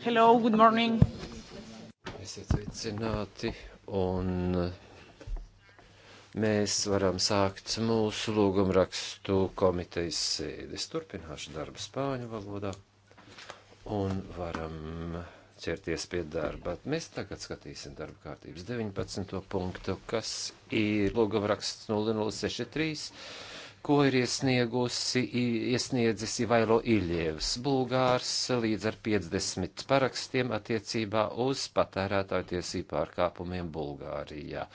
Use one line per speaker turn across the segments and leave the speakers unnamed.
Hello, good morning.
Esiet sveicināti un uh, mēs varam sākt mūsu lūgumrakstu komitejas sēdes. Turpināšu darbu spāņu valodā un varam ķerties pie darba. Mēs tagad skatīsim darba kārtības 19. punktu, kas ir lūgumraksts 0063 ko ir iesniegusi, iesniedzis Ivailo Iļievs, Bulgārs, līdz ar 50 parakstiem attiecībā uz patērētāju tiesību pārkāpumiem Bulgārijā.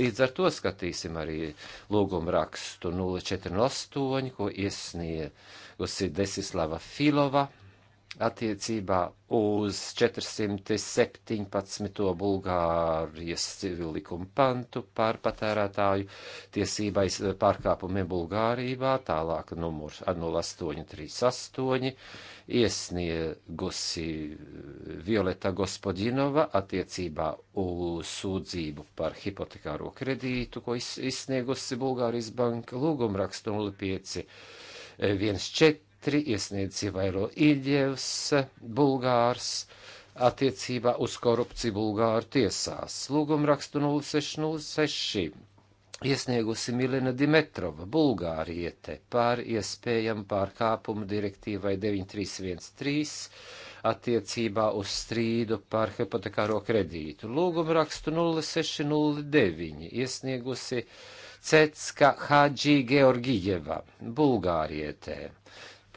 Līdz ar to skatīsim arī lūgumu rakstu 048, ko iesniegusi Desislava Filova attiecībā uz 417. Bulgārijas civillikuma pantu par patērētāju tiesībai pārkāpumiem Bulgārībā, tālāk numurs 0838, iesniegusi Violeta Gospodinova attiecībā uz sūdzību par hipotekāro kredītu, ko izsniegusi Bulgārijas banka lūgumrakstu 05 14 četri iesniedz ievairo Iļievs, Bulgārs, attiecībā uz korupciju Bulgāru tiesās. Lūgumrakstu 0606 iesniegusi Milena Dimetrova, Bulgāriete, par iespējamu pārkāpumu direktīvai 9313 attiecībā uz strīdu par hipotekāro kredītu. Lūgumu rakstu 0609 iesniegusi Cecka Hadži Georgijeva, Bulgārietē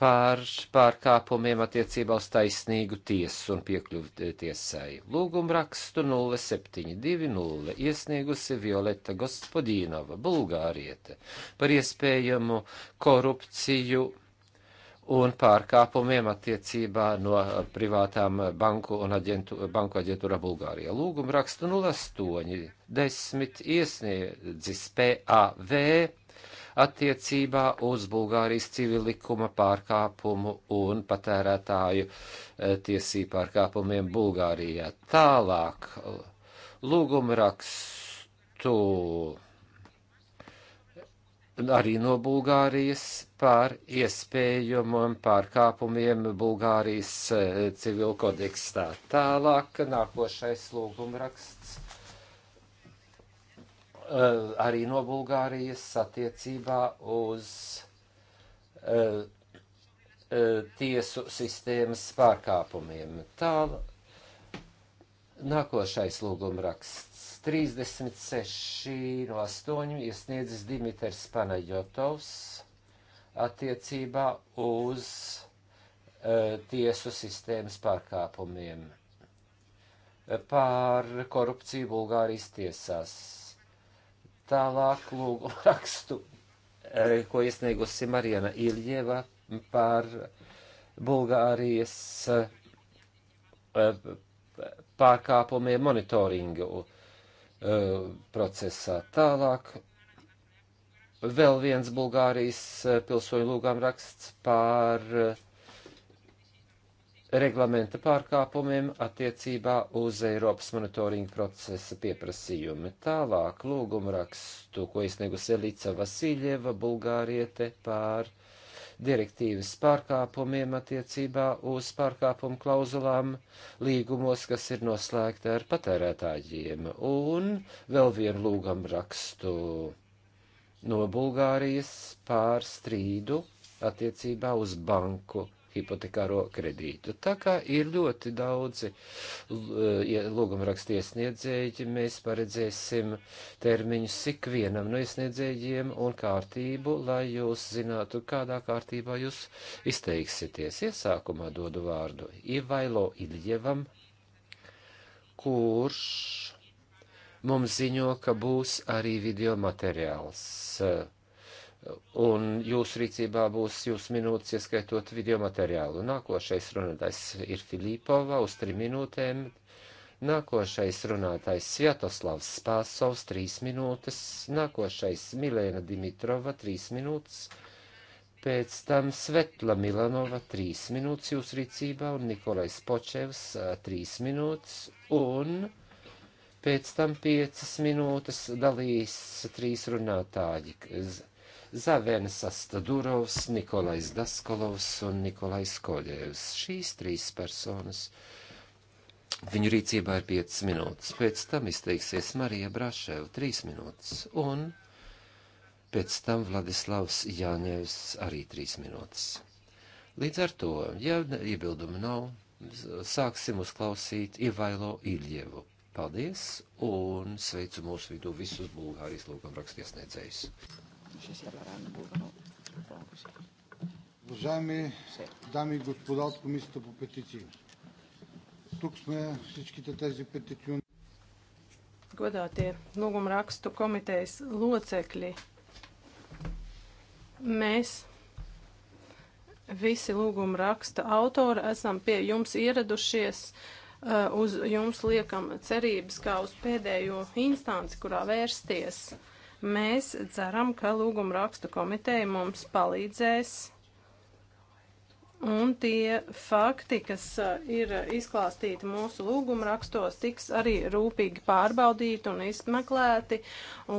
par pārkāpumiem attiecībā uz taisnīgu tiesu un piekļuvi tiesai. Lūgumu rakstu 0720 iesniegusi Violeta Gospodīnova, Bulgāriete, par iespējamu korupciju un pārkāpumiem attiecībā no privātām banku un aģentu, banku aģentūra Bulgārijā. Lūgumu rakstu 0810 iesniedzis PAV attiecībā uz Bulgārijas civilikuma pārkāpumu un patērētāju e, tiesību pārkāpumiem Bulgārijā. Tālāk lūguma rakstu arī no Bulgārijas par iespējumiem pārkāpumiem Bulgārijas e, civil kodekstā. Tālāk nākošais lūguma raksts Eh, arī no Bulgārijas attiecībā uz eh, eh, tiesu sistēmas pārkāpumiem. Tālāk. Nākošais lūguma raksts 36 no 8 iesniedzis Dimiters Panajotovs attiecībā uz uh, tiesu sistēmas pārkāpumiem par korupciju Bulgārijas tiesās. Tālāk lūgu rakstu, eh, ko iesniegusi Marijana Iljeva par Bulgārijas eh, pārkāpumiem monitoringu eh, procesā. Tālāk vēl viens Bulgārijas pilsoņu lūgām raksts par reglamenta pārkāpumiem attiecībā uz Eiropas monitoringa procesa pieprasījumi. Tālāk lūgumu rakstu, ko iesniegusi Elica Vasiljeva, Bulgāriete, pār direktīvas pārkāpumiem attiecībā uz pārkāpumu klauzulām līgumos, kas ir noslēgti ar patērētājiem, un vēl vienu lūgumu rakstu no Bulgārijas pār strīdu attiecībā uz banku hipotekāro kredītu. Tā kā ir ļoti daudzi ja lūgumrakstu iesniedzēji, mēs paredzēsim termiņus ikvienam no iesniedzējiem un kārtību, lai jūs zinātu, kādā kārtībā jūs izteiksieties. Iesākumā dodu vārdu Ivailo Iljevam, kurš mums ziņo, ka būs arī video materiāls. Uh, un jūsu rīcībā būs jūsu minūtes, ieskaitot video materiālu. Nākošais runātājs ir Filipova uz trim minūtēm, nākošais runātājs Sviatoslavs Spāsovs trīs minūtes, nākošais Milēna Dimitrova trīs minūtes, pēc tam Svetla Milanova trīs minūtes jūsu rīcībā un Nikolais Počevs trīs minūtes un pēc tam piecas minūtes dalīs trīs runātāji. Zavenes Astadurovs, Nikolais Daskolovs un Nikolais Koļevs. Šīs trīs personas. Viņu rīcībā ir 5 minūtes, pēc tam izteiksies Marija Braševa 3 minūtes un pēc tam Vladislavs Jāņevs arī 3 minūtes. Līdz ar to, ja iebildumu nav, sāksim uzklausīt Ivailo Iljevu. Paldies un sveicu mūsu vidū visus Bulgārijas lūgumrakstiesniedzējus ще си ларан бурно. Уважаеми дами и господа от Комисията по петиции, тук сме всичките
тези петиционни.
Godātie lūgumrakstu komitejas locekļi, mēs visi lūguma raksta autori esam pie jums ieradušies, uz jums liekam cerības kā uz pēdējo instanci, kurā vērsties. Mēs ceram, ka lūguma rakstu komiteja mums palīdzēs. Un tie fakti, kas ir izklāstīti mūsu lūguma rakstos, tiks arī rūpīgi pārbaudīti un izmeklēti,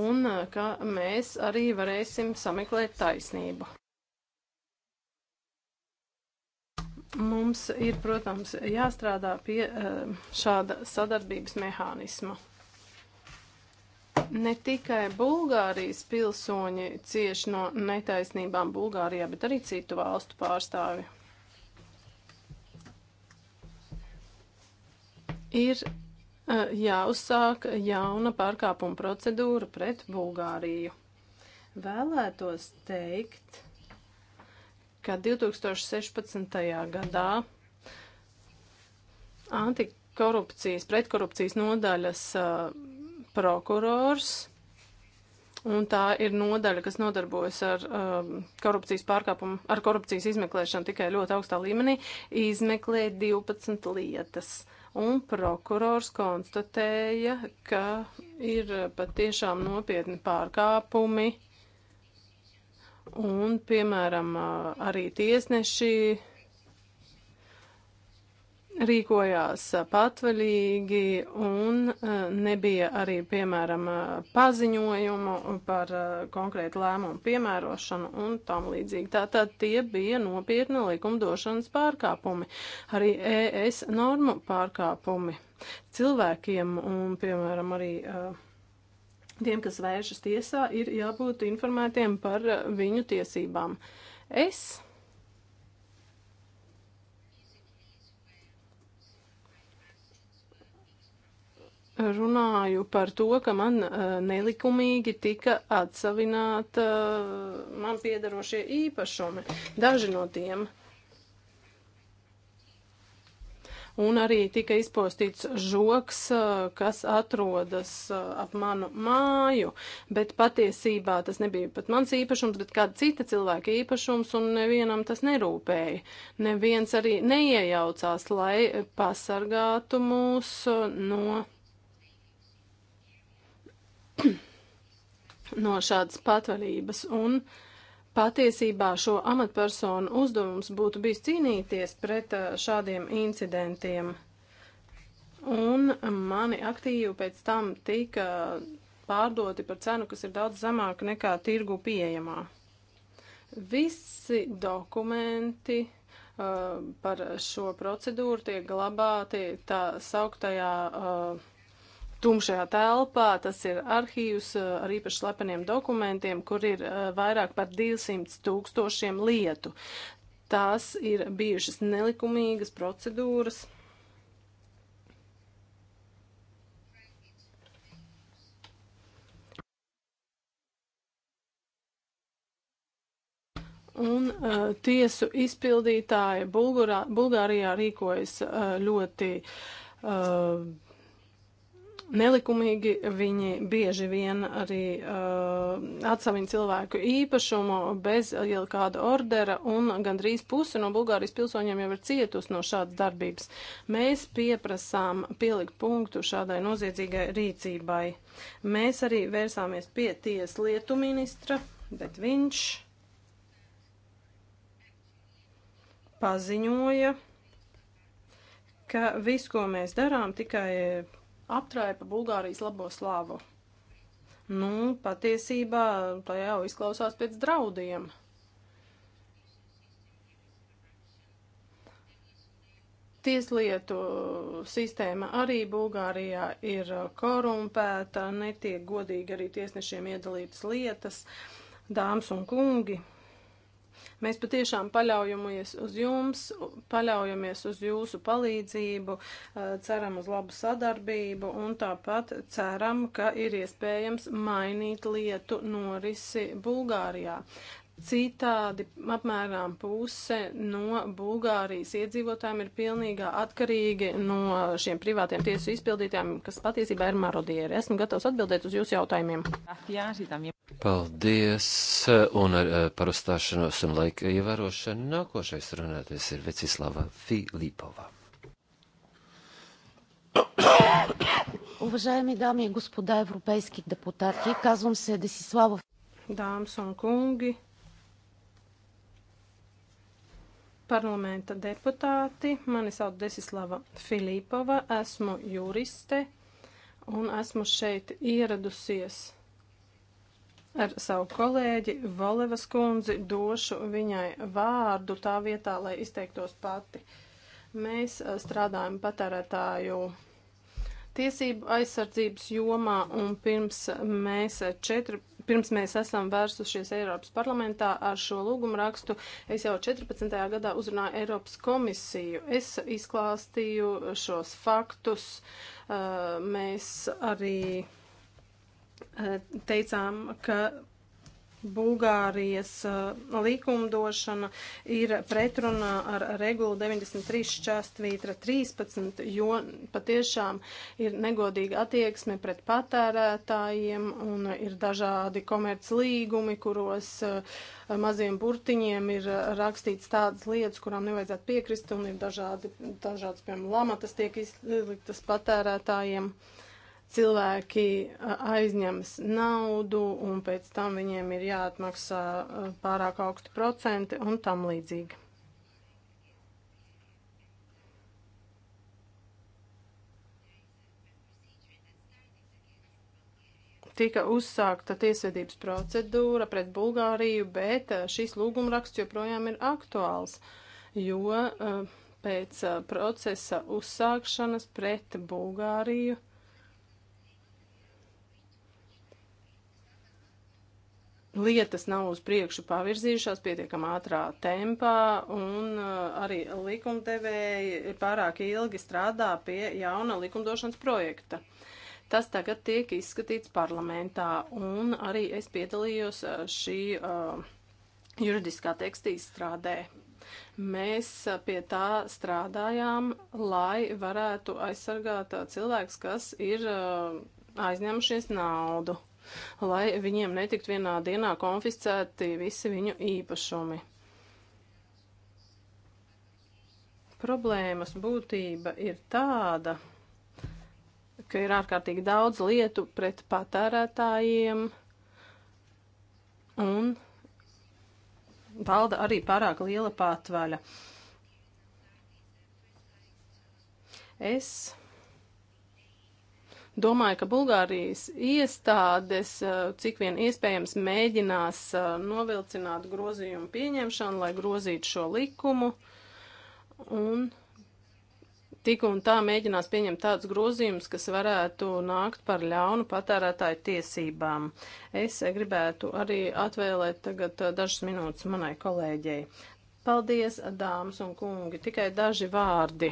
un ka mēs arī varēsim sameklēt taisnību. Mums ir, protams, jāstrādā pie šāda sadarbības mehānisma. Ne tikai Bulgārijas pilsoņi cieš no netaisnībām Bulgārijā, bet arī citu valstu pārstāvi. Ir eh, jāuzsāk jauna pārkāpuma procedūra pret Bulgāriju. Vēlētos teikt, ka 2016. gadā antikorupcijas, pretkorupcijas nodaļas uh, prokurors. Un tā ir nodaļa, kas nodarbojas ar um, korupcijas pārkāpumu, ar korupcijas izmeklēšanu tikai ļoti augstā līmenī, izmeklē 12 lietas. Un prokurors konstatēja, ka ir patiešām nopietni pārkāpumi. Un, piemēram, uh, arī tiesneši rīkojās uh, patvaļīgi un uh, nebija arī, piemēram, uh, paziņojumu par konkrētu lēmumu piemērošanu un tam līdzīgi. Tātad tie bija nopietni likumdošanas pārkāpumi, arī ES normu pārkāpumi cilvēkiem un, piemēram, arī. Tiem, kas vēršas tiesā, ir jābūt informētiem par viņu tiesībām. Es runāju par to, ka man uh, nelikumīgi tika atsavināta uh, man piedarošie īpašumi, daži no tiem. Un arī tika izpostīts žoks, uh, kas atrodas ap manu māju, bet patiesībā tas nebija pat mans īpašums, bet kāda cita cilvēka īpašums, un nevienam tas nerūpēja. Neviens arī neiejaucās, lai pasargātu mūs no no šādas patvarības. Un patiesībā šo amatpersonu uzdevums būtu bijis cīnīties pret šādiem incidentiem. Un mani aktīvi pēc tam tika pārdoti par cenu, kas ir daudz zemāka nekā tirgu pieejamā. Visi dokumenti uh, par šo procedūru tiek glabāti tā sauktajā uh, tumšajā telpā. Tas ir arhīvs eh, ar īpaši slepeniem dokumentiem, kur ir eh, vairāk par 200 tūkstošiem lietu. Tās ir bijušas nelikumīgas procedūras. Un uh, tiesu izpildītāji Bulgurā, Bulgārijā rīkojas uh, ļoti uh, Nelikumīgi viņi bieži vien arī uh, atsavina cilvēku īpašumu bez uh, jau kāda ordera, un gandrīz puse no Bulgārijas pilsoņiem jau ir cietusi no šādas darbības. Mēs pieprasām pielikt punktu šādai noziedzīgai rīcībai. Mēs arī vērsāmies pie tiesu lietu ministra, bet viņš paziņoja, ka viss, ko mēs darām, tikai aptraipa Bulgārijas labo slāvu. Nu, patiesībā tā jau izklausās pēc draudiem. Tieslietu sistēma arī Bulgārijā ir korumpēta, netiek godīgi arī tiesnešiem iedalītas lietas, dāmas un kungi. Mēs patiešām paļaujamies uz jums, paļaujamies uz jūsu palīdzību, eh, ceram uz labu sadarbību un tāpat ceram, ka ir iespējams mainīt lietu norisi Bulgārijā. Citādi apmēram puse no Bulgārijas iedzīvotājiem ir pilnīgā atkarīgi no šiem privātiem tiesu izpildītājiem, kas patiesībā ir marodieri. Esmu gatavs atbildēt uz jūsu jautājumiem.
Paldies un ar, eh, par uzstāšanos un laika ievērošanu. Nākošais runātais ir Vecislava Filipova.
Уважаеми дами и господа европейски депутати, казвам се Десислава. Dāmas un kungi, parlamenta deputāti, mani sauc Desislava Filipova, esmu juriste un esmu šeit ieradusies ar savu kolēģi Volevas kundzi došu viņai vārdu tā vietā, lai izteiktos pati. Mēs eh, strādājam patērētāju tiesību aizsardzības jomā un pirms mēs četri. Pirms mēs esam vērsušies Eiropas parlamentā ar šo lūgumu rakstu, es jau 14. gadā uzrunāju Eiropas komisiju. Es izklāstīju šos faktus. Eh, mēs arī teicām, ka Bulgārijas likumdošana ir pretrunā ar regulu 93 šķērstvītra 13, jo patiešām ir negodīga attieksme pret patērētājiem un ir dažādi komerc līgumi, kuros maziem burtiņiem ir rakstīts tādas lietas, kurām nevajadzētu piekrist un ir dažādi, dažādas, piemēram, lamatas tiek izliktas patērētājiem. Uh, cilvēki aizņemas naudu un pēc tam viņiem ir jāatmaksā pārāk augsti procenti un tam līdzīgi. Tika uzsākta tiesvedības procedūra pret Bulgāriju, bet šis lūgumraksts joprojām ir aktuāls, jo pēc procesa uzsākšanas pret Bulgāriju uh, lietas nav uz priekšu pavirzījušās pietiekamā ātrā tempā, un uh, arī likumdevēji pārāk ilgi strādā pie jauna likumdošanas projekta. Tas tagad tiek izskatīts parlamentā, un arī es piedalījos uh, šī uh, juridiskā teksta izstrādē. Mēs uh, pie tā strādājām, lai varētu aizsargāt cilvēks, kas ir uh, aizņemšies naudu lai viņiem netikt vienā dienā konfiscēti visi viņu īpašumi. Problēmas būtība ir tāda, ka ir ārkārtīgi daudz lietu pret patērētājiem un valda arī pārāk liela pārtvaļa. Es Domāju, ka Bulgārijas iestādes, eh, cik vien iespējams, mēģinās eh, novilcināt grozījumu pieņemšanu, lai grozītu šo likumu. Un tik un tā mēģinās pieņemt tādus grozījumus, kas varētu nākt par ļaunu patērētāju tiesībām. Es gribētu arī atvēlēt tagad eh, dažas minūtes manai kolēģei. Paldies, dāmas un kungi, tikai daži vārdi.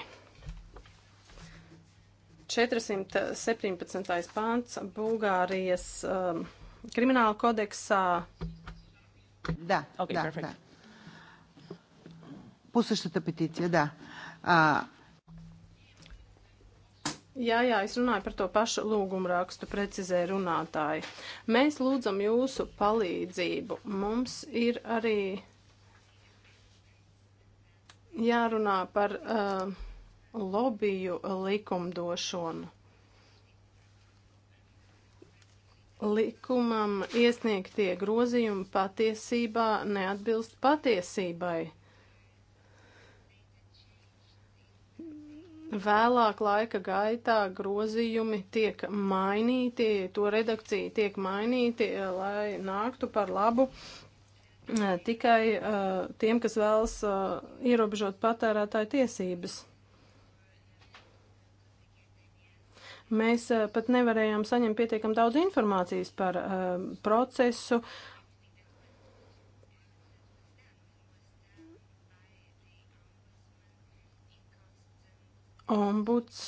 417. pants Bulgārijas um, krimināla kodeksā. Да, okay, да, perfect. да.
По същата петиция, да. А...
Jā, jā, es runāju par to pašu lūgumu rakstu, precizē runātāji. Mēs lūdzam jūsu palīdzību. Mums ir arī jārunā par. Uh, lobiju likumdošanu. Likumam iesniegtie grozījumi patiesībā neatbilst patiesībai. Vēlāk laika gaitā grozījumi tiek mainīti, to redakcija tiek mainīti, lai nāktu par labu eh, tikai uh, tiem, kas vēlas uh, ierobežot patērētāju tiesības. Mēs eh, pat nevarējām saņemt pietiekam daudz informācijas par um, procesu. Ombuds.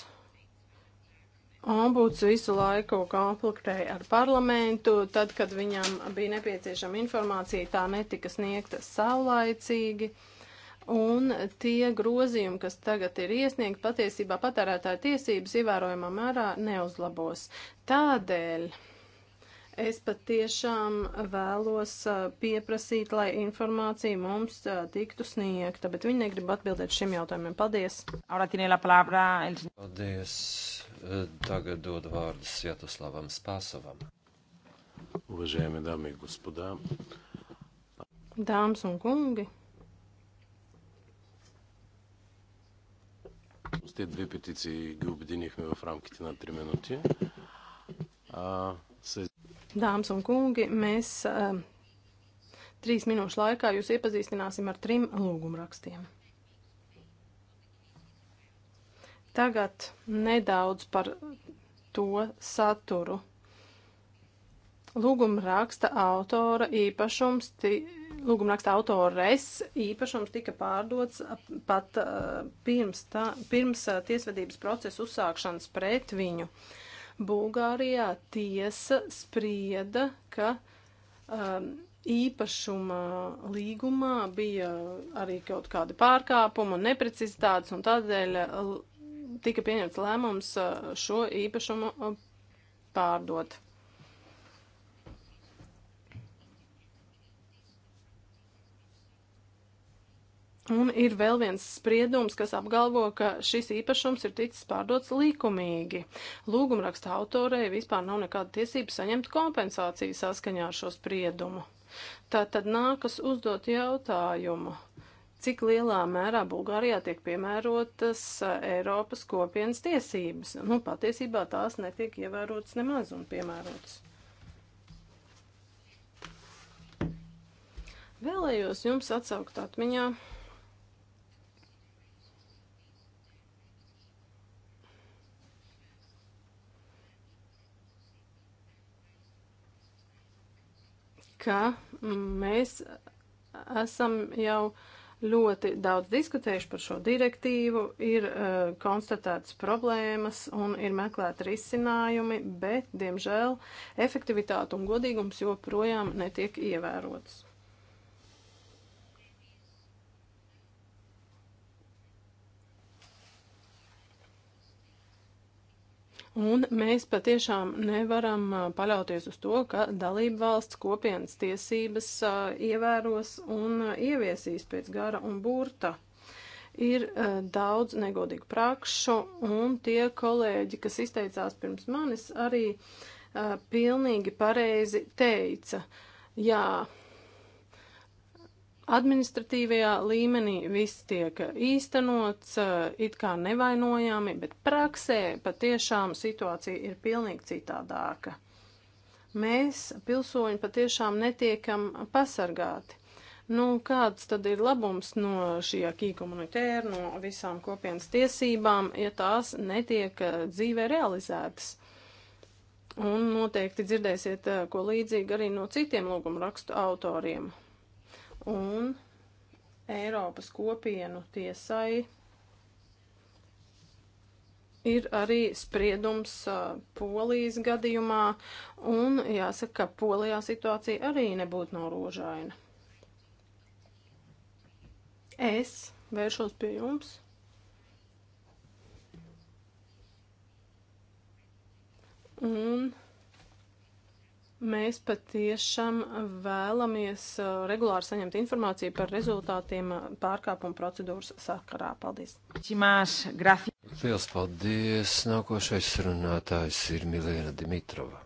Ombuds visu laiku konfliktēja ar parlamentu, tad, kad viņam bija nepieciešama informācija, tā netika sniegta saulaicīgi. Uh, Un tie grozījumi, kas tagad ir iesniegti, patiesībā patērētāja tiesības ievērojamā mērā neuzlabos. Tādēļ es patiešām vēlos uh, pieprasīt, lai informācija mums uh, tiktu sniegta, bet viņi negrib atbildēt šiem jautājumiem. Paldies!
Paldies! Uh,
tagad dod vārdu Svetoslavam Spāsovam. Уважаеми дами и господа,
Dāmas un kungi,
Те две петиции ги обединихме в рамките на 3 минути. А, се...
Dāmas un kungi, mēs uh, trīs minūšu laikā jūs iepazīstināsim ar trim lūgumrakstiem. Tagad nedaudz par to saturu. Lūguma raksta autora īpašums, lūguma raksta autores īpašums tika pārdots pat uh, pirms, tā, pirms uh, tiesvedības procesa uzsākšanas pret viņu. Bulgārijā tiesa sprieda, ka um, īpašuma līgumā bija arī kaut kāda pārkāpuma un neprecizitātes, un tādēļ uh, tika pieņemts lēmums uh, šo īpašumu uh, pārdot. Un ir vēl viens spriedums, kas apgalvo, ka šis īpašums ir ticis pārdots likumīgi. Lūgumraksta autorei vispār nav nekāda tiesība saņemt kompensāciju saskaņā ar šo spriedumu. Tā tad nākas uzdot jautājumu, cik lielā mērā Bulgārijā tiek piemērotas eh, Eiropas kopienas tiesības. Nu, patiesībā tās netiek ievērotas nemaz un piemērotas. Vēlējos jums atsaukt atmiņā ka mēs esam jau ļoti daudz diskutējuši par šo direktīvu, ir uh, konstatētas problēmas un ir meklēti risinājumi, bet, diemžēl, efektivitāte un godīgums joprojām netiek ievērotas. Un mēs patiešām nevaram paļauties uz to, ka dalību valsts kopienas tiesības ievēros un ieviesīs pēc gara un burta. Ir daudz negodīgu prakšu, un tie kolēģi, kas izteicās pirms manis, arī pilnīgi pareizi teica, jā, administratīvajā līmenī viss tiek īstenots eh, it kā nevainojami, bet praksē patiešām situācija ir pilnīgi citādāka. Mēs, pilsoņi, patiešām netiekam pasargāti. Nu, kāds tad ir labums no šī akīkomunitēra, no visām kopienas tiesībām, ja tās netiek eh, dzīvē realizētas? Un noteikti dzirdēsiet eh, ko līdzīgu arī no citiem lūguma rakstu autoriem un Eiropas kopienu tiesai ir arī spriedums uh, Polijas gadījumā, un jāsaka, ka Polijā situācija arī nebūtu norožaina. Es vēršos pie jums. Un Mēs patiešām vēlamies uh, regulāri saņemt informāciju par rezultātiem uh, pārkāpuma procedūras
sakarā. Paldies!
Liels paldies! Nākošais runātājs ir Milena Dimitrova.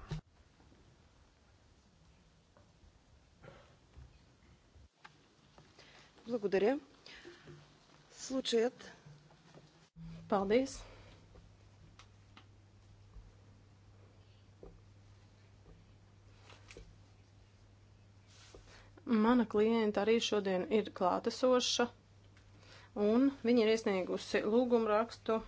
Благодаря. Случаят. Paldies. Mana klienta arī šodien ir klātesoša, un viņa ir iesniegusi lūgumu rakstu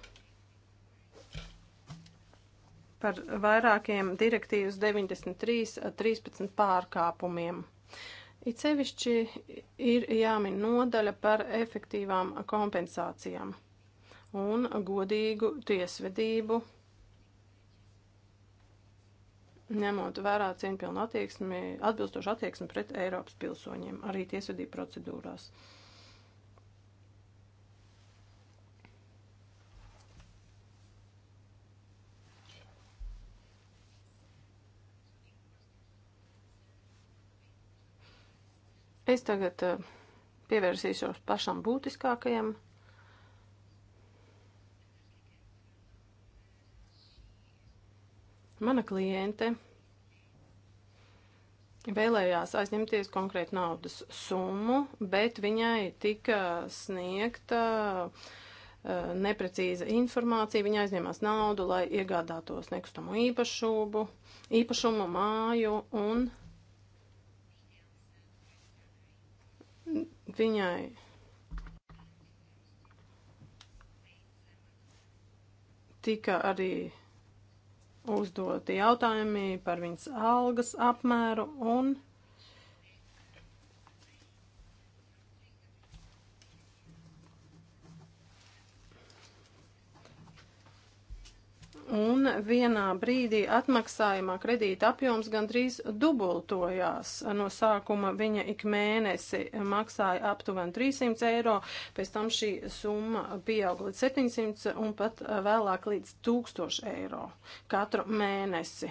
par vairākiem direktīvas 93.13 eh, pārkāpumiem. It sevišķi ir jāmin nodaļa par efektīvām kompensācijām un godīgu tiesvedību ņemot vērā cieņpilnu attieksmi, atbilstošu attieksmi pret Eiropas pilsoņiem, arī tiesvedību procedūrās. Es tagad eh, pievērsīšos pašam būtiskākajam Mana kliente vēlējās aizņemties konkrētu naudas summu, bet viņai tika sniegta uh, neprecīza informācija. Viņa aizņēmās naudu, lai iegādātos nekustamo īpašumu, īpašumu māju un viņai. Tika arī uzdoti jautājumi par viņas algas apmēru un un vienā brīdī atmaksājumā kredīta apjoms gandrīz dubultojās. No sākuma viņa ik mēnesi maksāja aptuveni 300 eiro, pēc tam šī summa pieauga līdz 700 un pat vēlāk līdz 1000 eiro katru mēnesi.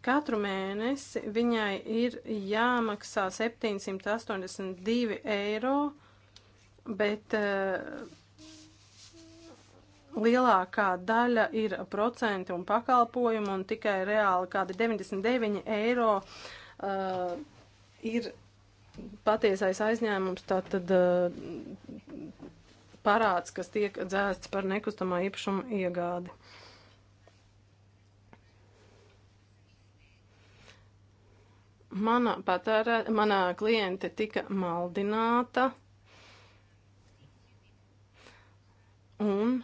Katru mēnesi viņai ir jāmaksā 782 eiro, bet uh, lielākā daļa ir procenti un pakalpojumi, un tikai reāli kādi 99 eiro uh, ir patiesais aizņēmums, tātad uh, parāds, kas tiek dzēsts par nekustamā īpašuma iegādi. Mana, patērē, manā kliente tika maldināta un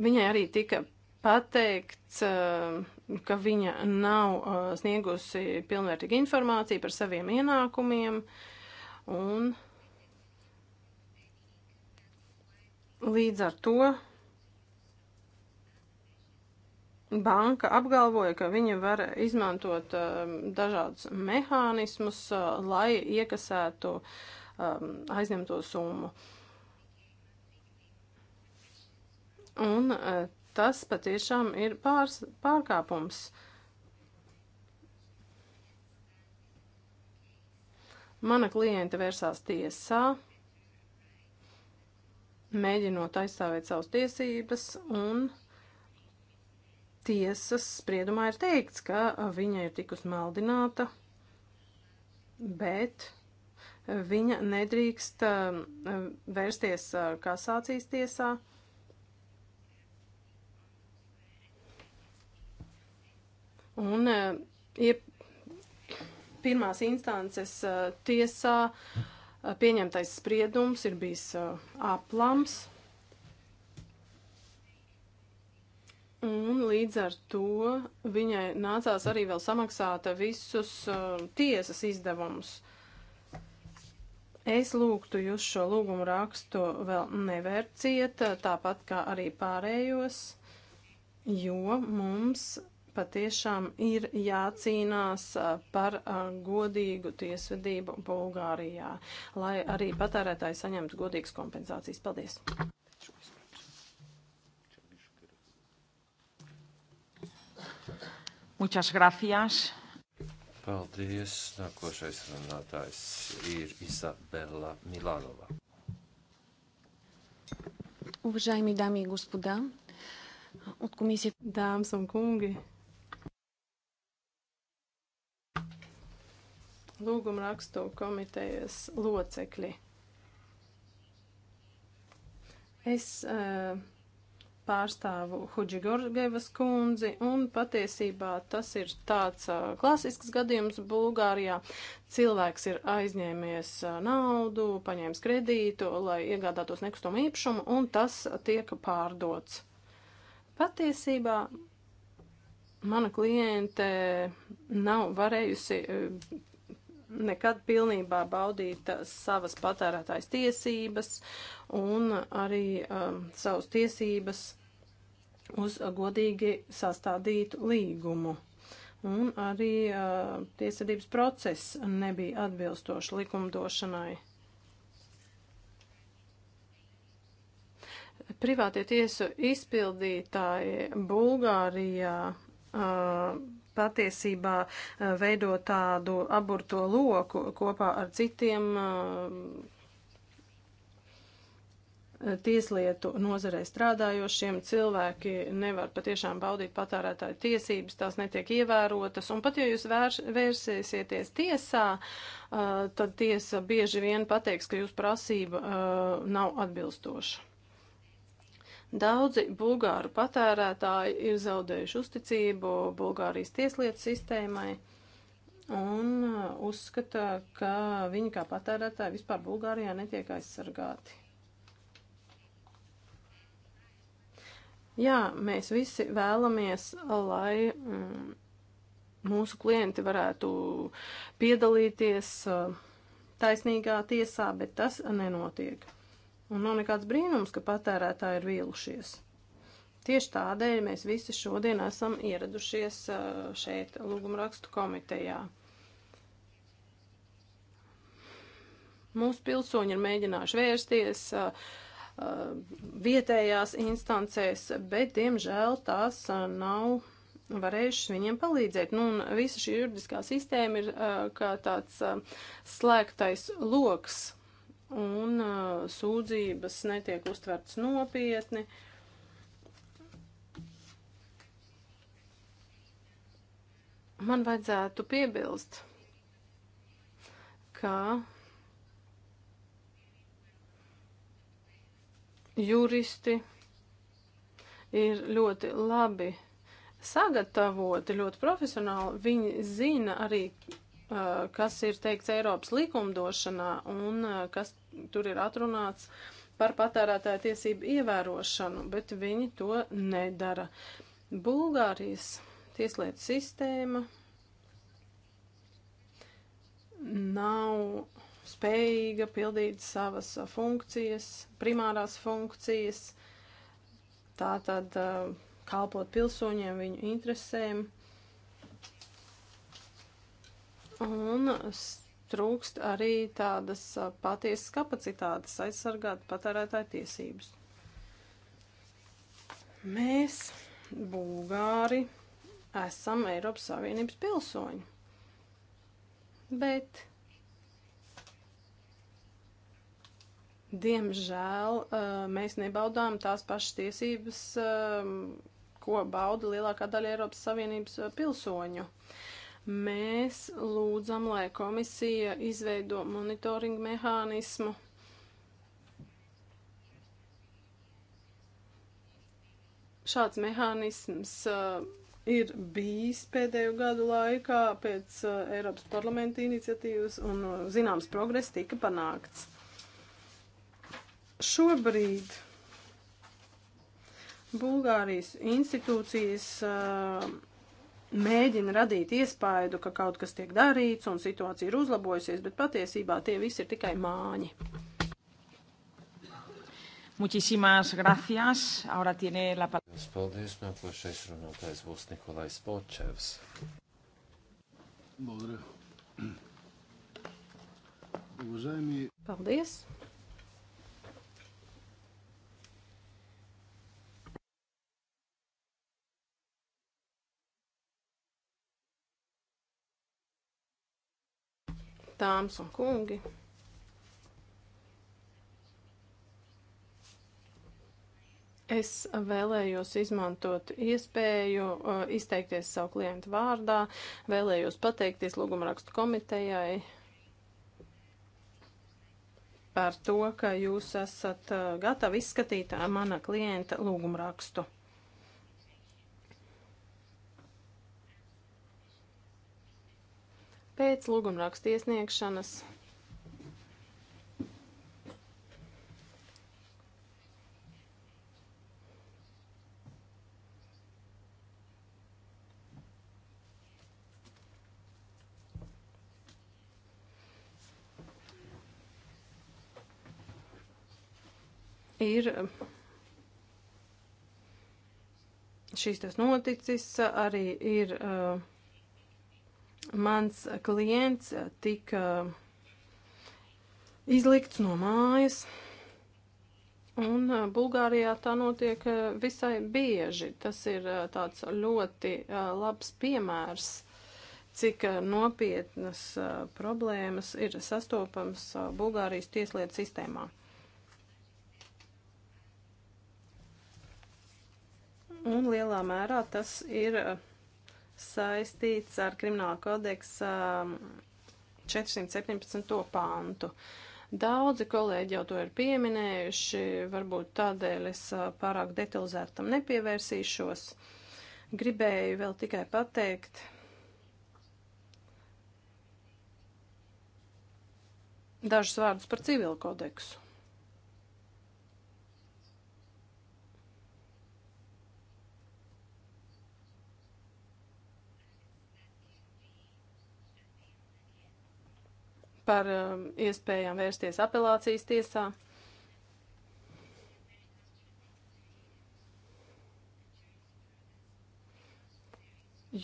Viņai arī tika pateikts, eh, ka viņa nav eh, sniegusi pilnvērtīgu informāciju par saviem ienākumiem un līdz ar to banka apgalvoja, ka viņi var izmantot eh, dažādus mehānismus, lai iekasētu aizņemto summu. Uh, Un e, tas patiešām ir pārs, pārkāpums. Mana klienta vērsās tiesā, mēģinot aizstāvēt savas tiesības, un tiesas spriedumā ir teikts, ka e, viņa ir tikus maldināta, bet e, viņa nedrīkst vērsties kasācijas tiesā. Un eh, ir pirmās instances eh, tiesā eh, pieņemtais spriedums ir bijis aplams. Un līdz ar to viņai nācās arī vēl samaksāt visus tiesas izdevumus. Es lūgtu jūs šo lūgumu rakstu vēl nevērciet, tāpat kā arī pārējos, jo mums patiešām ir jācīnās par godīgu tiesvedību Bulgārijā, lai arī patērētāji saņemtu godīgas kompensācijas. Paldies!
Muchas gracias.
Paldies. Nākošais runātājs ir Izabela Milanova.
Уважаеми дами и господа, от комисията... Дам съм кунги. lūguma rakstu komitejas locekļi. Es uh, pārstāvu Huģigorgievas kundzi, un patiesībā tas ir tāds uh, klasisks gadījums Bulgārijā. Cilvēks ir aizņēmies uh, naudu, paņēmis kredītu, lai iegādātos nekustumu īpašumu, un tas tiek pārdots. Patiesībā mana kliente nav varējusi nekad pilnībā baudīt uh, savas patērētājas tiesības un arī um, savas tiesības uz godīgi sastādītu līgumu un arī uh, tiesvedības process nebija atbilstoši likumdošanai. Privātie tiesu izpildītāji Bulgārijā uh, patiesībā eh, veido tādu aburto loku kopā ar citiem eh, tieslietu nozarei strādājošiem cilvēki nevar patiešām baudīt patērētāju tiesības, tās netiek ievērotas, un pat ja jūs vērs, vērsīsieties tiesā, eh, tad tiesa bieži vien pateiks, ka jūsu prasība nav atbilstoša. Daudzi bulgāru patērētāji ir zaudējuši uzticību Bulgārijas tieslietu sistēmai un uh, uzskata, ka viņi kā patērētāji vispār Bulgārijā netiek aizsargāti. Jā, mēs visi vēlamies, lai mm, mūsu klienti varētu piedalīties uh, taisnīgā tiesā, bet tas nenotiek. Un nav nekāds brīnums, ka patērētāji ir vīlušies. Tieši tādēļ mēs visi šodien esam ieradušies šeit lūgumrakstu komitejā. Mūsu pilsoņi ir mēģinājuši vērsties vietējās instancēs, bet, diemžēl, tās nav varējušas viņiem palīdzēt. Nu, un visa šī juridiskā sistēma ir kā tāds slēgtais loks un uh, sūdzības netiek uztverts nopietni. Man vajadzētu piebilst, ka juristi ir ļoti labi sagatavoti, ļoti profesionāli. Viņi zina arī, uh, kas ir teikts Eiropas likumdošanā un uh, kas tur ir atrunāts par patērētāju tiesību ievērošanu, bet viņi to nedara. Bulgārijas tieslietu sistēma nav spējīga pildīt savas funkcijas, primārās funkcijas, tātad uh, kalpot pilsoņiem, viņu interesēm. Un trūkst arī tādas patiesas kapacitātes aizsargāt patērētāju tiesības. Mēs, Bulgāri, esam Eiropas Savienības pilsoņi. Bet, diemžēl, mēs nebaudām tās pašas tiesības, ko bauda lielākā daļa Eiropas Savienības pilsoņu. Uh, Mēs lūdzam, lai komisija izveido monitoringu mehānismu. Šāds mehānisms uh, ir bijis pēdējo gadu laikā pēc uh, Eiropas parlamenta iniciatīvas un uh, zināms progress tika panākts. Šobrīd Bulgārijas institūcijas uh, mēģina radīt iespaidu, ka kaut kas tiek darīts un situācija ir uzlabojusies, bet patiesībā tie
visi ir tikai māņi. Muchísimas gracias. Ahora tiene la palabra.
Paldies. Nākošais runātājs būs Nikolais Počevs.
Paldies. dāmas un kungi. Es vēlējos izmantot iespēju uh, izteikties savu klientu vārdā, vēlējos pateikties lūgumrakstu komitejai par to, ka jūs esat uh, gatavi izskatīt uh, mana klienta lūgumrakstu. Pēc lūgumraksta iesniegšanas ir eh, šīs tas noticis, arī ir uh, Mans klients eh, tika eh, izlikts no mājas. Un eh, Bulgārijā tā notiek visai bieži. Tas ir tāds ļoti labs piemērs, cik nopietnas problēmas ir sastopams Bulgārijas tieslietu sistēmā. Un lielā mērā tas ir uh, saistīts ar krimināla kodeksa 417. Um, pantu. Daudzi kolēģi jau to ir pieminējuši, varbūt tādēļ es uh, pārāk detalizēti tam nepievērsīšos. Gribēju vēl tikai pateikt, dažus vārdus par civilu kodeksu. par um, iespējām vērsties apelācijas tiesā.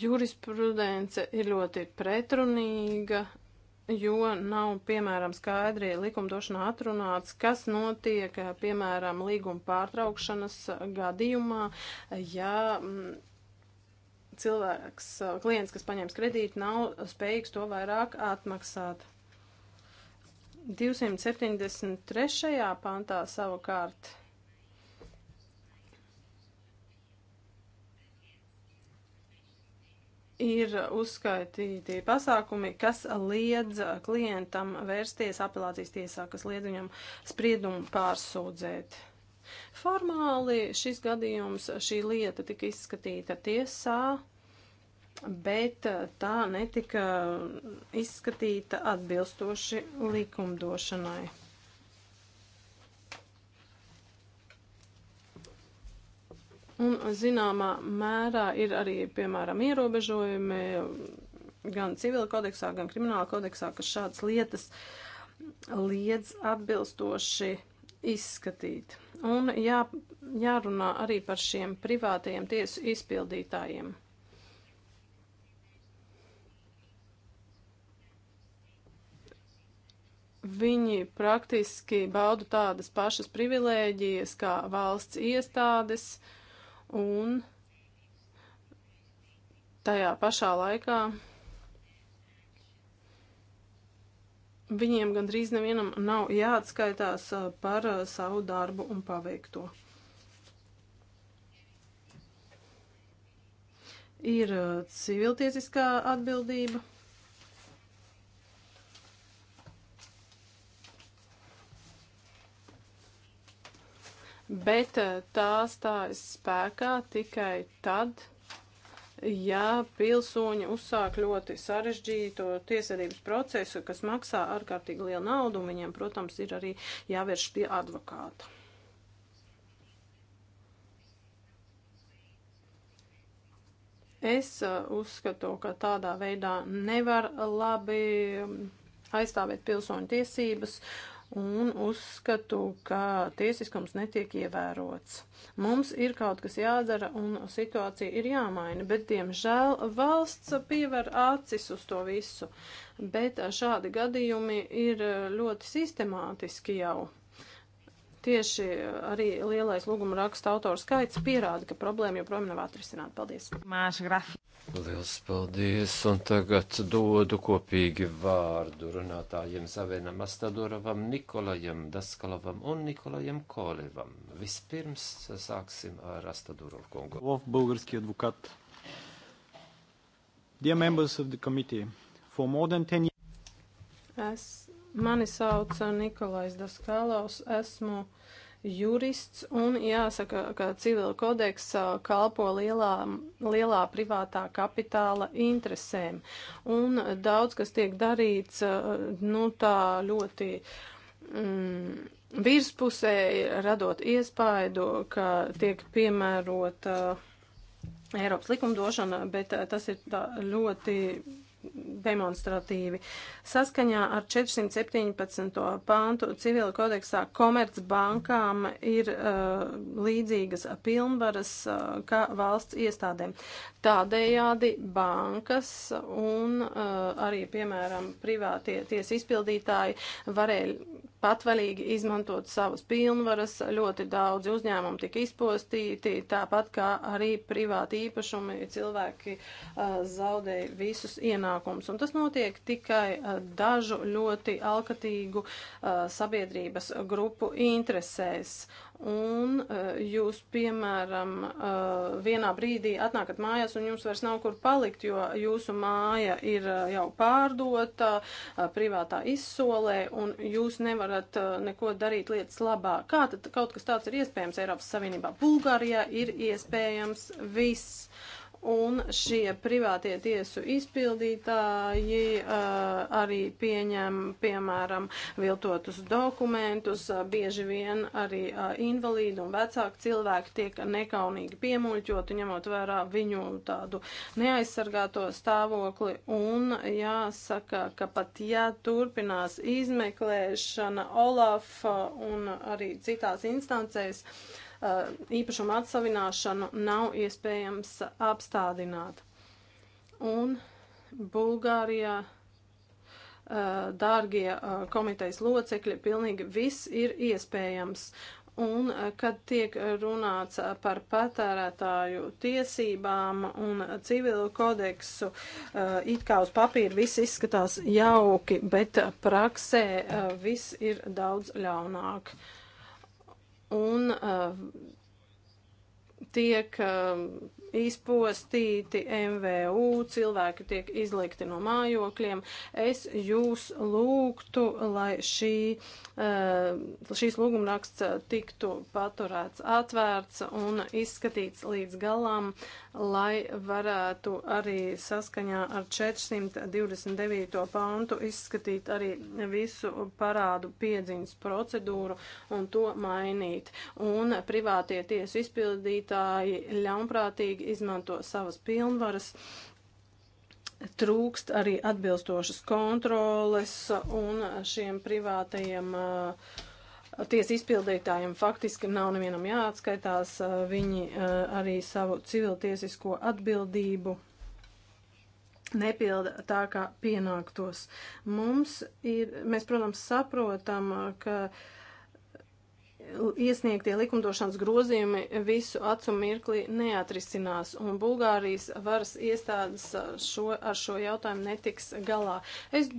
Jurisprudence ir ļoti pretrunīga, jo nav, piemēram, skaidri likumdošanā atrunāts, kas notiek, piemēram, līguma pārtraukšanas gadījumā, ja mm, cilvēks, klients, kas paņems kredītu, nav spējīgs to vairāk atmaksāt. 273. pantā savukārt ir uzskaitīti pasākumi, kas liedz klientam vērsties apelācijas tiesā, kas liedz viņam spriedumu pārsūdzēt. Formāli šis gadījums, šī lieta tika izskatīta tiesā, bet eh, tā netika izskatīta atbilstoši likumdošanai. Un zināmā mērā ir arī, piemēram, ierobežojumi gan civila kodeksā, gan krimināla kodeksā, kas šādas lietas liedz atbilstoši izskatīt. Un jā, jārunā arī par šiem privātajiem tiesu izpildītājiem. Viņi praktiski bauda tādas pašas privilēģijas kā valsts iestādes un tajā pašā laikā viņiem gandrīz nevienam nav jāatskaitās uh, par uh, savu darbu un paveikto. Ir uh, civiltiesiskā atbildība. bet eh, tā stājas spēkā tikai tad, ja pilsoņi uzsāk ļoti sarežģīto tiesvedības procesu, kas maksā ārkārtīgi lielu naudu, un viņiem, protams, ir arī jāvērš pie advokāta. Es eh, uzskatu, ka tādā veidā nevar labi mm, aizstāvēt pilsoņu tiesības, uh, un uzskatu, ka tiesiskums netiek ievērots. Mums ir kaut kas jādara un situācija ir jāmaina, bet, diemžēl, valsts piever acis uz to visu. Bet šādi gadījumi ir ļoti sistemātiski jau. Tieši arī lielais lūguma raksta autoru skaits pierāda, ka problēma joprojām nav atrisināta. Paldies! Mās grafi!
Liels paldies! Un tagad dodu kopīgi vārdu runātājiem Zavenam Astadoravam, Nikolajam Daskalavam un Nikolajam Kolevam. Vispirms sāksim ar Astadorovu kungu.
Lov, bulgarski advokat.
Dear members of the committee, for more than 10 years...
Es Mani sauc Nikolais Daskalovs, esmu jurists un jāsaka, ka civila kodeks uh, kalpo lielā, lielā privātā kapitāla interesēm. Un daudz, kas tiek darīts, uh, nu tā ļoti. Mm, virspusēji radot iespaidu, ka tiek piemērota Eiropas likumdošana, bet uh, tas ir tā ļoti demonstratīvi. Saskaņā ar 417. pāntu civila kodeksā komercbankām ir uh, līdzīgas pilnvaras uh, kā valsts iestādēm. Tādējādi bankas un uh, arī, piemēram, privātie tiesa izpildītāji varēja patvaļīgi izmantot savas pilnvaras, ļoti daudz uzņēmumu tika izpostīti, tāpat kā arī privāti īpašumi cilvēki uh, zaudēja visus ienākumus. Un tas notiek tikai uh, dažu ļoti alkatīgu uh, sabiedrības grupu interesēs un e, jūs, piemēram, e, vienā brīdī atnākat mājās un jums vairs nav kur palikt, jo jūsu māja ir e, jau pārdota privātā izsolē un jūs nevarat neko darīt lietas labā. Kā tad kaut kas tāds ir iespējams Eiropas Savienībā? Bulgārijā ir iespējams viss Un šie privātie tiesu izpildītāji uh, arī pieņem, piemēram, viltotus dokumentus, uh, bieži vien arī uh, eh, invalīdi un vecāki cilvēki tiek nekaunīgi piemuļķoti, ņemot vērā viņu tādu neaizsargāto stāvokli. Un jāsaka, ka pat ja turpinās izmeklēšana Olaf uh, un arī citās instancēs, uh, Uh, īpašumu atsavināšanu nav iespējams apstādināt. Un Bulgārijā uh, dārgie uh, komitejas locekļi, pilnīgi viss ir iespējams. Un, kad tiek runāts par patērētāju tiesībām un civilu kodeksu, it kā uz papīra viss izskatās jauki, bet praksē viss ir daudz ļaunāk. Uh, un uh, tiek uh, izpostīti MVU, cilvēki tiek izlikti no mājokļiem. Es jūs lūgtu, lai šī, eh, šīs lūgumraksts tiktu paturēts atvērts un izskatīts līdz galam, lai varētu arī saskaņā ar 429. pantu izskatīt arī visu parādu piedziņas procedūru un to mainīt. Un privātie tiesu izpildītāji ļaunprātīgi atbilstīgi izmanto savas pilnvaras, trūkst arī atbilstošas kontroles un šiem privātajiem uh, tiesu izpildītājiem faktiski nav nevienam jāatskaitās, uh, viņi uh, arī savu civiltiesisko atbildību nepilda tā, kā pienāktos. Mums ir, mēs, protams, saprotam, ka uh, iesniegtie likumdošanas grozījumi visu acu mirkli neatrisinās, un Bulgārijas varas iestādes šo, ar šo jautājumu netiks galā. Es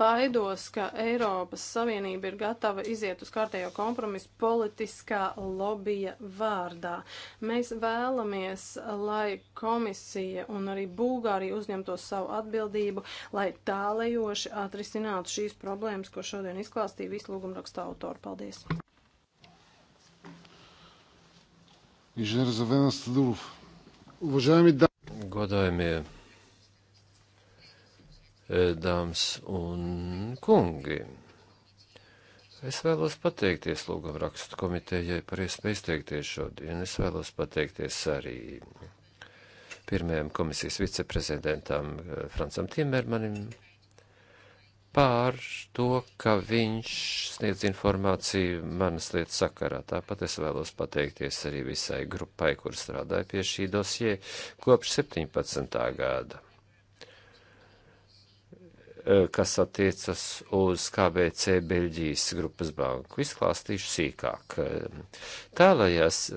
baidos, ka Eiropas Savienība ir gatava iziet uz kārtējo kompromisu politiskā lobija vārdā. Mēs vēlamies, lai komisija un arī Bulgārija uzņemtos savu atbildību, lai tālējoši atrisinātu šīs problēmas, ko šodien izklāstīja vislūgumraksta autori. Paldies!
инженер Завена Стадуров. Уважаеми да... Godājumie dāmas э, un kungi, es vēlos pateikties lūgam rakstu komitejai par iespēju izteikties šodien. Es vēlos pateikties arī pirmajam komisijas viceprezidentam eh, Francam Timermanim pār to, ka viņš sniedz informāciju manas lietas sakarā. Tāpat es vēlos pateikties arī visai grupai, kur strādāja pie šī dosie kopš 17. gada, e, kas attiecas uz KBC Beļģijas grupas banku. Izklāstīšu sīkāk. E, Tālajās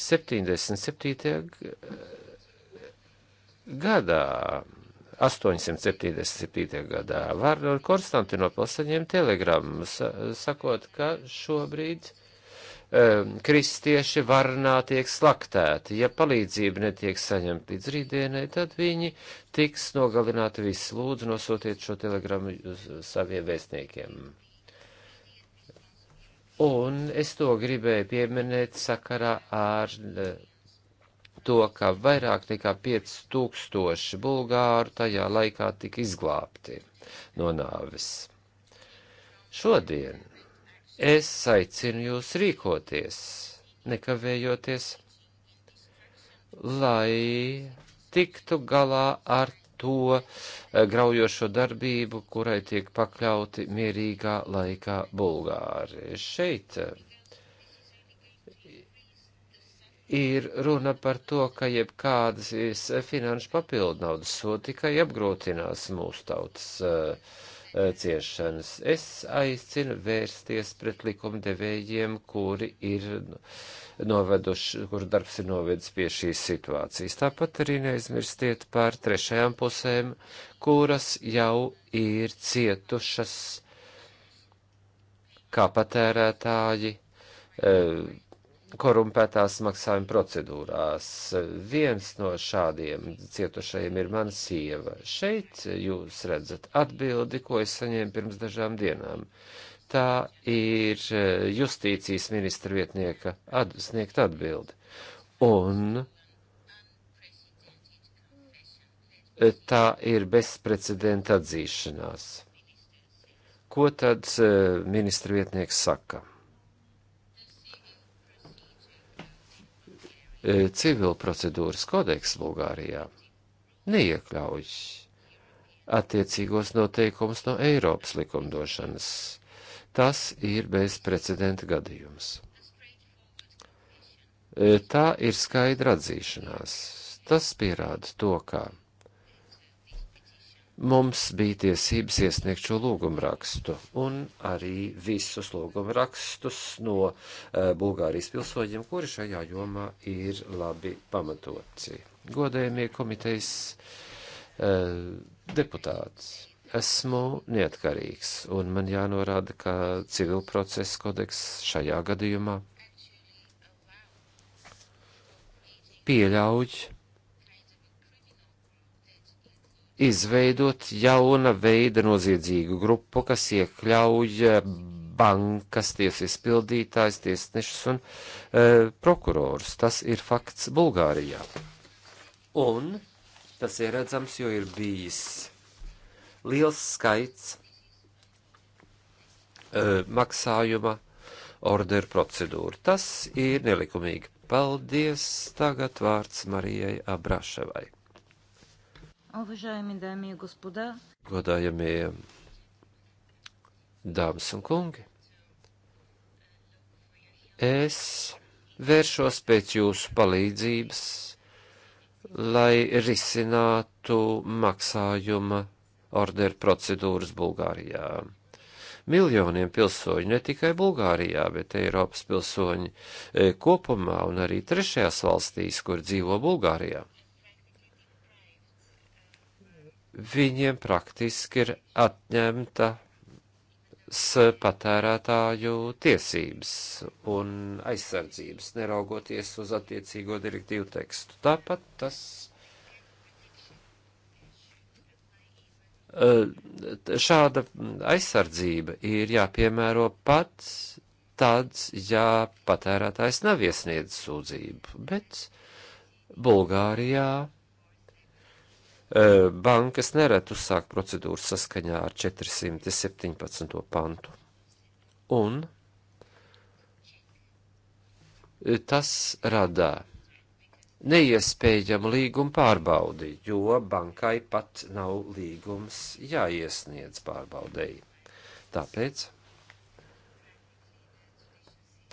77. gadā 877. gadā. Var no Konstantinopils saņem telegrammu, sakot, ka šobrīd um, kristieši varnā tiek slaktēti. Ja palīdzība netiek saņemta līdz rītdienai, tad viņi tiks nogalināti visi. Lūdzu, nosūtiet šo telegrammu saviem vēstniekiem. Un es to gribēju pieminēt sakarā ar uh, to, ka vairāk nekā 5000 bulgāru tajā laikā tika izglābti no nāves. Šodien es aicinu jūs rīkoties, nekavējoties, lai tiktu galā ar to eh, graujošo darbību, kurai tiek pakļauti mierīgā laikā bulgāri. Šeit eh, ir runa par to, ka jebkādas eh, finanšu papildu naudas sodi tikai apgrūtinās mūsu tautas uh, ciešanas. Es aicinu vērsties pret likumdevējiem, kuri ir noveduši, kur darbs ir novedis pie šīs situācijas. Tāpat arī neaizmirstiet par trešajām pusēm, kuras jau ir cietušas kā patērētāji. Uh, korumpētās maksājuma procedūrās. Viens no šādiem cietušajiem ir mana sieva. Šeit jūs redzat atbildi, ko es saņēmu pirms dažām dienām. Tā ir eh, justīcijas ministra vietnieka at, sniegt atbildi. Un tā ir bezprecedenta atzīšanās. Ko tad eh, ministra vietnieks saka? E, civil procedūras kodeks Bulgārijā neiekļauj attiecīgos noteikumus no Eiropas likumdošanas. Tas ir bezprecedenta gadījums. E, tā ir skaidra atzīšanās. Tas pierāda to, ka mums bija tiesības iesniegt šo lūgumrakstu un arī visus lūgumrakstus no uh, Bulgārijas pilsoņiem, kuri šajā jomā ir labi pamatoti. Godējumie komitejas uh, eh, deputāts. Esmu neatkarīgs, un man jānorāda, ka civil procesa kodeks šajā gadījumā pieļauj izveidot jauna veida noziedzīgu grupu, kas iekļauj eh, bankas, tiesu izpildītājs, tiesnešus un e, eh, prokurorus. Tas ir fakts Bulgārijā. Un tas ir redzams, jo ir bijis liels skaits e, maksājuma orderu procedūru. Tas ir nelikumīgi. Paldies! Tagad vārds Marijai Abraševai. Уважаеми дами и господа, Godājamie dāmas un kungi, es vēršos pēc jūsu palīdzības, lai risinātu maksājuma orderu procedūras Bulgārijā. Miljoniem pilsoņu, ne tikai Bulgārijā, bet Eiropas pilsoņi e, kopumā un arī trešajās valstīs, kur dzīvo Bulgārijā viņiem praktiski ir atņemta patērētāju tiesības un aizsardzības, neraugoties uz attiecīgo direktīvu tekstu. Tāpat tas e, šāda aizsardzība ir jāpiemēro pat tad, ja patērētājs nav iesniedzis sūdzību, bet Bulgārijā bankas nereti uzsāk procedūras saskaņā ar 417. pantu. Un tas radā neiespējamu līgumu pārbaudi, jo bankai pat nav līgums jāiesniedz pārbaudēji. Tāpēc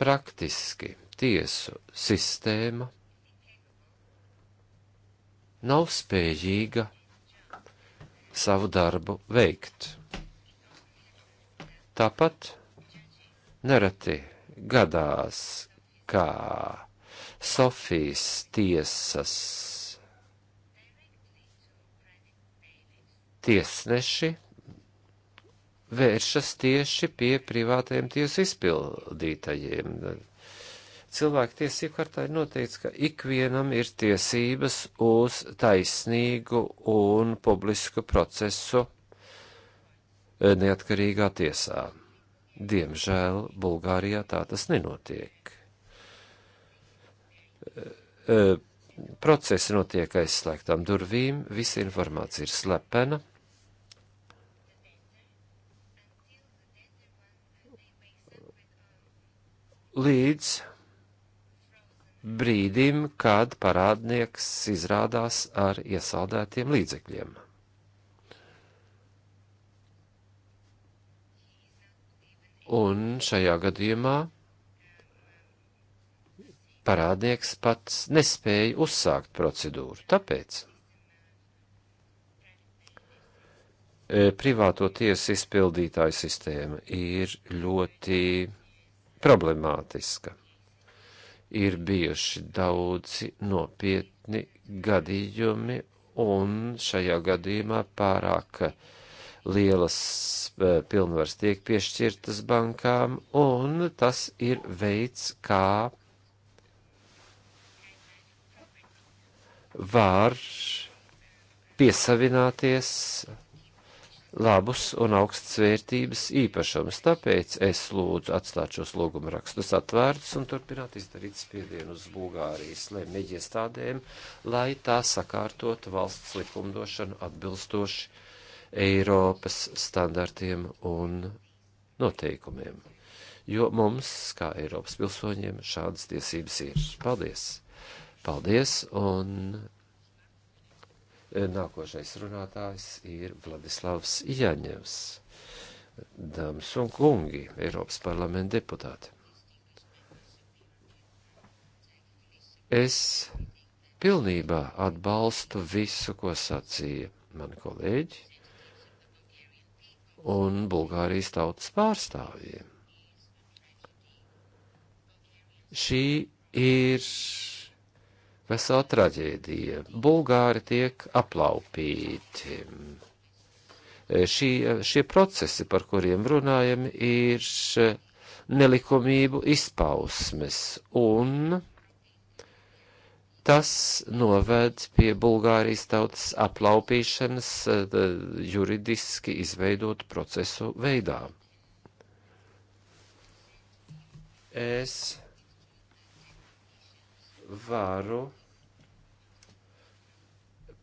praktiski tiesu sistēma nav spējīga savu darbu veikt. Tāpat nereti gadās, kā Sofijas tiesas tiesneši vēršas tieši pie privātajiem tiesu izpildītajiem cilvēku tiesību kartā ir noteikts, ka ikvienam ir tiesības uz taisnīgu un publisku procesu eh, neatkarīgā tiesā. Diemžēl Bulgārijā tā tas nenotiek. Eh, eh, procesi notiek aizslēgtām durvīm, visa informācija ir slepena. Līdz brīdim, kad parādnieks izrādās ar iesaldētiem līdzekļiem. Un šajā gadījumā parādnieks pats nespēja uzsākt procedūru. Tāpēc e, privāto tiesu izpildītāju sistēma ir ļoti problemātiska ir bijuši daudzi nopietni gadījumi, un šajā gadījumā pārāk lielas eh, pilnvaras tiek piešķirtas bankām, un tas ir veids, kā var piesavināties labus un augsts vērtības īpašumus. Tāpēc es lūdzu atstāt šos lūguma rakstus atvērtus un turpināt izdarīt spiedienu uz Bulgārijas lēmēju iestādēm, lai tā sakārtotu valsts likumdošanu atbilstoši Eiropas standartiem un noteikumiem. Jo mums, kā Eiropas pilsoņiem, šādas tiesības ir. Paldies! Paldies! Un Nākošais runātājs ir Vladislavs Jaņevs. Dāmas un kungi, Eiropas parlamenta deputāti. Es pilnībā atbalstu visu, ko sacīja mani kolēģi un Bulgārijas tautas pārstāvjiem. Šī ir vesela traģēdija. Bulgāri tiek aplaupīti. E, Šī, šie procesi, par kuriem runājam, ir nelikumību izpausmes, un tas noved pie Bulgārijas tautas aplaupīšanas e, juridiski izveidotu procesu veidā. Es varu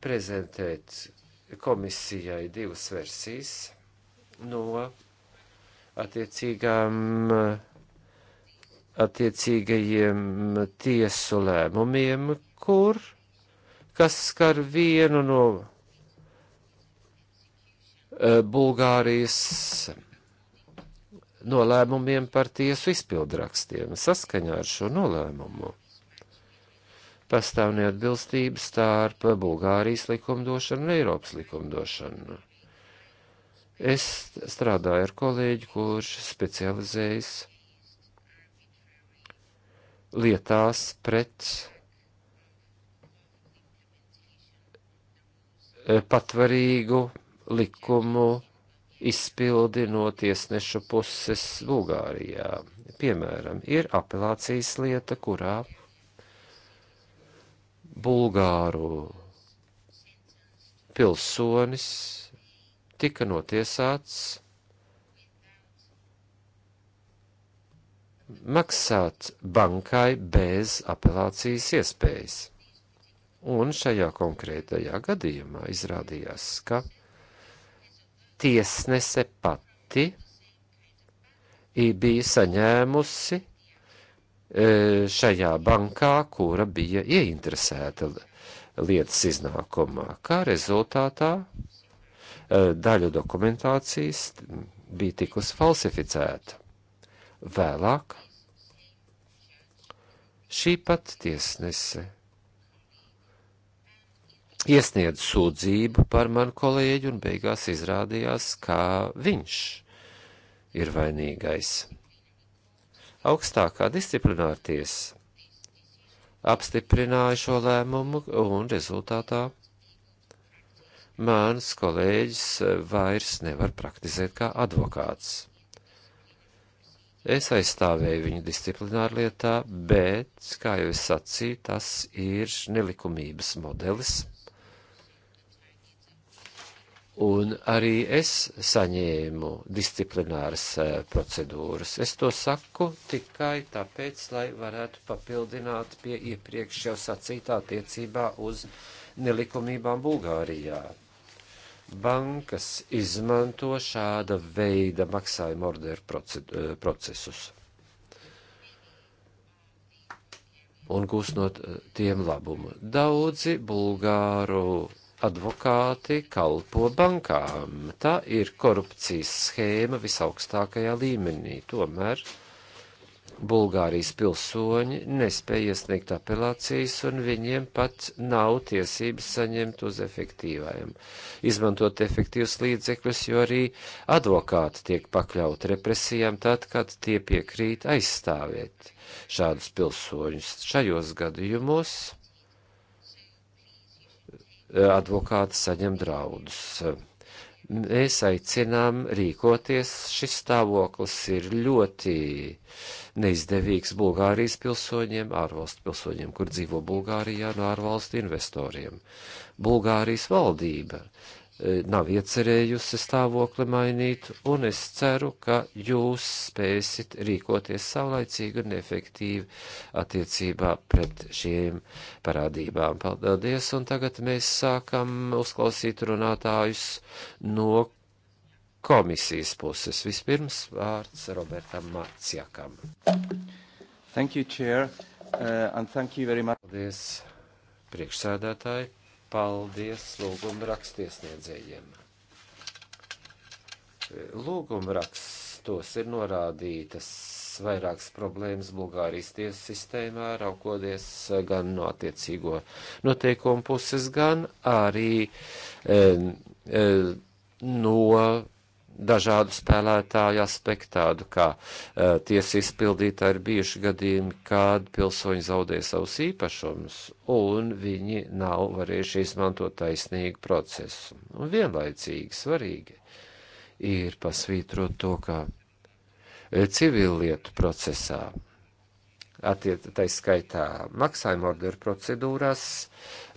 prezentēt komisijai divas versijas no attiecīgām attiecīgajiem tiesu lēmumiem, kur, kas skar vienu no e, Bulgārijas nolēmumiem par tiesu izpildrakstiem saskaņā ar šo nolēmumu pastāv neatbilstība starp Bulgārijas likumdošanu un Eiropas likumdošanu. Es strādāju ar kolēģi, kurš specializējas lietās pret eh, patvarīgu likumu izpildi no tiesnešu puses Bulgārijā. Piemēram, ir apelācijas lieta, kurā bulgāru pilsonis tika notiesāts maksāt bankai bez apelācijas iespējas. Un šajā konkrētajā gadījumā izrādījās, ka tiesnese pati bija saņēmusi E, šajā bankā, kura bija ieinteresēta lietas iznākumā. Kā rezultātā e, daļu dokumentācijas bija tikus falsificēta. Vēlāk šī pat tiesnese iesniedz sūdzību par manu kolēģi un beigās izrādījās, ka viņš ir vainīgais. Augstākā disciplināra tiesa apstiprināja šo lēmumu un rezultātā mans kolēģis eh, vairs nevar praktizēt kā advokāts. Es aizstāvēju viņu disciplināru lietā, bet, kā jau es sacīju, tas ir nelikumības modelis. Un arī es saņēmu disciplināras eh, procedūras. Es to saku tikai tāpēc, lai varētu papildināt pie iepriekš jau sacītā attiecībā uz nelikumībām Bulgārijā. Bankas izmanto šāda veida maksājuma orderu eh, procesus un gūs no eh, tiem labumu. Daudzi bulgāru advokāti kalpo bankām. Tā ir korupcijas schēma visaugstākajā līmenī. Tomēr Bulgārijas pilsoņi nespēja iesniegt apelācijas, un viņiem pat nav tiesības saņemt uz efektīvajiem, izmantot efektīvus līdzekļus, jo arī advokāti tiek pakļauti represijām tad, kad tie piekrīt aizstāvēt šādus pilsoņus. Šajos gadījumos Eh, advokāti saņem draudus. Mēs aicinām rīkoties. Šis stāvoklis ir ļoti neizdevīgs Bulgārijas pilsoņiem, ārvalstu pilsoņiem, kur dzīvo Bulgārijā no ārvalstu investoriem. Bulgārijas valdība E, nav iecerējusi stāvokli mainīt, un es ceru, ka jūs spēsit rīkoties saulaicīgi un efektīvi attiecībā pret šiem parādībām. Paldies, un tagad mēs sākam uzklausīt runātājus no komisijas puses. Vispirms vārds Robertam Maciakam. Thank you, Chair, uh, and thank you very much. Paldies, priekšsēdētāji. Paldies lūgumu rakstiesniedzējiem. Lūgumu rakstos ir norādītas vairākas problēmas Bulgārijas tiesu sistēmā, raukoties gan no attiecīgo noteikumu puses, gan arī e, e, no dažādu spēlētāju aspektu, tādu kā uh, eh, tiesa izpildītāji ir bijuši gadījumi, kad pilsoņi zaudē savus īpašumus un viņi nav varējuši izmantot taisnīgu procesu. Un vienlaicīgi svarīgi ir pasvītrot to, ka eh, civilietu procesā attiecībā skaitā maksājuma orderu procedūrās,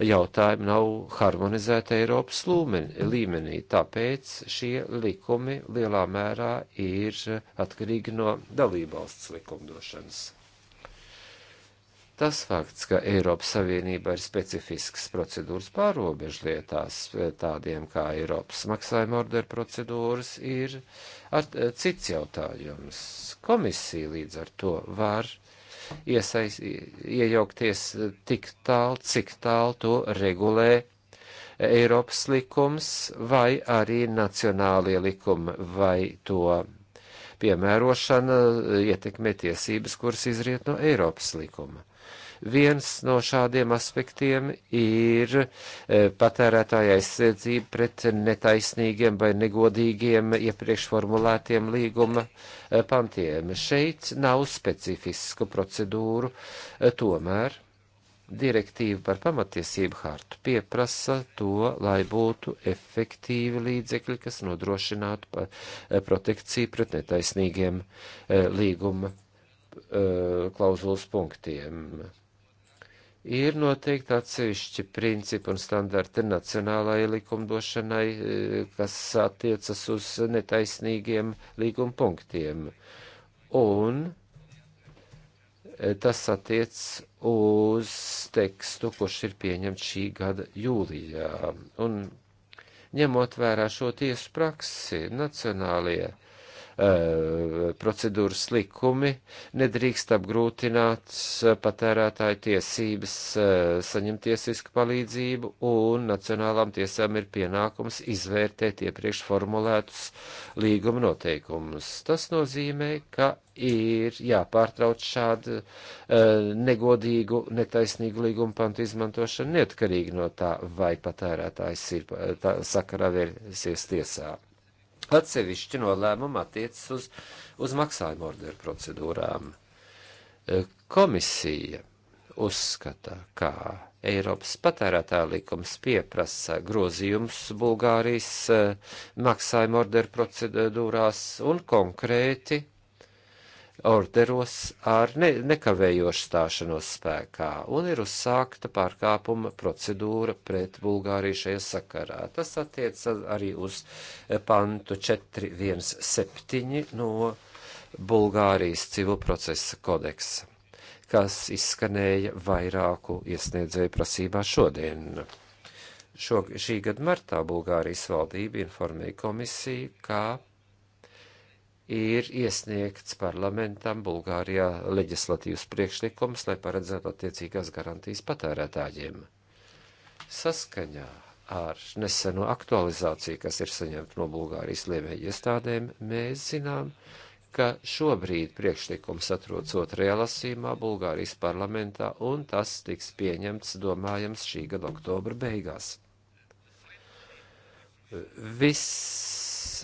jautājumi nav harmonizēti Eiropas līmenī, tāpēc šie likumi lielā mērā ir atkarīgi no dalībvalsts likumdošanas. Tas fakts, ka Eiropas Savienība ir specifisks procedūras pārobežu lietās, tādiem kā Eiropas maksājuma orderu procedūras, ir ar, cits jautājums. Komisija līdz ar to var iesais, iejaukties tik tālu, cik tālu to regulē Eiropas likums vai arī nacionālie likumi vai to piemērošana ietekmē tiesības, kuras izriet no Eiropas likuma. Viens no šādiem aspektiem ir e, patērētāja aizsardzība pret netaisnīgiem vai negodīgiem iepriekš formulētiem līguma e, pantiem. Šeit nav specifisku procedūru, e, tomēr direktīva par pamatiesību hartu pieprasa to, lai būtu efektīvi līdzekļi, kas nodrošinātu protekciju pret netaisnīgiem līguma klauzulas punktiem ir noteikti atsevišķi principi un standarti nacionālajai likumdošanai, e, kas attiecas uz netaisnīgiem līguma punktiem. Un e, tas attiec uz tekstu, kurš ir pieņemts šī gada jūlijā. Un ņemot vērā šo tiesu praksi, nacionālajie Eh, procedūras likumi nedrīkst apgrūtināt patērētāju tiesības eh, saņemt tiesisku palīdzību, un nacionālām tiesām ir pienākums izvērtēt iepriekš formulētus līguma noteikumus. Tas nozīmē, ka ir jāpārtrauc šādu uh, negodīgu, netaisnīgu līguma pantu izmantošanu, neatkarīgi no tā, vai patērētājs ir tā, sakarā vērsies tiesā. Atsevišķi nolēmumi attiecas uz, uz maksājuma orderu procedūrām. E, komisija uzskata, ka Eiropas patērētāja likums pieprasa grozījumus Bulgārijas e, maksājuma orderu procedūrās un konkrēti orderos ar ne, nekavējošu stāšanos spēkā, un ir uzsākta pārkāpuma procedūra pret Bulgāriju šajā sakarā. Tas attiec arī uz pantu 417 no Bulgārijas civil procesa kodeksa kas izskanēja vairāku iesniedzēju prasībā šodien. Šo, šī gada martā Bulgārijas valdība informēja komisiju, ka ir iesniegts parlamentam Bulgārijā leģislatīvs priekšlikums, lai paredzētu attiecīgās garantijas patērētājiem. Saskaņā ar neseno aktualizāciju, kas ir saņemta no Bulgārijas liemēja iestādēm, mēs zinām, ka šobrīd priekšlikums atrodas otrajā lasīmā Bulgārijas parlamentā, un tas tiks pieņemts, domājams, šī gada oktobra beigās. Viss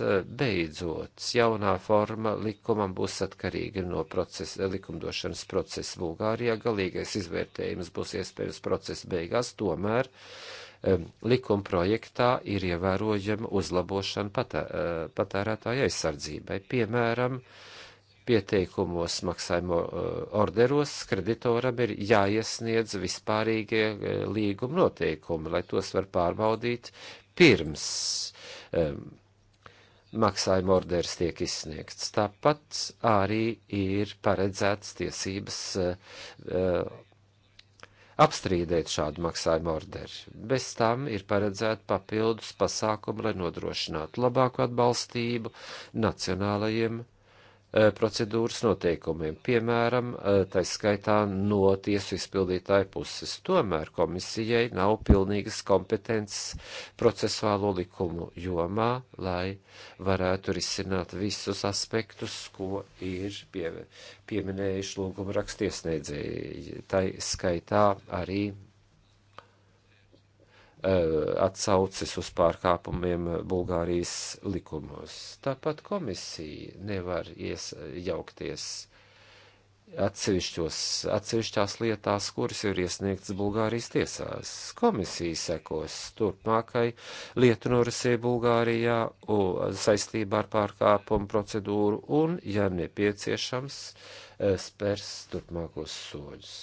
Eh, beidzot jaunā forma likumam būs atkarīga no procesa, likumdošanas procesa Bulgārijā. Galīgais izvērtējums būs iespējams procesa beigās, tomēr eh, likuma projektā ir ievērojama uzlabošana patē, eh, patērētāja aizsardzībai. Piemēram, pieteikumos maksājuma orderos kreditoram ir jāiesniedz vispārīgie līguma noteikumi, lai tos var pārbaudīt pirms um, maksājuma orders tiek izsniegts. Tāpat arī ir paredzēts tiesības uh, apstrīdēt šādu maksājumu orderi. Bez tam ir paredzēta papildus pasākuma, lai nodrošinātu labāku atbalstību nacionālajiem Eh, procedūras noteikumiem, piemēram, eh, taiskaitā no tiesu izpildītāja puses. Tomēr komisijai nav pilnīgas kompetences procesuālo likumu jomā, lai varētu risināt visus aspektus, ko ir pie, pieminējuši lūguma rakstiesniedzēji. Tai skaitā arī Eh, atsaucis uz pārkāpumiem Bulgārijas likumos. Tāpat komisija nevar iejaukties atsevišķos, atsevišķās lietās, kuras ir iesniegts Bulgārijas tiesās. Komisija sekos turpmākai lietu norisē Bulgārijā u, saistībā ar pārkāpumu procedūru un, ja nepieciešams, eh, spērs turpmākos soļus.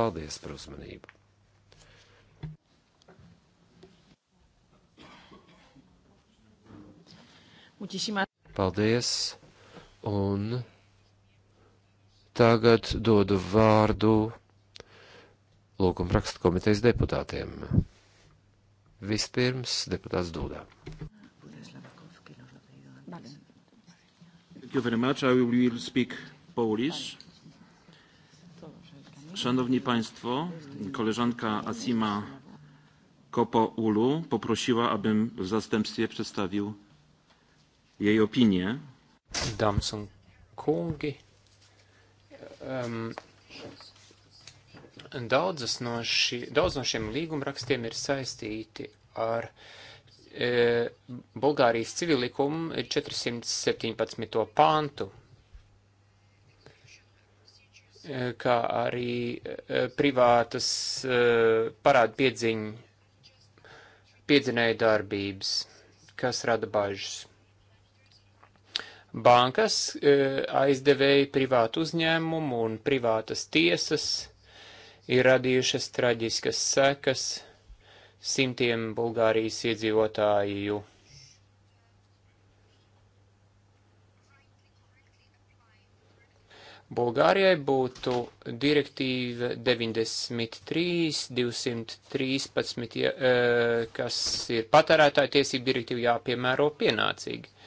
Paldies par uzmanību! Paldies! Un tagad dodu vārdu lūguma rakstu komitejas deputātiem. Vispirms deputāts Dūdā.
Thank you very much. I will speak Polish. Szanowni Państwo, koleżanka
Asima Kopo-Ulu poprosiła, abym w zastępstwie przedstawił
jej opinię. Dāmas un kungi, um, daudzas no, šī, daudz no šiem līgumrakstiem ir saistīti ar e, Bulgārijas civilikumu 417. pāntu, e, kā arī e, privātas e, parādu piedziņu, piedzinēju darbības, kas rada bažas bankas, e, aizdevēji privātu uzņēmumu un privātas tiesas ir radījušas traģiskas sekas simtiem Bulgārijas iedzīvotāju. Bulgārijai būtu direktīva 93, 213, e, kas ir patērētāja tiesība direktīva jāpiemēro pienācīgi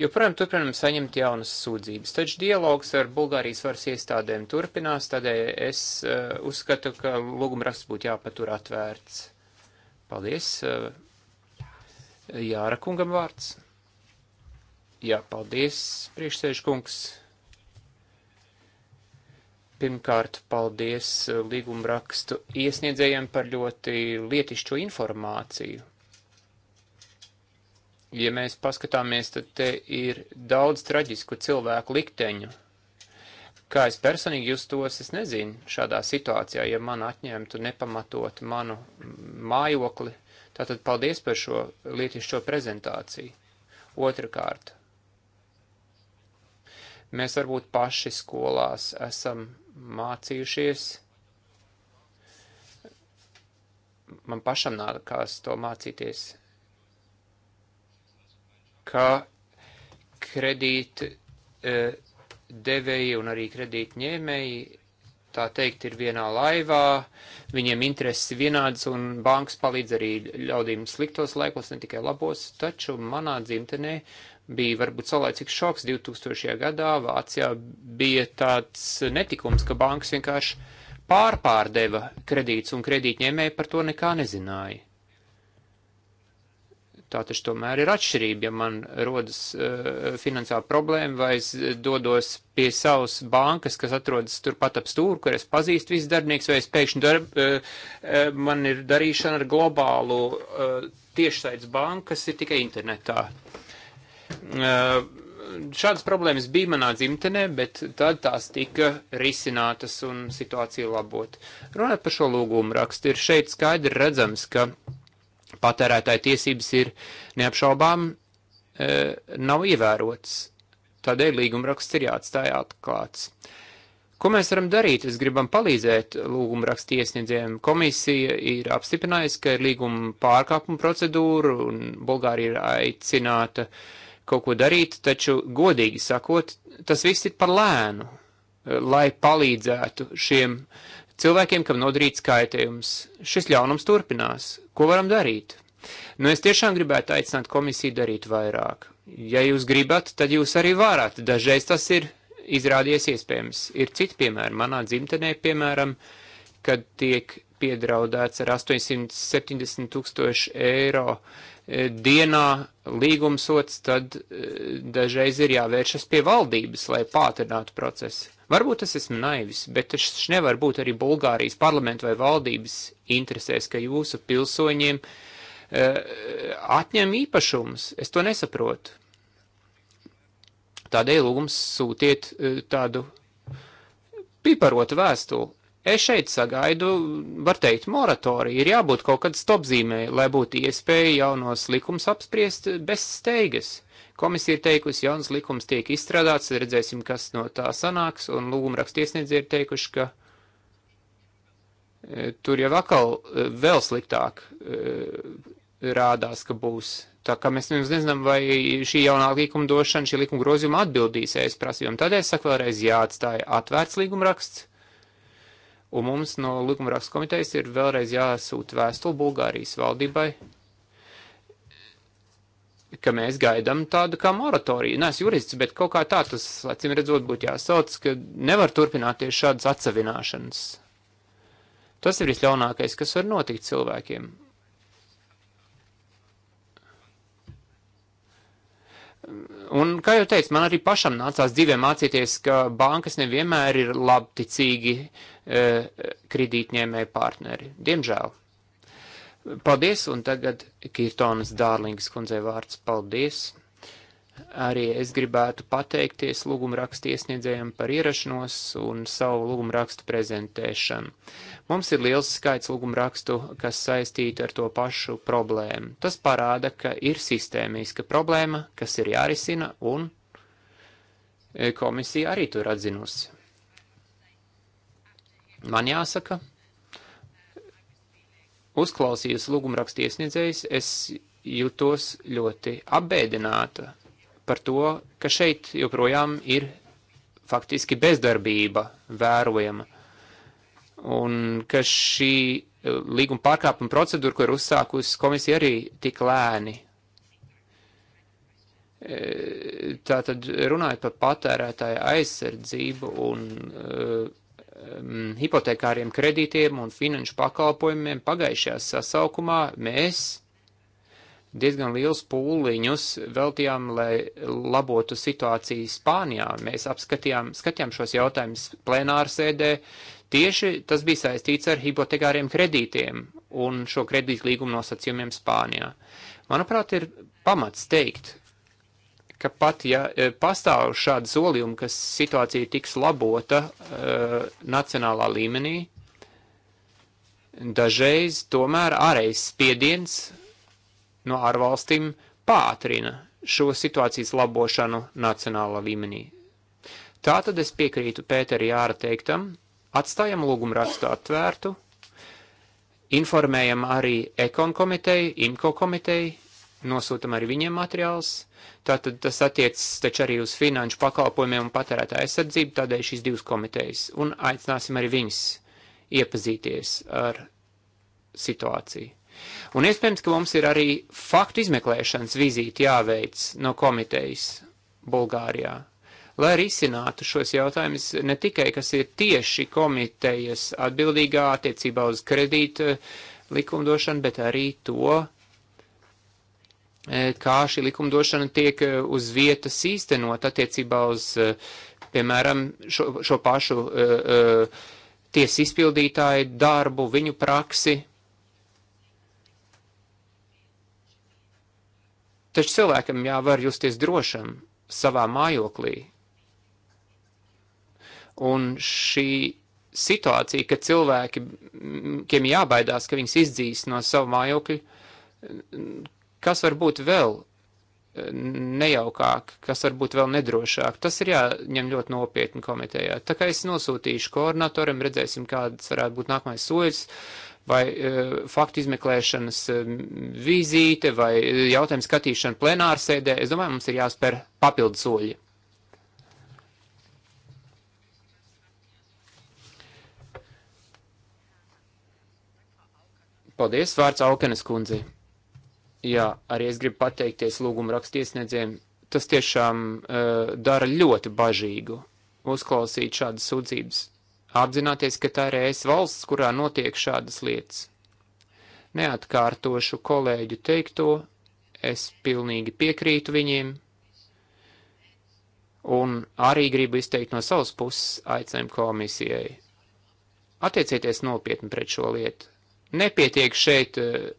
joprojām turpinam saņemt jaunas sūdzības. Taču dialogs ar Bulgārijas varas iestādēm turpinās, tādēļ es uh, uzskatu, ka lūgumraksts būtu jāpatur atvērts. Paldies! Uh, Jāra kungam vārds. Jā, paldies, priekšsēžkungs. Pirmkārt, paldies eh, līgumrakstu iesniedzējiem par ļoti lietišķo informāciju ja mēs paskatāmies, tad te ir daudz traģisku cilvēku likteņu. Kā es personīgi jūs tos, es nezinu, šādā situācijā, ja man atņemtu nepamatot manu mājokli. Tātad paldies par šo lietišķo prezentāciju. Otrakārt, mēs varbūt paši skolās esam mācījušies. Man pašam nākās to mācīties ka kredīt e, devēji un arī kredītņēmēji, tā teikt, ir vienā laivā, viņiem intereses vienādas un bankas palīdz arī ļaudīm sliktos laikos, ne tikai labos, taču manā dzimtenē bija varbūt saulēcīgs šoks 2000. gadā, Vācijā bija tāds netikums, ka bankas vienkārši pārpārdeva kredīts un kredītņēmēji par to nekā nezināja. Tā taču tomēr ir atšķirība, ja man rodas uh, eh, finansā problēma vai es dodos pie savas bankas, kas atrodas turpat ap stūru, kur es pazīstu visus darbinieks, vai es pēkšņi darb, uh, uh, man ir darīšana ar globālu uh, tiešsaits banku, kas ir tikai internetā. Uh, šādas problēmas bija manā dzimtenē, bet tad tās tika risinātas un situācija labot. Runāt par šo lūgumu rakstu ir šeit skaidri redzams, ka patērētāja tiesības ir neapšaubām e, nav ievērotas. Tādēļ līgumraksts ir jāatstāj atklāts. Ko mēs varam darīt? Es gribam palīdzēt lūguma rakstu iesniedzējiem. Komisija ir apstiprinājusi, ka ir līguma pārkāpuma procedūra un Bulgārija ir aicināta kaut ko darīt, taču, godīgi sakot, tas viss ir par lēnu, lai palīdzētu šiem cilvēkiem, kam nodarīts kaitējums. Šis ļaunums turpinās. Ko varam darīt? Nu, es tiešām gribētu aicināt komisiju darīt vairāk. Ja jūs gribat, tad jūs arī varat. Dažreiz tas ir izrādies iespējams. Ir citi piemēri. Manā dzimtenē, piemēram, kad tiek piedraudēts ar 870 tūkstošu eiro uh, E, dienā līgumsots, tad e, dažreiz ir jāvēršas pie valdības, lai pātrinātu procesu. Varbūt tas esmu naivis, bet tas nevar būt arī Bulgārijas parlamenta vai valdības interesēs, ka jūsu pilsoņiem uh, atņem īpašumus. Es to nesaprotu. Tādēļ lūgums sūtiet uh, tādu piparotu vēstuli. Es šeit sagaidu, var teikt, moratoriju. Ir jābūt kaut kad stopzīmē, lai būtu iespēja jaunos likums apspriest bez steigas. Komisija ir teikusi, jauns likums tiek izstrādāts, redzēsim, kas no tā sanāks, un lūguma rakstiesniedzēji ir teikuši, ka e, tur jau atkal e, vēl sliktāk e, rādās, ka būs. Tā kā mēs nemaz nezinām, vai šī jaunā likuma došana, šī likuma grozījuma atbildīs ēst prasībām. Tādēļ saku vēlreiz jāatstāja atvērts līgumraksts, Un mums no likumrakstu komitejas ir vēlreiz jāsūta vēstule Bulgārijas valdībai, ka mēs gaidām tādu kā moratoriju. Nē, es jurists, bet kaut kā tā tas, acīm redzot, būtu jāsauc, ka nevar turpināties šādas atsevināšanas. Tas ir visļaunākais, kas var notikt cilvēkiem. Un, kā jau teicu, man arī pašam nācās dzīvē mācīties, ka bankas nevienmēr ir labticīgi uh, E, kredītņēmēju partneri. Diemžēl. Paldies, un tagad Kirtonas Dārlingas kundzei vārds. Paldies! Arī es gribētu pateikties lūgumrakstu iesniedzējiem par ierašanos un savu lūgumrakstu prezentēšanu. Mums ir liels skaits lūgumrakstu, kas saistīti ar to pašu problēmu. Tas parāda, ka ir sistēmiska problēma, kas ir jārisina, un e, komisija arī to ir atzinusi. Man jāsaka, uzklausījus lūgumrakstu iesniedzējus, es jutos ļoti apbēdināta par to, ka šeit joprojām ir faktiski bezdarbība vērojama. Un ka šī eh, līguma pārkāpuma procedūra, ko ir uzsākusi komisija, arī tik lēni. E, tātad runājot par patērētāju aizsardzību un uh, um, hipotekāriem kredītiem un finanšu pakalpojumiem pagājušajā sasaukumā mēs diezgan liels pūliņus veltījām, lai labotu situāciju Spānijā. Mēs apskatījām skatījām šos jautājumus plenāru sēdē. Tieši tas bija saistīts ar hipotekāriem kredītiem un šo kredītlīgumu nosacījumiem Spānijā. Manuprāt, ir pamats teikt, ka pat ja e, pastāv šādi solījumi, ka situācija tiks labota uh, nacionālā līmenī, dažreiz tomēr ārējais spiediens no ārvalstīm pātrina šo situācijas labošanu nacionālā līmenī. Tā tad es piekrītu Pēteri Jāra teiktam, atstājam lūgumu rakstu atvērtu, informējam arī Ekon komiteju, IMKO komiteju, nosūtam arī viņiem materiāls. Tātad tas attiecas taču arī uz finanšu pakalpojumiem un patērētā aizsardzību, tādēļ šīs divas komitejas. Un aicināsim arī viņus iepazīties ar situāciju. Un iespējams, ka mums ir arī faktu izmeklēšanas vizīti jāveic no komitejas Bulgārijā, lai risinātu šos jautājumus ne tikai, kas ir tieši komitejas atbildīgā attiecībā uz kredīta likumdošanu, bet arī to, uh, Eh, kā šī likumdošana tiek eh, uz vietas īstenot attiecībā uz, eh, piemēram, šo, šo pašu uh, tiesu izpildītāju darbu, viņu praksi. Taču cilvēkam jāvar justies drošam savā mājoklī. Un šī situācija, ka cilvēki, kiem jābaidās, ka viņas izdzīs no savu mājokļu, Kas var būt vēl eh, nejaukāk, kas varbūt vēl nedrošāk. Tas ir jāņem ļoti nopietni komitejā. Tā kā es nosūtīšu koordinatoram, redzēsim, kāds varētu būt nākamais soļs, vai e, faktu izmeklēšanas e, vizīte, vai jautājumu skatīšana plenārsēdē. Es domāju, mums ir jāspēr papildu soļi. Paldies, vārds Aukenes kundzei. Jā, arī es gribu pateikties lūguma rakstiesniedzējiem. Tas tiešām uh, dara ļoti bažīgu uzklausīt šādas sūdzības, apzināties, ka tā ir ES valsts, kurā notiek šādas lietas. Neatkārtošu kolēģu teikto, es pilnīgi piekrītu viņiem, un arī gribu izteikt no savas puses aicinājumu komisijai. Attiecieties nopietni pret šo lietu. Nepietiek šeit uh,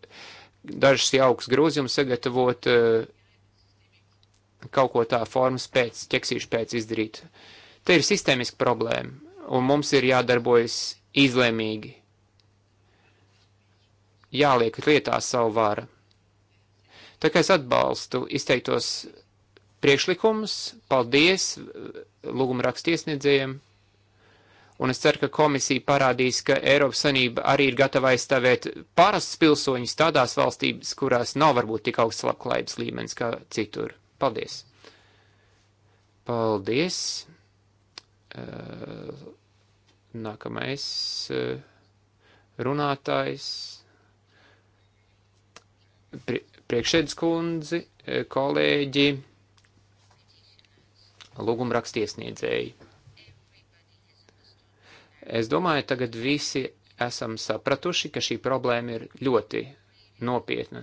dažus jaukus grūzījumus sagatavot, eh, kaut ko tā formas pēc, ķeksīšu pēc izdarīt. Te ir sistēmiska problēma, un mums ir jādarbojas izlēmīgi. Jāliek lietā savu vāru. Tā kā es atbalstu izteiktos priekšlikumus, paldies eh, lūguma rakstiesniedzējiem un es ceru, ka komisija parādīs, ka Eiropas Sanība arī ir gatava aizstāvēt parastus pilsoņus tādās valstīs, kurās nav varbūt tik augsts labklājības līmenis kā citur. Paldies! Paldies! Eh, nākamais eh, runātājs. Priekšēdus kundzi, eh, kolēģi, lūgumrakstiesniedzēji. Es domāju, tagad visi esam sapratuši, ka šī problēma ir ļoti nopietna.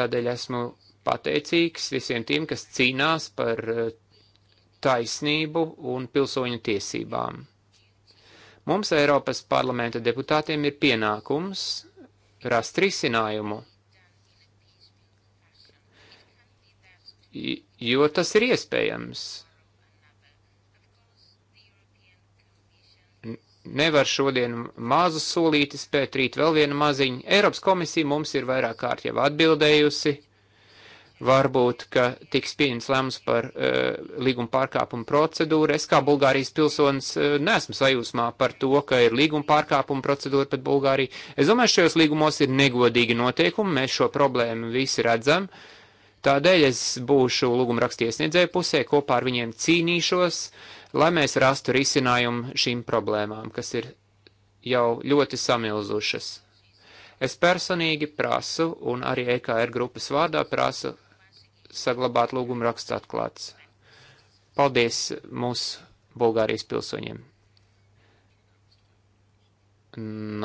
Tādēļ esmu pateicīgs visiem tiem, kas cīnās par eh, taisnību un pilsoņu tiesībām. Mums, Eiropas parlamenta deputātiem, ir pienākums rast risinājumu, jo tas ir iespējams. nevar šodien mazu solīti spēt, rīt vēl vienu maziņu. Eiropas komisija mums ir vairāk kārt jau atbildējusi. Varbūt, ka tiks pieņems lēmums par uh, līguma pārkāpumu procedūru. Es kā Bulgārijas pilsonis uh, neesmu sajūsmā par to, ka ir līguma pārkāpuma procedūra pret Bulgāriju. Es domāju, šajos līgumos ir negodīgi noteikumi, mēs šo problēmu visi redzam. Tādēļ es būšu lūguma rakstiesniedzēju pusē, kopā ar viņiem cīnīšos. Uh, lai mēs rastu risinājumu šīm problēmām, kas ir jau ļoti samilzušas. Es personīgi prasu, un arī EKR grupas vārdā prasu, saglabāt lūgumu raksts atklāts. Paldies mūsu Bulgārijas pilsoņiem.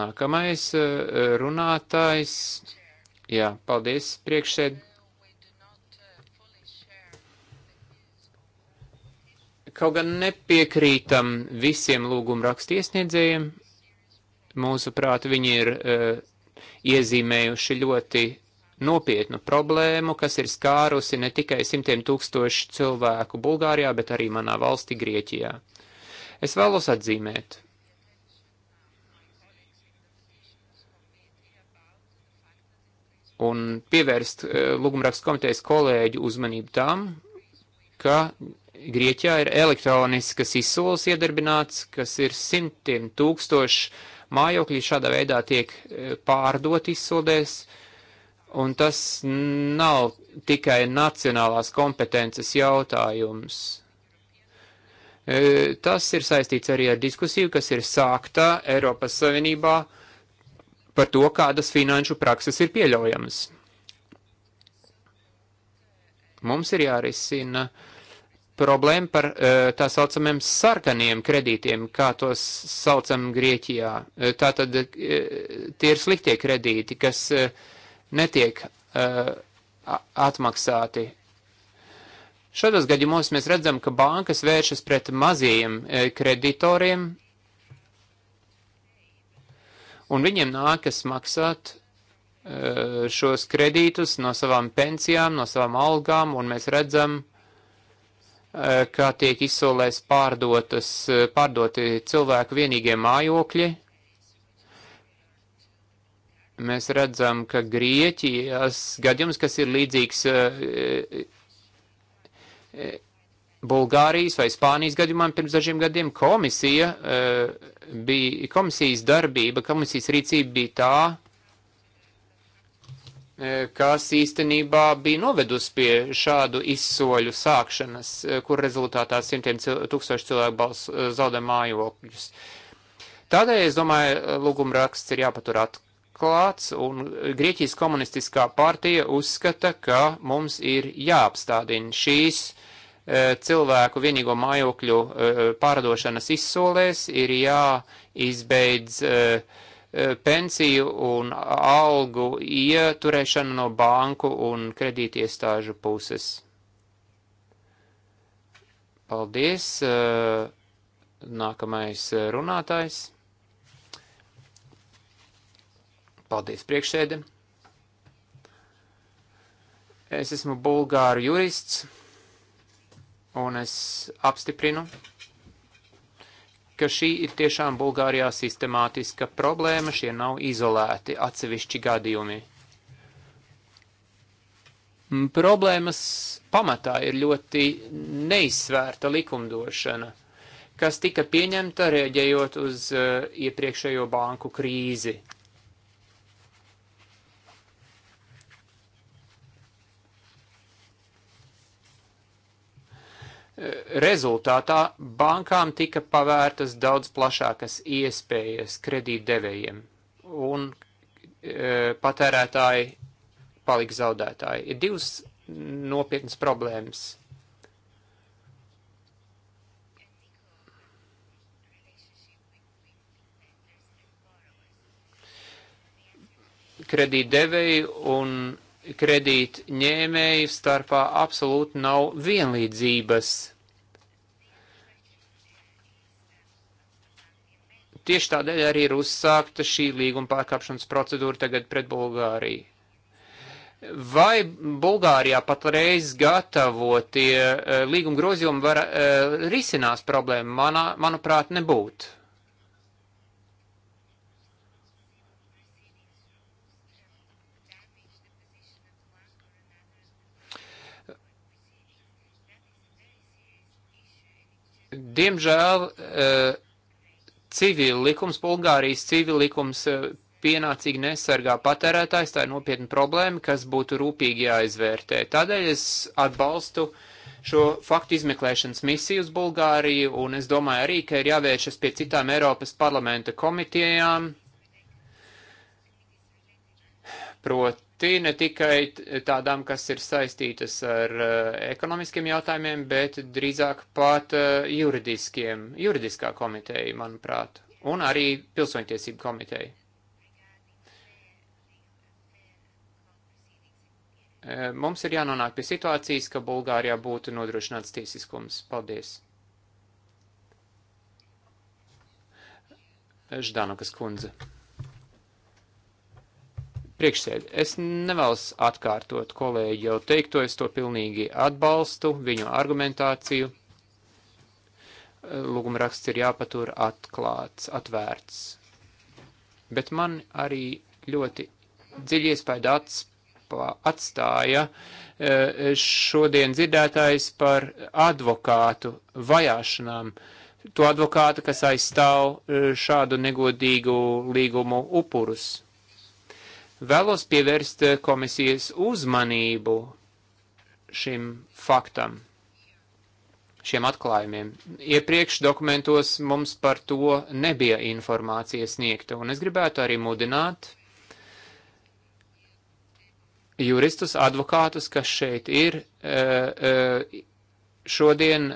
Nākamais eh, runātājs. Jā, paldies priekšsēdētājiem. Kaut gan nepiekrītam visiem lūguma rakstu iesniedzējiem, mūsuprāt, viņi ir uh, iezīmējuši ļoti nopietnu problēmu, kas ir skārusi ne tikai simtiem tūkstošu cilvēku Bulgārijā, bet arī manā valsti Grieķijā. Es vēlos atzīmēt. Un pievērst uh, lūgumrakstu komitejas kolēģu uzmanību tam, ka Grieķijā ir elektroniskas izsoles iedarbināts, kas ir simtiem tūkstoši mājokļi šādā veidā tiek e, pārdot izsoldēs, un tas nav tikai nacionālās kompetences jautājums. E, tas ir saistīts arī ar diskusiju, kas ir sāktā Eiropas Savienībā par to, kādas finanšu prakses ir pieļaujamas. Mums ir jārisina uh, problēma par eh, tā saucamiem sarkaniem kredītiem, kā tos saucam Grieķijā. Eh, Tātad eh, tie ir sliktie kredīti, kas netiek atmaksāti. Šādos gadījumos mēs redzam, ka bankas vēršas pret mazajiem kreditoriem, un viņiem nākas maksāt šos kredītus no savām pensijām, no savām algām, un mēs redzam, Eh, kā tiek izsolēs pārdotas, eh, pārdoti cilvēku vienīgie mājokļi. Mēs redzam, ka Grieķijas gadījums, kas ir līdzīgs eh, Bulgārijas vai Spānijas gadījumam pirms dažiem gadiem, komisija bija, komisijas darbība, komisijas rīcība bija tā, E, kas īstenībā bija novedusi pie šādu izsoļu sākšanas, e, kur rezultātā simtiem cil tūkstoši cilvēku balss e, zaudē mājokļus. Tādēļ, es domāju, lūguma raksts ir jāpatur atklāt atklāts, un Grieķijas komunistiskā partija uzskata, ka mums ir jāapstādina šīs e, cilvēku vienīgo mājokļu e, pārdošanas izsolēs, ir jāizbeidz e, E, pensiju un algu ieturēšanu no banku un kredītiestāžu puses. Paldies. E, nākamais runātājs. Paldies priekšēde. Es esmu bulgāru jurists un es apstiprinu ka šī ir tiešām Bulgārijā sistemātiska problēma, šie nav izolēti atsevišķi gadījumi. Problēmas pamatā ir ļoti neizsvērta likumdošana, kas tika pieņemta rēģējot uz uh, iepriekšējo banku krīzi. rezultātā bankām tika pavērtas daudz plašākas iespējas kredītdevējiem, un e, patērētāji palika zaudētāji. Ir divas nopietnas problēmas. Kredītdevēji un kredītņēmēju starpā absolūti nav vienlīdzības. Tieši tādēļ arī ir uzsākta šī līguma pārkāpšanas procedūra tagad pret Bulgāriju. Vai Bulgārijā patreiz gatavotie eh, līguma grozījumi var eh, risinās problēmu? Manā, manuprāt, nebūtu. Diemžēl e, civila likums, Bulgārijas civila likums e, pienācīgi nesargā patērētājs, tā ir nopietna problēma, kas būtu rūpīgi jāizvērtē. Tādēļ es atbalstu šo faktu izmeklēšanas misiju uz Bulgāriju, un es domāju arī, ka ir jāvēršas pie citām Eiropas parlamenta komitejām, proti ļoti, ne tikai tādām, kas ir saistītas ar eh, ekonomiskiem jautājumiem, bet drīzāk pat eh, juridiskiem, juridiskā komiteja, manuprāt, un arī pilsoņtiesību komiteja. Eh, mums ir jānonāk pie situācijas, ka Bulgārijā būtu nodrošināts tiesiskums. Paldies! Ždanukas kundze. Priekšsēd, es nevēlas atkārtot kolēģi jau teikto, es to pilnīgi atbalstu, viņu argumentāciju. Lūguma raksts ir jāpatur atklāts, atvērts. Bet man arī ļoti dziļi iespēja atstāja eh, šodien dzirdētājs par advokātu vajāšanām. To advokātu, kas aizstāv eh, šādu negodīgu līgumu upurus. Vēlos pievērst eh, komisijas uzmanību šim faktam, šiem atklājumiem. Iepriekš dokumentos mums par to nebija informācija sniegta, un es gribētu arī mudināt juristus, advokātus, kas šeit ir, eh, eh, šodien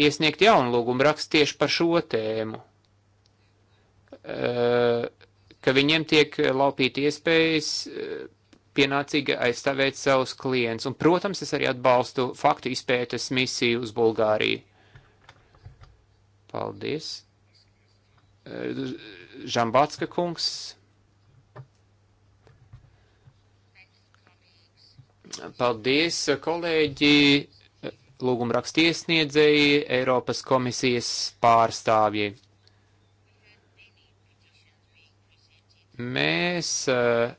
iesniegt jaunu lūgumu rakstu tieši par šo tēmu ka viņiem tiek eh, laupīti iespējas eh, pienācīgi aizstāvēt savus klientus. Un, protams, es arī atbalstu faktu izpētes misiju uz Bulgāriju. Paldies. Eh, Žambatska kungs. Paldies, kolēģi, lūgumrakstiesniedzēji, Eiropas komisijas pārstāvji. Mēs uh,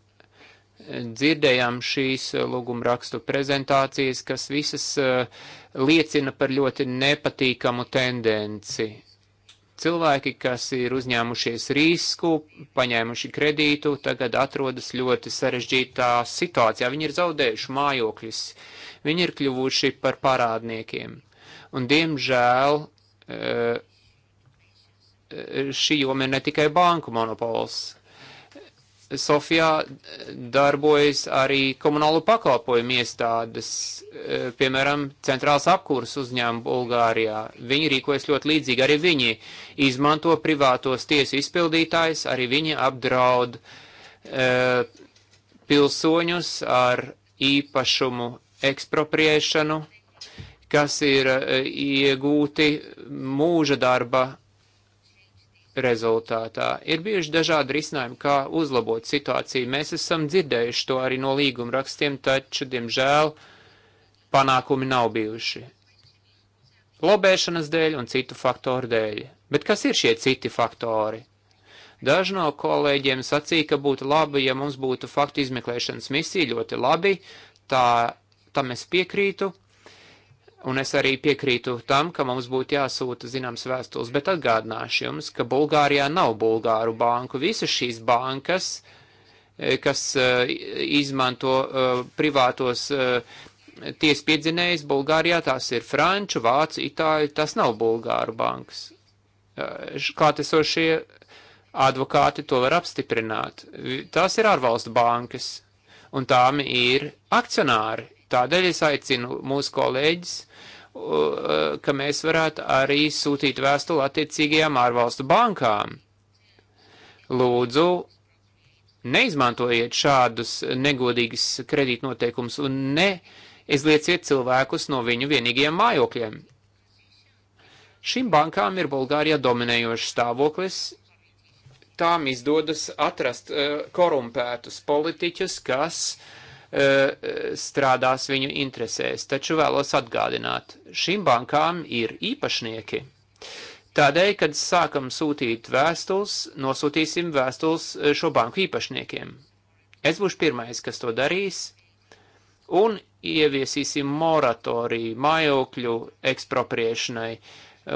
dzirdējām šīs eh, lūguma rakstu prezentācijas, kas visas uh, liecina par ļoti nepatīkamu tendenci. Cilvēki, kas ir uzņēmušies risku, paņēmuši kredītu, tagad atrodas ļoti sarežģītā situācijā. Viņi ir zaudējuši mājokļus, viņi ir kļuvuši par parādniekiem. Un, diemžēl, uh, šī joma ir ne tikai banku monopols Sofijā eh, darbojas arī komunālu pakalpojumu iestādes, eh, piemēram, centrāls apkurs uzņēmuma Bulgārijā. Viņi rīkojas ļoti līdzīgi, arī viņi izmanto privātos tiesu izpildītājs, arī viņi apdraud e, pilsoņus ar īpašumu ekspropriēšanu, kas ir e, iegūti mūža darba rezultātā. Ir bijuši dažādi risinājumi, kā uzlabot situāciju. Mēs esam dzirdējuši to arī no līguma rakstiem, taču, diemžēl, panākumi nav bijuši. Lobēšanas dēļ un citu faktoru dēļ. Bet kas ir šie citi faktori? Daži no kolēģiem sacīja, ka būtu labi, ja mums būtu faktu izmeklēšanas misija ļoti labi, tā, tam es piekrītu, Un es arī piekrītu tam, ka mums būtu jāsūta zināms vēstules, bet atgādināšu jums, ka Bulgārijā nav Bulgāru banku. Visas šīs bankas, e, kas uh, izmanto uh, privātos uh, tiespiedzinējus Bulgārijā, tās ir Franču, Vācu, Itāļu, tas nav Bulgāru bankas. Klātesošie advokāti to var apstiprināt. Tās ir ārvalstu bankas, un tām ir akcionāri. Tādēļ es aicinu mūsu kolēģis ka mēs varētu arī sūtīt vēstuli attiecīgajām ārvalstu bankām. Lūdzu, neizmantojiet šādus negodīgus kredītnoteikumus un ne izlieciet cilvēkus no viņu vienīgajiem mājokļiem. Šīm bankām ir Bulgārijā dominējošs stāvoklis. Tām izdodas atrast uh, korumpētus politiķus, kas uh, E, strādās viņu interesēs. Taču vēlos atgādināt, šīm bankām ir īpašnieki. Tādēļ, kad sākam sūtīt vēstules, nosūtīsim vēstules e, šo banku īpašniekiem. Es būšu pirmais, kas to darīs, un ieviesīsim moratoriju mājokļu ekspropriešanai e,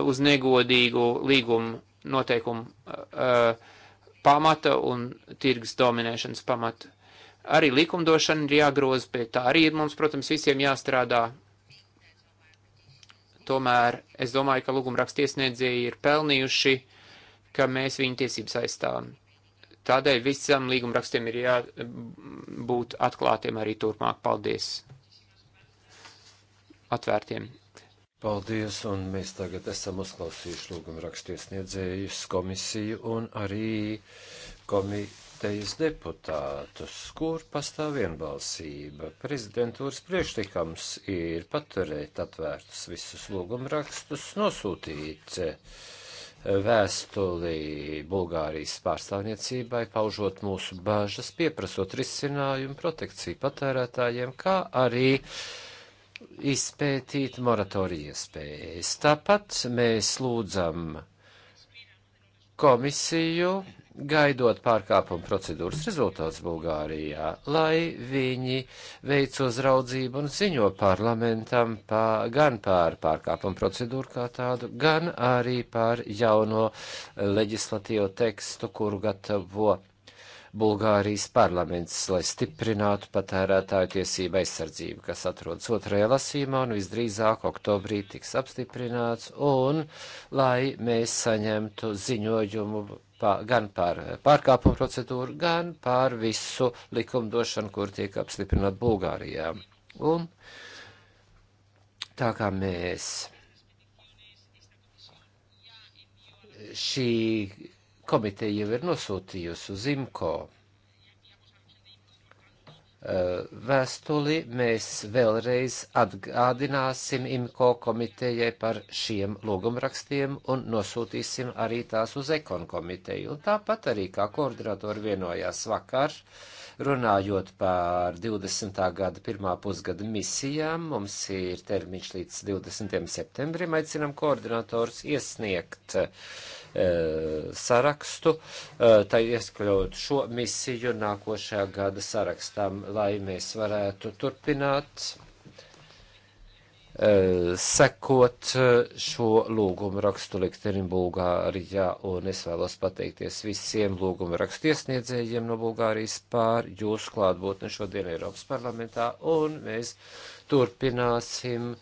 uz negodīgu līgumu noteikumu uh, pamata un tirgus dominēšanas pamata. Arī likumdošana ir jāgroza, pie tā arī ir mums, protams, visiem jāstrādā. Tomēr es domāju, ka lūgumrakstiesniedzēji ir pelnījuši, ka mēs viņu tiesības aizstāvam. Tādēļ visam līgumrakstiem ir jābūt atklātiem arī turpmāk. Paldies! Atvērtiem!
Paldies, un mēs tagad esam uzklausījuši lūgumrakstiesniedzējus komisiju un arī komisiju komitejas deputātus, kur pastāv vienbalsība. Prezidentūras priekšlikums ir paturēt atvērtus visus lūgumrakstus, nosūtīt eh, vēstuli Bulgārijas pārstāvniecībai, paužot mūsu bažas, pieprasot risinājumu protekciju patērētājiem, kā arī izpētīt moratoriju iespējas. Tāpat mēs lūdzam komisiju gaidot pārkāpuma procedūras rezultātus Bulgārijā, lai viņi veic uzraudzību un ziņo parlamentam pā, gan par pārkāpuma procedūru kā tādu, gan arī par jauno leģislatīvo tekstu, kuru gatavo Bulgārijas parlaments, lai stiprinātu patērētāju tiesību aizsardzību, kas atrodas otrajā lasīmā un visdrīzāk oktobrī tiks apstiprināts, un lai mēs saņemtu ziņojumu pa, gan par eh, pārkāpumu procedūru, gan par visu likumdošanu, kur tiek apstiprināta Bulgārijā. Un tā kā mēs šī komiteja jau ir nosūtījusi uz IMCO vēstuli mēs vēlreiz atgādināsim IMCO komitejai par šiem lūgumrakstiem un nosūtīsim arī tās uz ekon komiteju. Un tāpat arī, kā koordinatori vienojās vakar, runājot par 20. gada pirmā pusgada misijām, mums ir termiņš līdz 20. septembrim, aicinam koordinatorus iesniegt uh, Eh, sarakstu, eh, tai ieskļaut šo misiju nākošajā gada sarakstam, lai mēs varētu turpināt sekot šo lūgumu rakstu liktenim Bulgārijā, un es vēlos pateikties visiem lūgumu rakstu iesniedzējiem no Bulgārijas pār jūsu klātbūtni šodien Eiropas parlamentā, un mēs turpināsim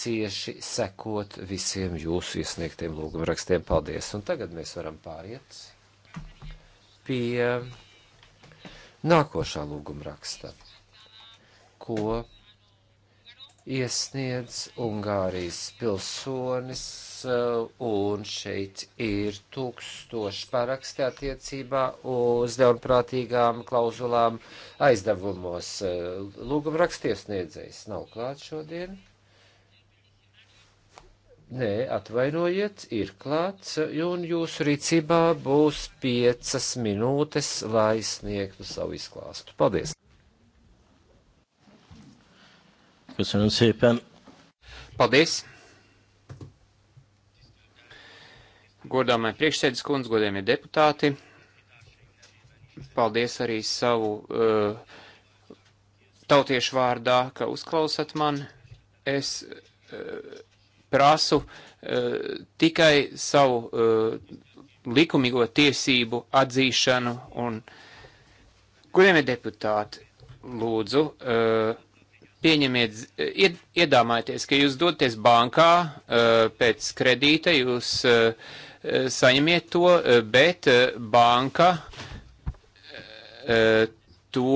cieši sekot visiem jūsu iesniegtiem lūgumu rakstiem. Paldies! Un tagad mēs varam pāriet pie nākošā lūguma raksta, ko iesniedz Ungārijas pilsonis, uh, un šeit ir tūkstoši paraksti attiecībā uz ļaunprātīgām klauzulām aizdevumos. Uh, lūguma rakstiesniedzējs nav klāt šodien. Nē, atvainojiet, ir klāts, un jūsu rīcībā būs piecas minūtes, lai sniegtu savu izklāstu. Paldies! Köszönöm szépen.
Paldies! Godāmai priekšsēdus kundze, godējumie deputāti, paldies arī savu uh, tautiešu vārdā, ka uzklausat man. Es uh, prasu uh, tikai savu uh, likumīgo tiesību atzīšanu un, godējumie deputāti, lūdzu, uh, Pieņemiet, e, ied, iedomājieties, ka jūs doties bankā e, pēc kredīta, jūs e, saņemiet to, bet banka to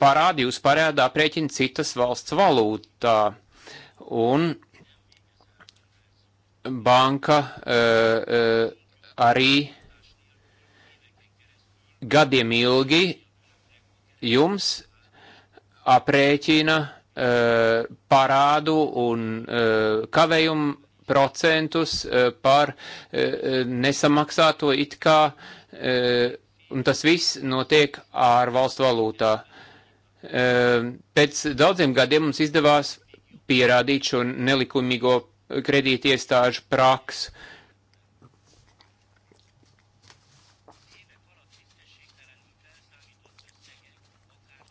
parādi jūs parādā prēķina citas valsts valūtā. Un banka arī gadiem ilgi jums aprēķina e, parādu un e, kavējumu procentus e, par nesamaksāto it kā, un tas viss notiek ārvalstu valūtā. Pēc daudziem gadiem mums izdevās pierādīt šo nelikumīgo kredītiestāžu praksu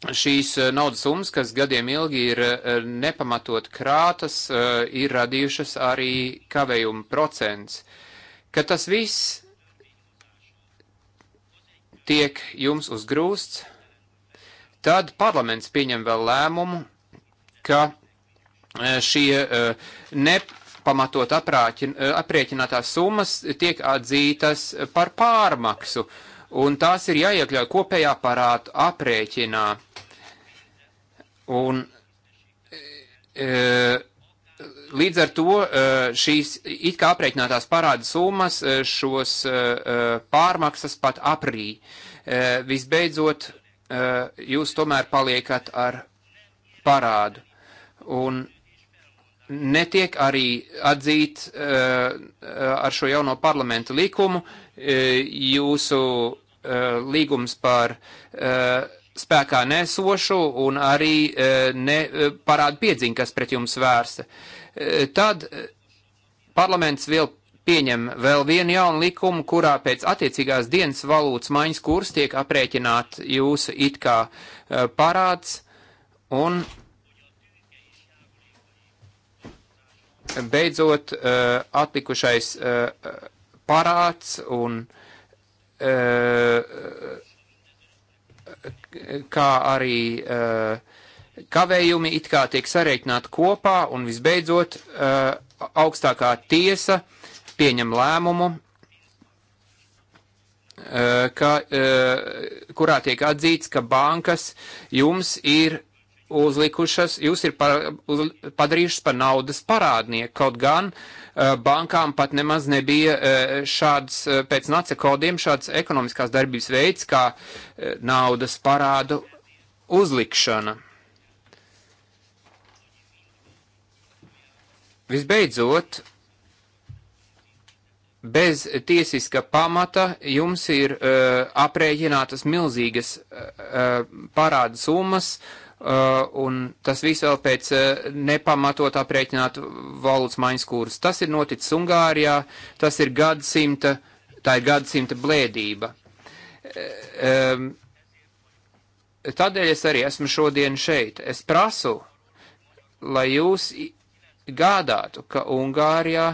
šīs eh, naudas summas, kas gadiem ilgi ir eh, nepamatot krātas, eh, ir radījušas arī kavējuma procents. Ka tas viss tiek jums uzgrūsts, tad parlaments pieņem vēl lēmumu, ka šie nepamatot aprēķinātās summas tiek atzītas par pārmaksu, un tās ir jāiekļauj kopējā parāta aprēķinā Un e, e, līdz ar to e, šīs it kā aprēķinātās parāda summas šos pārmaksas pat aprī. Visbeidzot, jūs tomēr paliekat ar parādu. Un netiek arī atzīt ar šo jauno parlamentu likumu jūsu līgums par uh, spēkā nesošu un arī e, ne, e, parādu piedziņu, kas pret jums vērsta. E, tad parlaments vēl pieņem vēl vienu jaunu likumu, kurā pēc attiecīgās dienas valūtas maiņas kurs tiek aprēķināt jūsu it kā parāds un beidzot atlikušais parāds un kā arī eh, kavējumi it kā tiek sareikināti kopā, un visbeidzot eh, augstākā tiesa pieņem lēmumu, eh, ka, kurā tiek atzīts, ka bankas jums ir uzlikušas, jūs ir par, uz, padarījušas par naudas parādnieku. Kaut gan uh, bankām pat nemaz nebija uh, šāds, uh, pēc nace kodiem, šāds ekonomiskās darbības veids kā uh, naudas parādu uzlikšana. Visbeidzot, bez tiesiska pamata jums ir uh, aprēķinātas milzīgas uh, parāda summas, uh, Uh, un tas viss vēl pēc uh, nepamatot aprēķināt valūtas maiņas kūrus. Tas ir noticis Ungārijā, tas ir gadsimta, tā ir gadsimta blēdība. Uh, um, tādēļ es arī esmu šodien šeit. Es prasu, lai jūs gādātu, ka Ungārijā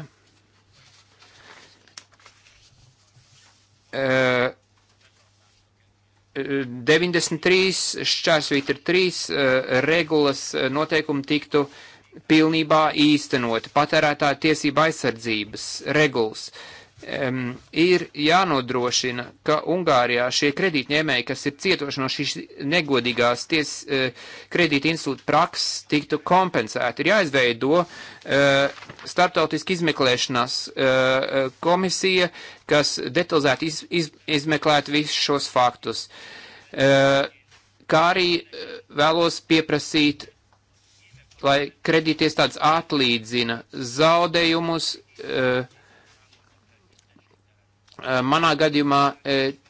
93 šķērsvītra 3 regulas eh, noteikumi tiktu pilnībā īstenoti. Patērētāja tiesība aizsardzības regulas. Uh, um, ir jānodrošina, ka Ungārijā šie kredītņēmēji, kas ir cietoši no šīs negodīgās ties, uh, kredīta institūta prakses, tiktu kompensēti. Ir jāizveido uh, starptautiski izmeklēšanās uh, komisija, kas detalizēti iz, iz, izmeklētu visus šos faktus. Uh, kā arī uh, vēlos pieprasīt, lai kredītiestādes atlīdzina zaudējumus, uh, Eh, manā gadījumā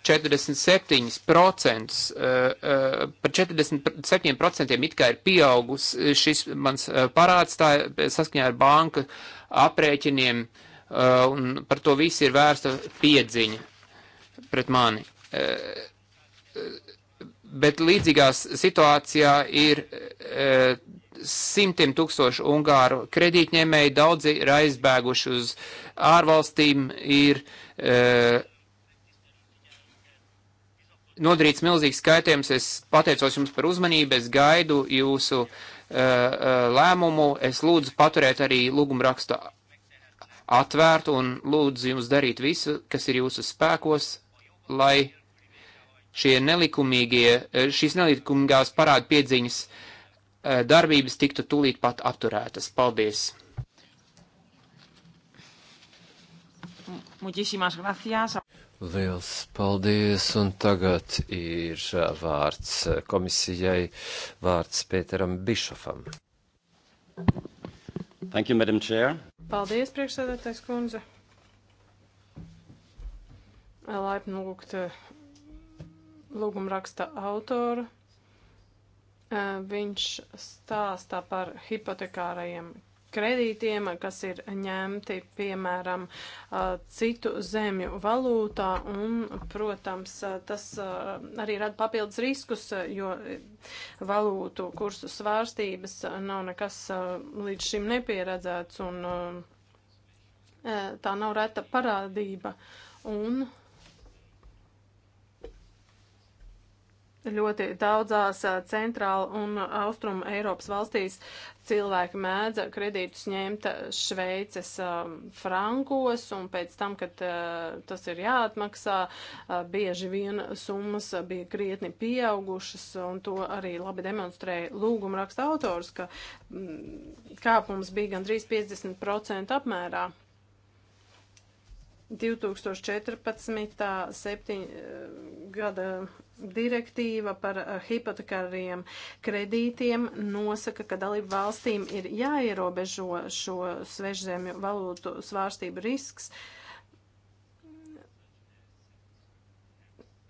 47%, eh, eh, par 47% it kā ir pieaugus šis mans parāds, tā saskaņā ar banka aprēķiniem, un par to visu ir vērsta piedziņa pret mani bet līdzīgā situācijā ir e, simtiem tūkstošu ungāru kredītņēmēji, daudzi ir aizbēguši uz ārvalstīm, ir e, nodarīts milzīgs skaitījums. Es pateicos jums par uzmanību, es gaidu jūsu e, e lēmumu, es lūdzu paturēt arī lūgumu rakstu atvērtu un lūdzu jums darīt visu, kas ir jūsu spēkos, lai šie nelikumīgie, e, šīs nelikumīgās parādu piedziņas e, darbības tiktu tūlīt pat apturētas. Paldies!
Muchísimas gracias.
Liels paldies, un tagad ir vārds komisijai, vārds Pēteram Bišofam. Thank you, Madam Chair.
Paldies, priekšsēdētājs kundze. Laipni lūgt lūguma raksta autora. Viņš stāstā par hipotekārajiem kredītiem, kas ir ņemti, piemēram, citu zemju valūtā, un, protams, tas arī rada papildus riskus, jo valūtu kursu svārstības nav nekas līdz šim nepieredzēts, un tā nav reta parādība. Un, uh, Ļoti daudzās centrāla un austrumu Eiropas valstīs cilvēki mēdza kredītus ņemt Šveices um, frankos, un pēc tam, kad uh, tas ir jāatmaksā, uh, bieži vien summas bija krietni pieaugušas, un to arī labi demonstrēja lūguma raksta autors, ka mm, kāpums bija gandrīz 50% apmērā. 2014. Septiņ, eh, gada direktīva par eh, hipotekāriem kredītiem nosaka, ka dalību valstīm ir jāierobežo šo svežzemju valūtu svārstību risks. Uh,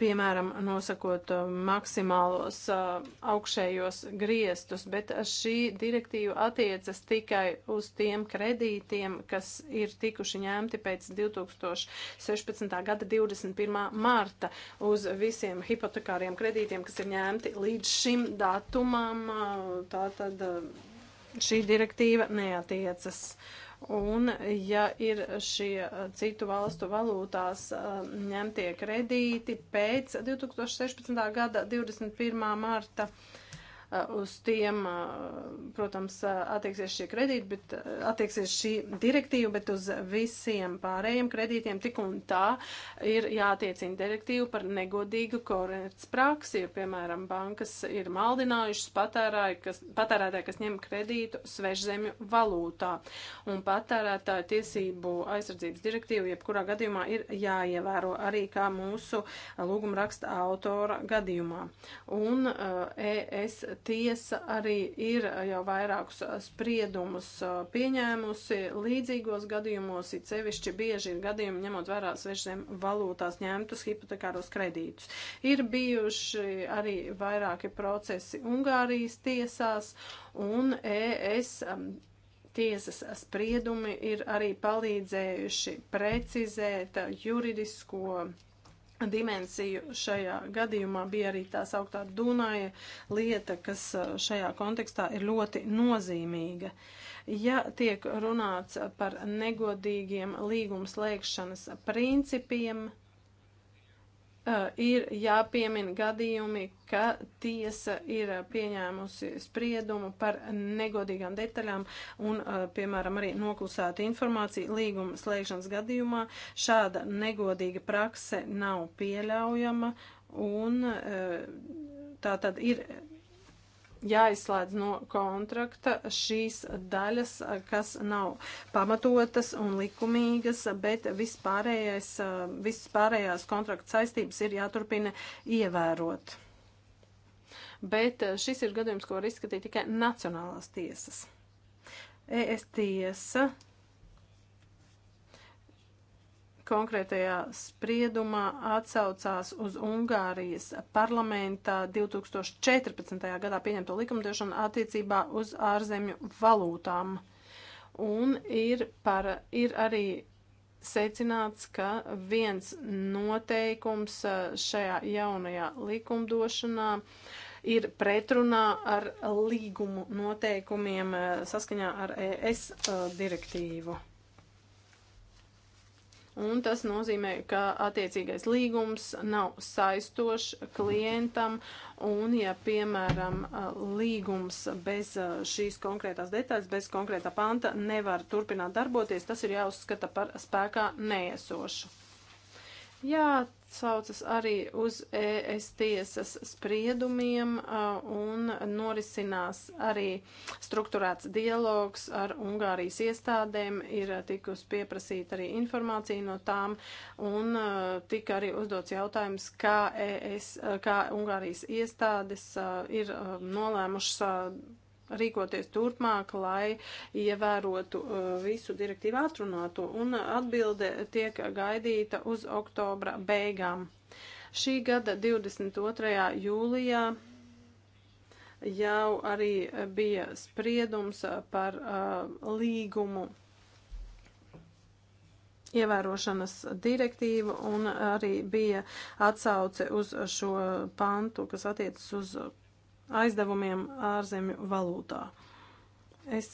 piemēram, nosakot uh, maksimālos uh, augšējos griestus, bet šī direktīva attiecas tikai uz tiem kredītiem, kas ir tikuši ņemti pēc 2016. gada 21. marta uz visiem hipotekāriem kredītiem, kas ir ņemti līdz šim datumam. Uh, Tātad šī direktīva neatiecas. Uh, Un, ja ir šie eh, citu valstu valūtās eh, ņemtie kredīti pēc 2016. gada 21. marta, Eh, uz tiem, eh, protams, eh, attieksies šie kredīti, bet attieksies šī direktīva, bet uz visiem pārējiem kredītiem tik un tā ir jātiecina direktīva par negodīgu korekts praksi, jo, piemēram, bankas ir maldinājušas patērāju, kas, patērētāji, kas ņem kredītu svežzemju valūtā. Un patērētāju tiesību aizsardzības direktīva jebkurā gadījumā ir jāievēro arī kā mūsu lūgumraksta autora gadījumā. Un uh, ES tiesa arī ir jau vairākus spriedumus pieņēmusi līdzīgos gadījumos, it sevišķi bieži ir gadījumi ņemot vērā svešiem valūtās ņemtus hipotekāros kredītus. Ir bijuši arī vairāki procesi Ungārijas tiesās un ES tiesas spriedumi ir arī palīdzējuši precizēt juridisko dimensiju šajā gadījumā bija arī tā sauktā Dunaja lieta, kas uh, šajā kontekstā ir ļoti nozīmīga. Ja tiek runāts par negodīgiem līgums lēkšanas principiem, Uh, ir jāpiemina gadījumi, ka tiesa ir uh, pieņēmusi spriedumu par negodīgām detaļām un, uh, piemēram, arī noklusēta informācija līguma slēgšanas gadījumā. Šāda negodīga prakse nav pieļaujama un tā tad ir jāizslēdz no kontrakta šīs daļas, kas nav pamatotas un likumīgas, bet vispārējais, vispārējās kontrakta saistības ir jāturpina ievērot. Bet šis ir gadījums, ko var izskatīt tikai Nacionālās tiesas. ES tiesa konkrētajā spriedumā atsaucās uz Ungārijas parlamentā 2014. gadā pieņemto likumdošanu attiecībā uz ārzemju valūtām. Un ir, par, ir arī secināts, ka viens noteikums uh, šajā jaunajā likumdošanā ir pretrunā ar līgumu noteikumiem uh, saskaņā ar ES uh, direktīvu un tas nozīmē, ka attiecīgais līgums nav saistošs klientam, un ja, piemēram, līgums bez uh, šīs konkrētās detaļas, bez konkrētā panta nevar turpināt darboties, tas ir jāuzskata par spēkā neesošu. Jā, atsaucas arī uz ES tiesas spriedumiem un norisinās arī strukturēts dialogs ar Ungārijas iestādēm, ir tikus pieprasīta arī informācija no tām un tika arī uzdots jautājums, kā, ES, kā Ungārijas iestādes ir nolēmušas rīkoties turpmāk, lai ievērotu uh, visu direktīvu atrunāto, un atbilde tiek gaidīta uz oktobra beigām. Šī gada 22. jūlijā jau arī bija spriedums par uh, līgumu ievērošanas direktīvu un arī bija atsauce uz šo pantu, kas attiecas uz aizdevumiem ārzemju valūtā. Es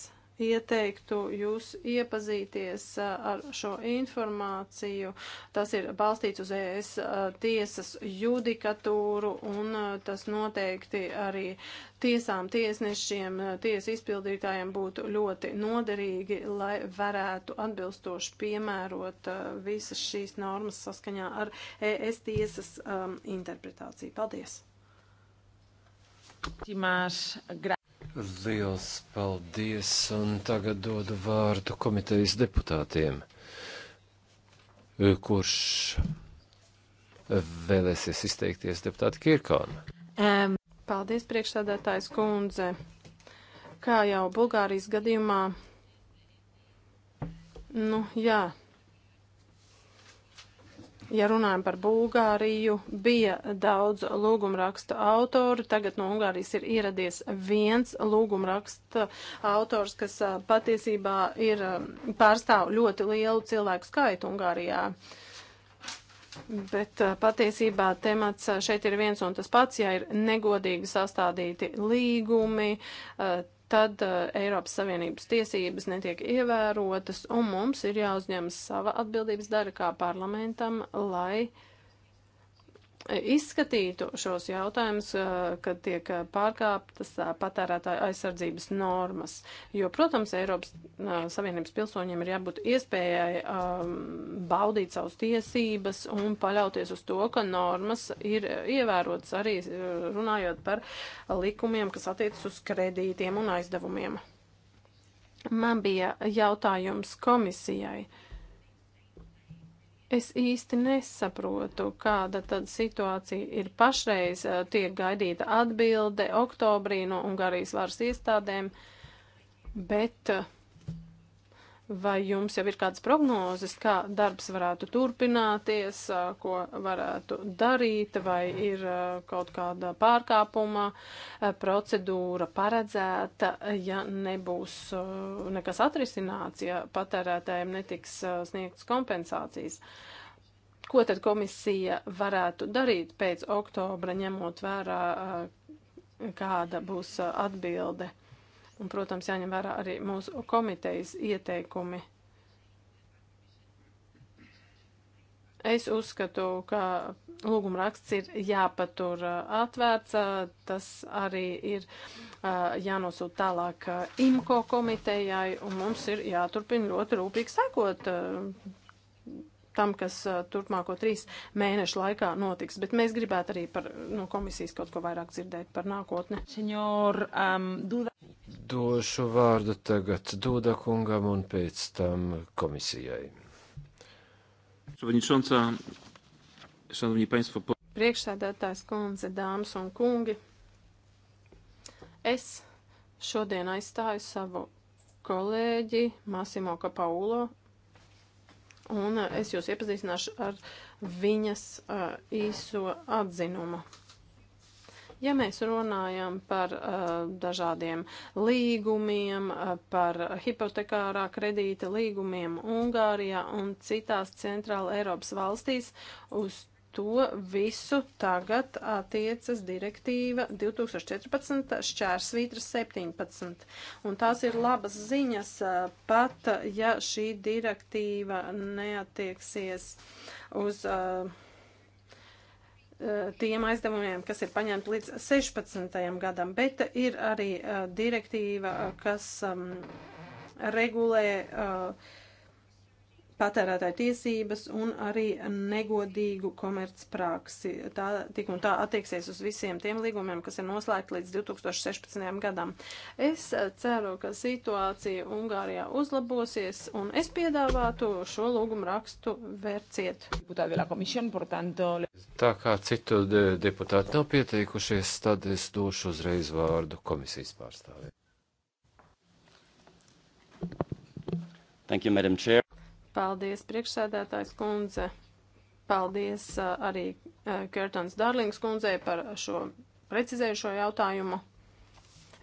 ieteiktu jūs iepazīties ar šo informāciju. Tas ir balstīts uz ES tiesas judikatūru un tas noteikti arī tiesām, tiesnešiem, tiesu izpildītājiem būtu ļoti noderīgi, lai varētu atbilstoši piemērot visas šīs normas saskaņā ar ES tiesas um, interpretāciju.
Paldies! Liels
paldies, un tagad dodu vārdu komitejas deputātiem, kurš vēlēsies izteikties deputāti Kirkona.
Um, paldies, priekšsādātājs kundze. Kā jau Bulgārijas gadījumā, nu jā, Ja runājam par Bulgāriju, bija daudz lūgumraksta autoru, tagad no Ungārijas ir ieradies viens lūgumraksta autors, kas patiesībā ir pārstāv ļoti lielu cilvēku skaitu Ungārijā. Bet patiesībā temats šeit ir viens un tas pats, ja ir negodīgi sastādīti līgumi, tad uh, Eiropas Savienības tiesības netiek ievērotas, un mums ir jāuzņemas sava atbildības dara kā parlamentam, lai uh, izskatītu šos jautājumus, eh, kad tiek eh, pārkāptas eh, patērētāja aizsardzības normas. Jo, protams, Eiropas Savienības pilsoņiem ir jābūt iespējai um, baudīt savas tiesības un paļauties uz to, ka normas ir ievērotas arī runājot par likumiem, kas attiecas uz kredītiem un aizdevumiem. Man bija jautājums komisijai. Uh, Es īsti nesaprotu, kāda tad situācija ir pašreiz. Eh, tiek gaidīta atbilde oktobrī no Ungārijas varas iestādēm, bet uh, Vai jums jau ir kādas prognozes, kā darbs varētu turpināties, ko varētu darīt, vai ir kaut kāda pārkāpuma procedūra paredzēta, ja nebūs nekas atrisināts, ja patērētājiem netiks sniegtas kompensācijas? Ko tad komisija varētu darīt pēc oktobra, ņemot vērā, kāda būs atbilde? Un, protams, jāņem vērā arī mūsu komitejas ieteikumi. Es uzskatu, ka lūguma raksts ir jāpatur uh, atvērts, uh, tas arī ir uh, jānosūt tālāk IMKO komitejai, un mums ir jāturpina ļoti rūpīgi sekot tam, kas turpmāko trīs mēnešu laikā notiks. Bet mēs gribētu arī par, no komisijas kaut ko vairāk dzirdēt par nākotni. Senjor, um, Duda.
Došu vārdu tagad Duda kungam un pēc tam komisijai.
Priekšsēdētājs kundze, dāmas un kungi, es šodien aizstāju savu kolēģi Masimo Kapaulo un uh, es jūs iepazīstināšu ar viņas uh, īso atzinumu. Ja mēs runājam par uh, dažādiem līgumiem, uh, par hipotekārā kredīta līgumiem Ungārijā un citās centrāla Eiropas valstīs, uz to visu tagad attiecas direktīva 2014 šķērsvītra 17. Un tās ir labas ziņas, pat ja šī direktīva neatieksies uz uh, tiem aizdevumiem, kas ir paņemti līdz 16. gadam, bet ir arī uh, direktīva, kas um, regulē uh, patērētāju tiesības un arī negodīgu komercpraksi. Tā tik un tā attieksies uz visiem tiem līgumiem, kas ir noslēgti līdz 2016. gadam. Es eh, ceru, ka situācija Ungārijā uzlabosies un es piedāvātu šo lūgumu rakstu
vērciet.
Tā kā citu de deputātu nav pieteikušies, tad es došu uzreiz vārdu komisijas pārstāvjiem. Thank you, Madam Chair.
Paldies, priekšsēdētājs kundze. Paldies uh, arī uh, Kertons Darlings kundzei par šo precizējušo jautājumu.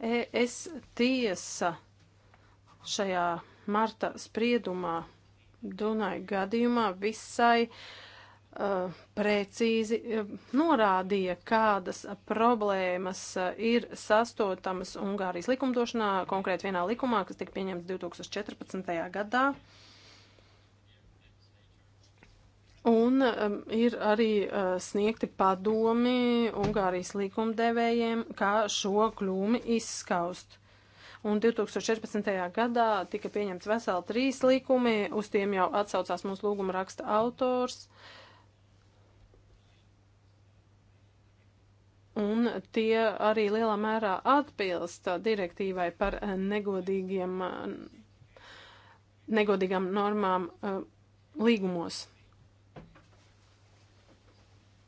E, es tiesa šajā marta spriedumā Dunai gadījumā visai uh, precīzi uh, norādīja, kādas problēmas uh, ir sastotamas Ungārijas likumdošanā, konkrēt vienā likumā, kas tika pieņemts 2014. gadā. Uh, Un um, ir arī uh, sniegti padomi Ungārijas likumdevējiem, kā šo kļūmi izskaust. Un 2014. gadā tika pieņemts veseli trīs likumi, uz tiem jau atsaucās mūsu lūguma raksta autors. Uh, un tie arī lielā mērā atbilst direktīvai par negodīgiem, negodīgām normām uh, līgumos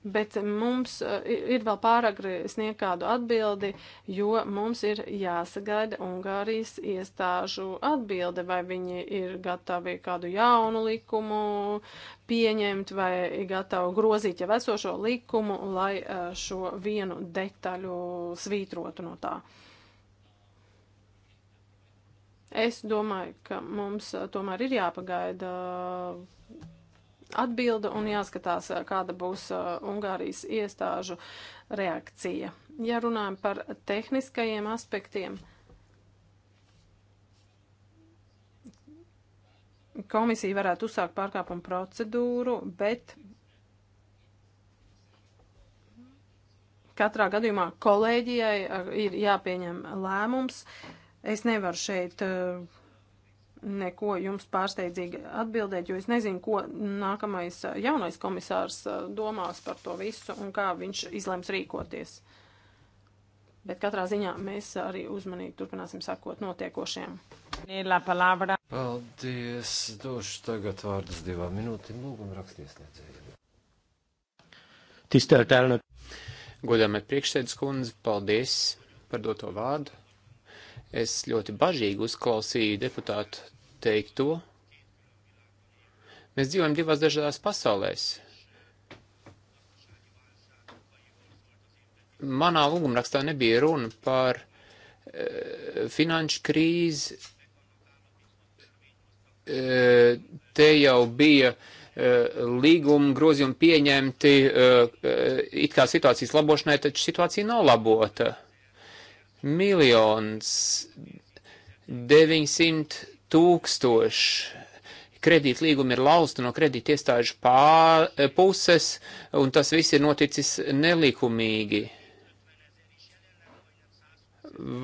bet mums eh, ir vēl pāragri sniegt kādu atbildi, jo mums ir jāsagaida Ungārijas iestāžu atbilde, vai viņi ir gatavi kādu jaunu likumu pieņemt, vai ir gatavi grozīt jau esošo likumu, lai eh, šo vienu detaļu svītrotu no tā. Es domāju, ka mums eh, tomēr ir jāpagaida atbilda un jāskatās, kāda būs Ungārijas iestāžu reakcija. Ja runājam par tehniskajiem aspektiem, komisija varētu uzsākt pārkāpumu procedūru, bet katrā gadījumā kolēģijai ir jāpieņem lēmums. Es nevaru šeit uh, neko jums pārsteidzīgi atbildēt, jo es nezinu, ko nākamais eh, jaunais komisārs eh, domās par to visu un kā viņš izlems rīkoties. Bet katrā ziņā mēs arī uzmanīgi turpināsim sakot notiekošiem.
Paldies! Došu tagad vārdus divām minūtēm lūgumu rakstiesniedzējiem.
Tistētēlna. Godāmēt priekšsēdus kundze, paldies par doto vārdu Es ļoti bažīgi uzklausīju deputātu teikto. Mēs dzīvojam divās dažādās pasaulēs. Manā lūgumrakstā nebija runa par e, finanšu krīzi. E, te jau bija e, līguma grozījumi pieņemti e, e it kā situācijas labošanai, taču situācija nav labota. E, miljons 900 tūkstoši kredītlīgumi ir lausti no kredīt iestāžu pār, e, puses, un tas viss ir noticis nelikumīgi.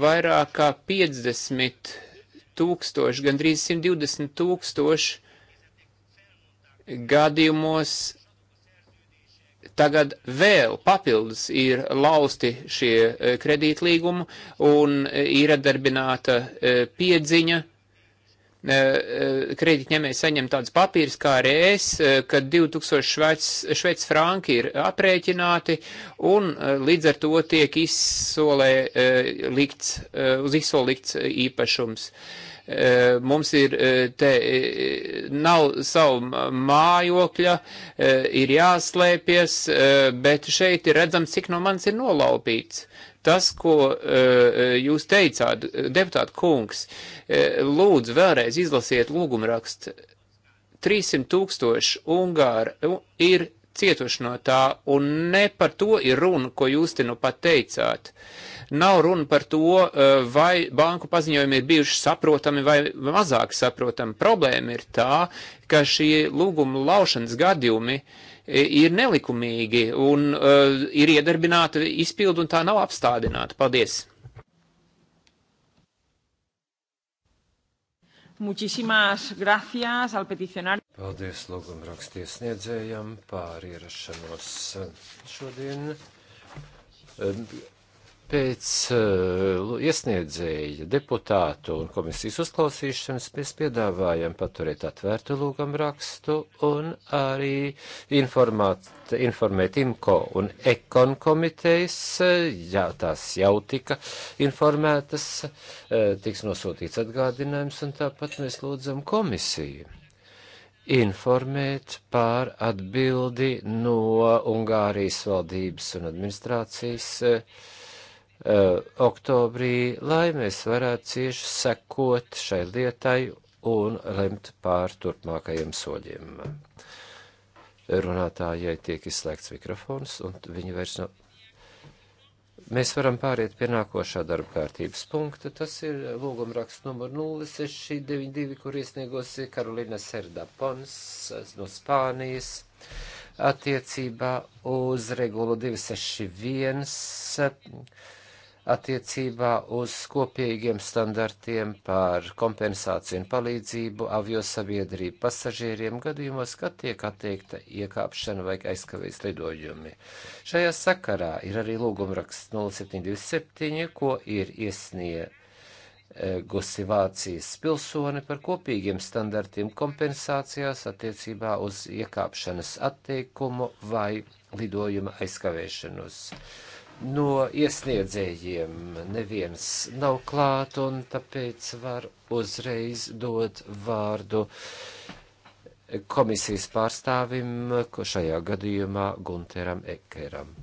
Vairāk kā 50 tūkstoši, gandrīz 120 tūkstoši gadījumos Tagad vēl papildus ir lausti šie e, kredītlīgumi un e, ir atdarbināta e, piedziņa. Kredītņēmēji saņem tādus papīrus kā RS, kad 2000 šveic, šveic franki ir aprēķināti un līdz ar to tiek izsolē likts, uz izsolē likts īpašums. Uh, Eh, mums ir eh, te eh, nav savu mājokļa, ir jāslēpjas, bet šeit ir redzams, cik no manis ir nolaupīts tas, ko uh, jūs teicāt, deputāta kungs, uh, lūdzu vēlreiz izlasiet lūgumrakstu. 300 tūkstoši Ungāri ir cietuši no tā, un ne par to ir runa, ko jūs te nu pat teicāt. Uh, Nav runa par to, eh, vai banku paziņojumi ir bijuši saprotami vai mazāk saprotami. Problēma ir tā, ka šie lūguma laušanas gadījumi eh, ir nelikumīgi un uh, ir iedarbināta izpildu un tā nav apstādināta. Paldies!
Muchísimas gracias al peticionario.
Paldies lūguma rakstiesniedzējam par ierašanos šodien. Pēc uh, iesniedzēja deputātu un komisijas uzklausīšanas mēs piedāvājam paturēt atvērtu lūgam rakstu un arī informāt, informēt IMCO un EKON komitejas, uh, ja tās jau tika informētas, uh, tiks nosūtīts atgādinājums un tāpat mēs lūdzam komisiju informēt par atbildi no Ungārijas valdības un administrācijas. Uh, Uh, oktobrī, lai mēs varētu cieši sekot šai lietai un lemt pār turpmākajiem soļiem. Runātājai tiek izslēgts mikrofons, un viņi vairs nav. Mēs varam pāriet pie nākošā darba kārtības punkta. Tas ir lūguma raksts numur 0692, kur iesniegosi Karolina Serda Pons no Spānijas attiecībā uz regulu 261 attiecībā uz kopīgiem standartiem par kompensāciju un palīdzību aviosabiedrību pasažieriem gadījumos, kad tiek attiekta iekāpšana vai aizkavējas lidojumi. Šajā sakarā ir arī lūgumraksts 0727, ko ir iesniegusi Vācijas pilsoni par kopīgiem standartiem kompensācijās attiecībā uz iekāpšanas attiekumu vai lidojuma aizkavēšanos no iesniedzējiem neviens nav klāt, un tāpēc var uzreiz dot vārdu komisijas pārstāvim, ko šajā gadījumā Gunteram Ekeram.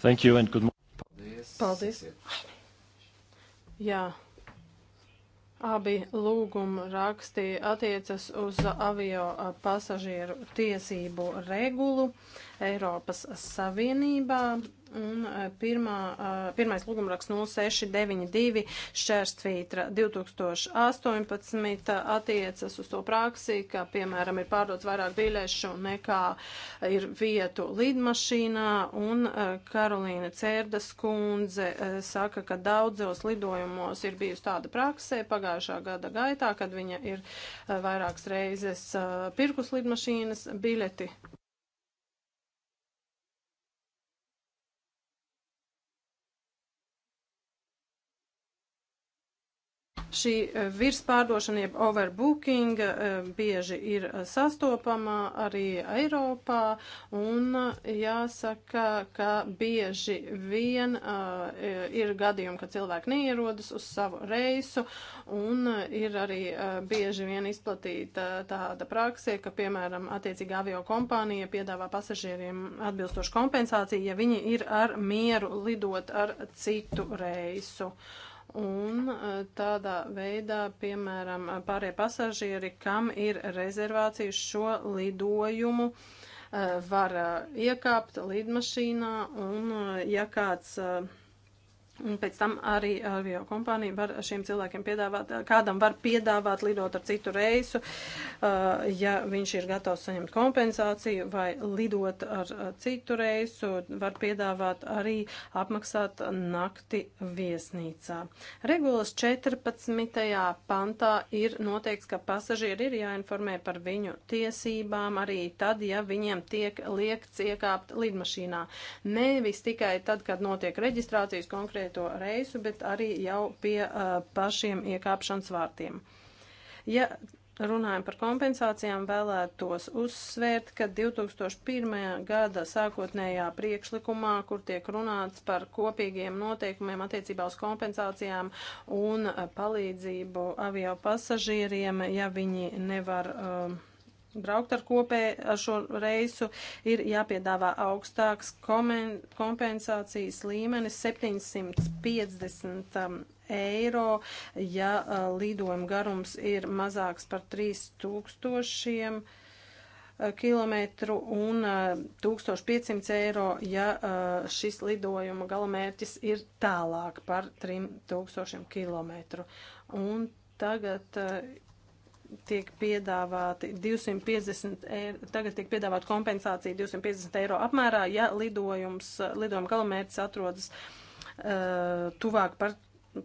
Thank you and good morning.
Paldies. Paldies. Jā, Abi lūguma raksti attiecas uz avio pasažieru tiesību regulu Eiropas Savienībā. Un e, pirmā, e, pirmais lūgumraksts 0692 šķērstvītra 2018 attiecas uz to praksi, ka, piemēram, ir pārdots vairāk biļešu nekā ir vietu lidmašīnā, un e, Karolīna Cērdas kundze saka, ka daudzos lidojumos ir bijusi tāda praksē pagājušā gada gaitā, kad viņa ir vairākas reizes pirkus lidmašīnas biļeti Šī e, virspārdošana, jeb overbooking, e, bieži ir e, sastopama arī Eiropā, un jāsaka, ka bieži vien ir gadījumi, ka cilvēki neierodas uz savu reisu, un ir arī bieži vien izplatīta tāda praksē, ka, piemēram, attiecīgā avio kompānija piedāvā pasažieriem atbilstošu kompensāciju, ja viņi ir ar mieru lidot ar citu reisu. Uh, un eh, tādā veidā, piemēram, pārie pasažieri, kam ir rezervācijas šo lidojumu, eh, var eh, iekāpt lidmašīnā un, ja kāds Un pēc tam arī avio kompānija var šiem cilvēkiem piedāvāt, kādam var piedāvāt lidot ar citu reisu, uh, ja viņš ir gatavs saņemt kompensāciju vai lidot ar uh, citu reisu, var piedāvāt arī apmaksāt nakti viesnīcā. Regulas 14. pantā ir noteikts, ka pasažieri ir jāinformē par viņu tiesībām arī tad, ja viņiem tiek liekts iekāpt lidmašīnā. Nevis tikai tad, kad notiek reģistrācijas konkrēti konkrēto reisu, bet arī jau pie uh, pašiem iekāpšanas vārtiem. Ja Runājot par kompensācijām, vēlētos uzsvērt, ka 2001. gada sākotnējā priekšlikumā, kur tiek runāts par kopīgiem noteikumiem attiecībā uz kompensācijām un palīdzību avio pasažieriem, ja viņi nevar. Uh, braukt ar kopē ar šo reisu, ir jāpiedāvā augstāks komen, kompensācijas līmenis 750 um, eiro, ja uh, lidojuma garums ir mazāks par 3000 uh, kilometru un 1500 uh, eiro, ja šis lidojuma galamērķis ir tālāk par 3000 kilometru. Un tagad tiek piedāvāti 250 eiro, tagad tiek piedāvāta kompensācija 250 eiro apmērā, ja lidojums, lidojuma galamērķis atrodas uh, tuvāk par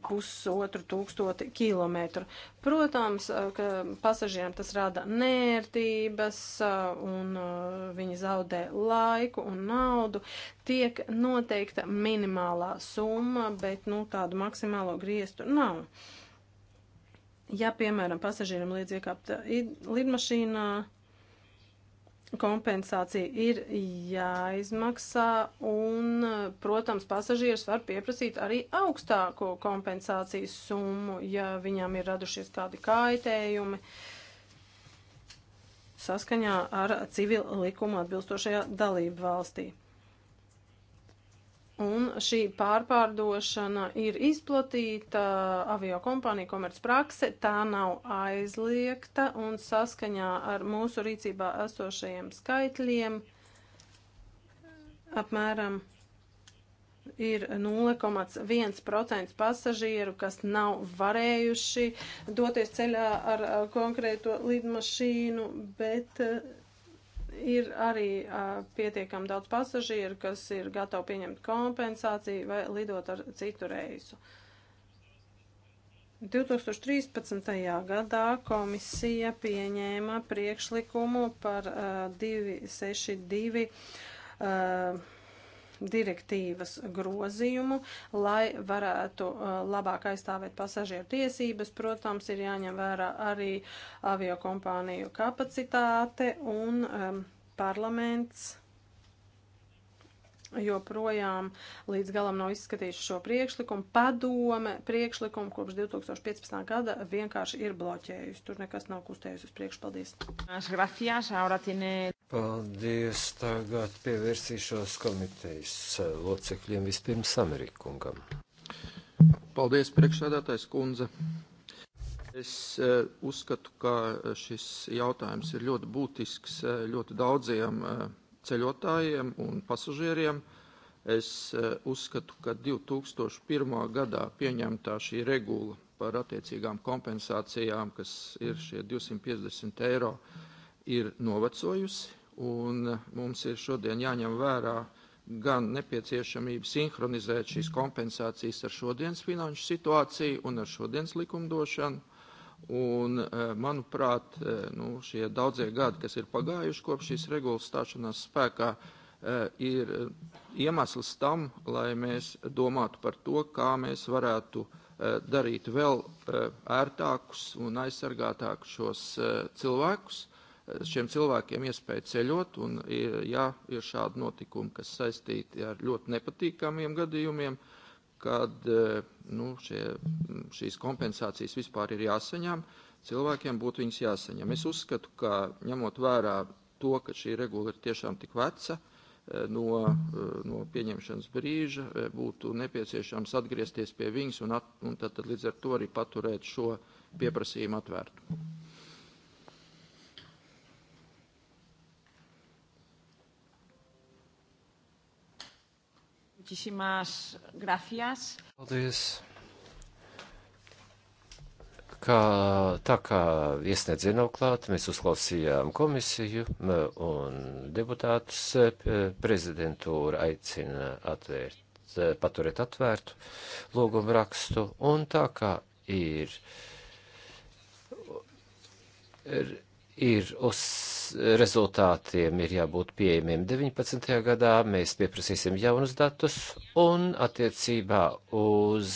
pusotru tūkstoti kilometru. Protams, e, ka pasažieriem tas rada nērtības e, un viņi zaudē laiku un naudu. Tiek noteikta minimālā summa, bet nu, tādu maksimālo griestu nav. Uh, Ja, piemēram, pasažieram liedz iekāpt uh, lidmašīnā, kompensācija ir jāizmaksā, un, uh, protams, pasažieris var pieprasīt arī augstāko kompensācijas summu, ja viņam ir radušies kādi kaitējumi saskaņā ar civil likumu atbilstošajā dalību valstī. Un šī pārpārdošana ir izplatīta uh, avio kompānija komercprakse, tā nav aizliegta un saskaņā ar mūsu rīcībā esošajiem skaitļiem apmēram ir 0,1% pasažieru, kas nav varējuši doties ceļā ar uh, konkrēto lidmašīnu, bet uh, ir arī uh, pietiekami daudz pasažieru, kas ir gatavi pieņemt kompensāciju vai lidot ar citu reisu. 2013. gadā komisija pieņēma priekšlikumu par uh, 262 uh, direktīvas grozījumu, lai varētu uh, labāk aizstāvēt pasažieru tiesības. Protams, ir jāņem vērā arī aviokompāniju kapacitāte un um, parlaments joprojām līdz galam nav izskatījuši šo priekšlikumu. Padome priekšlikumu kopš 2015. gada vienkārši ir bloķējusi. Tur nekas nav kustējusi uz priekšu. Paldies!
Paldies! Tagad
pievērsīšos
komitejas locekļiem vispirms Amerikungam. Paldies, priekšsēdētājs kundze! Es uh, uzskatu, ka šis jautājums ir ļoti būtisks eh, ļoti daudziem uh, ceļotājiem un pasažieriem. Es eh, uzskatu, ka 2001. gadā pieņemtā šī regula par attiecīgām kompensācijām, kas ir šie 250 eiro, ir novecojusi. Un eh, mums ir šodien jāņem vērā gan nepieciešamība sinhronizēt šīs kompensācijas ar šodienas finanšu situāciju un ar šodienas likumdošanu, Un, eh, manuprāt, eh, nu, šie daudzie gadi, kas ir pagājuši kopš šīs regulas stāšanās spēkā, eh, ir iemesls tam, lai mēs domātu par to, kā mēs varētu darīt vēl ērtākus un aizsargātākus šos cilvēkus. Šiem cilvēkiem iespēja ceļot, un, ja ir šādi notikumi, kas saistīti ar ļoti nepatīkamiem gadījumiem, uh, kad e, nu, šie, šīs kompensācijas vispār ir jāsaņem, cilvēkiem būtu viņas jāsaņem. Es uzskatu, ka ņemot vērā to, ka šī regula ir tiešām tik veca, e, no, e, no pieņemšanas brīža būtu nepieciešams atgriezties pie viņas un, at, un tad, tad līdz ar to arī paturēt šo pieprasījumu atvērtu.
Muchísimas gracias. Paldies.
Kā, tā kā iesniedzēja nav klāta, mēs uzklausījām komisiju un deputātus. E, prezidentūra aicina atvērt, e, paturēt atvērtu lūgumu rakstu. Un tā kā ir. ir ir uz rezultātiem ir jābūt pieejamiem 19. gadā, mēs pieprasīsim jaunus datus un attiecībā uz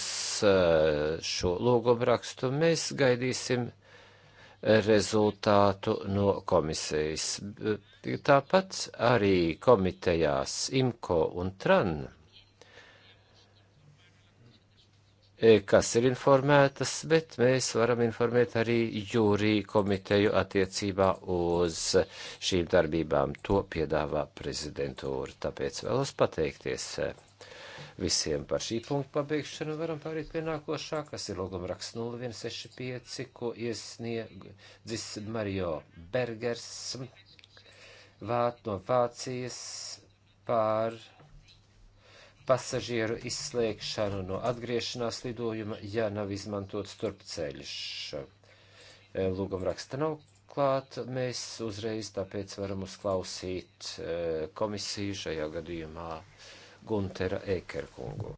eh, šo logumrakstu mēs gaidīsim eh, rezultātu no komisijas. Tāpat arī komitejās IMCO un TRAN E, kas ir informētas, bet mēs varam informēt arī jūriju komiteju attiecībā uz šīm darbībām. To piedāvā prezidentūra. Tāpēc vēlos pateikties e, visiem par šī punktu pabeigšanu. Varam pārīt pie nākošā, kas ir logumraksts 0165, ko iesniedzis Mario Bergers Vāt no Vācijas pār pasažieru izslēgšanu no atgriešanās lidojuma, ja nav izmantots turpceļš. E, Lūgum raksta nav klāt, mēs uzreiz tāpēc varam uzklausīt e, komisiju šajā gadījumā Guntera Ekerkungu.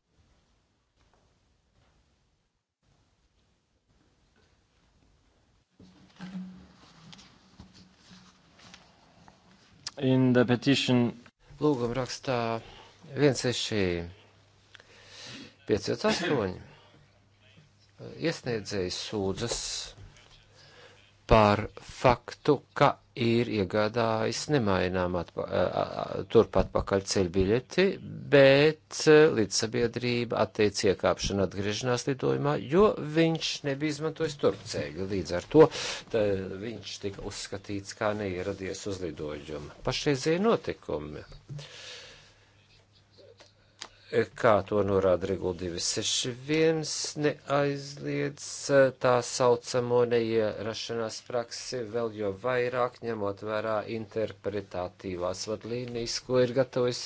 In the petition. Lūgum rakstā 168 iesniedzējs sūdzas par faktu, ka ir iegādājis nemainām atpa, turpat pakaļ ceļbiļeti, bet e, līdzsabiedrība atteic iekāpšanu atgriešanās lidojumā, jo viņš nebija izmantojis turpceļu. Līdz ar to tā, viņš tika uzskatīts kā neieradies uz lidojumu. Pašreizie notikumi. Uh, kā to norāda Regula 261, neaizliedz eh, tā saucamo neierašanās praksi vēl jo vairāk ņemot vērā interpretatīvās vadlīnijas, ko ir gatavojis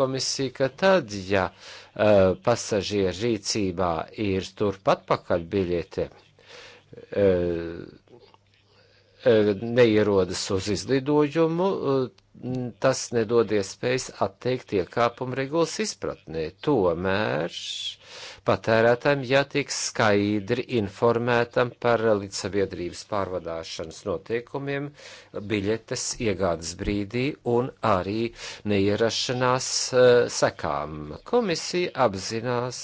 komisija, ka tad, ja uh, pasažieru rīcībā ir turpat pakaļ biļete, uh, E, neierodas uz izlidojumu, e, tas nedod iespējas atteikt iekāpumu regulas izpratnē. Tomēr patērētājiem jātiek skaidri informētam par līdzsaviedrības pārvadāšanas noteikumiem, biļetes iegādes brīdī un arī neierašanās uh, sekām. Komisija apzinās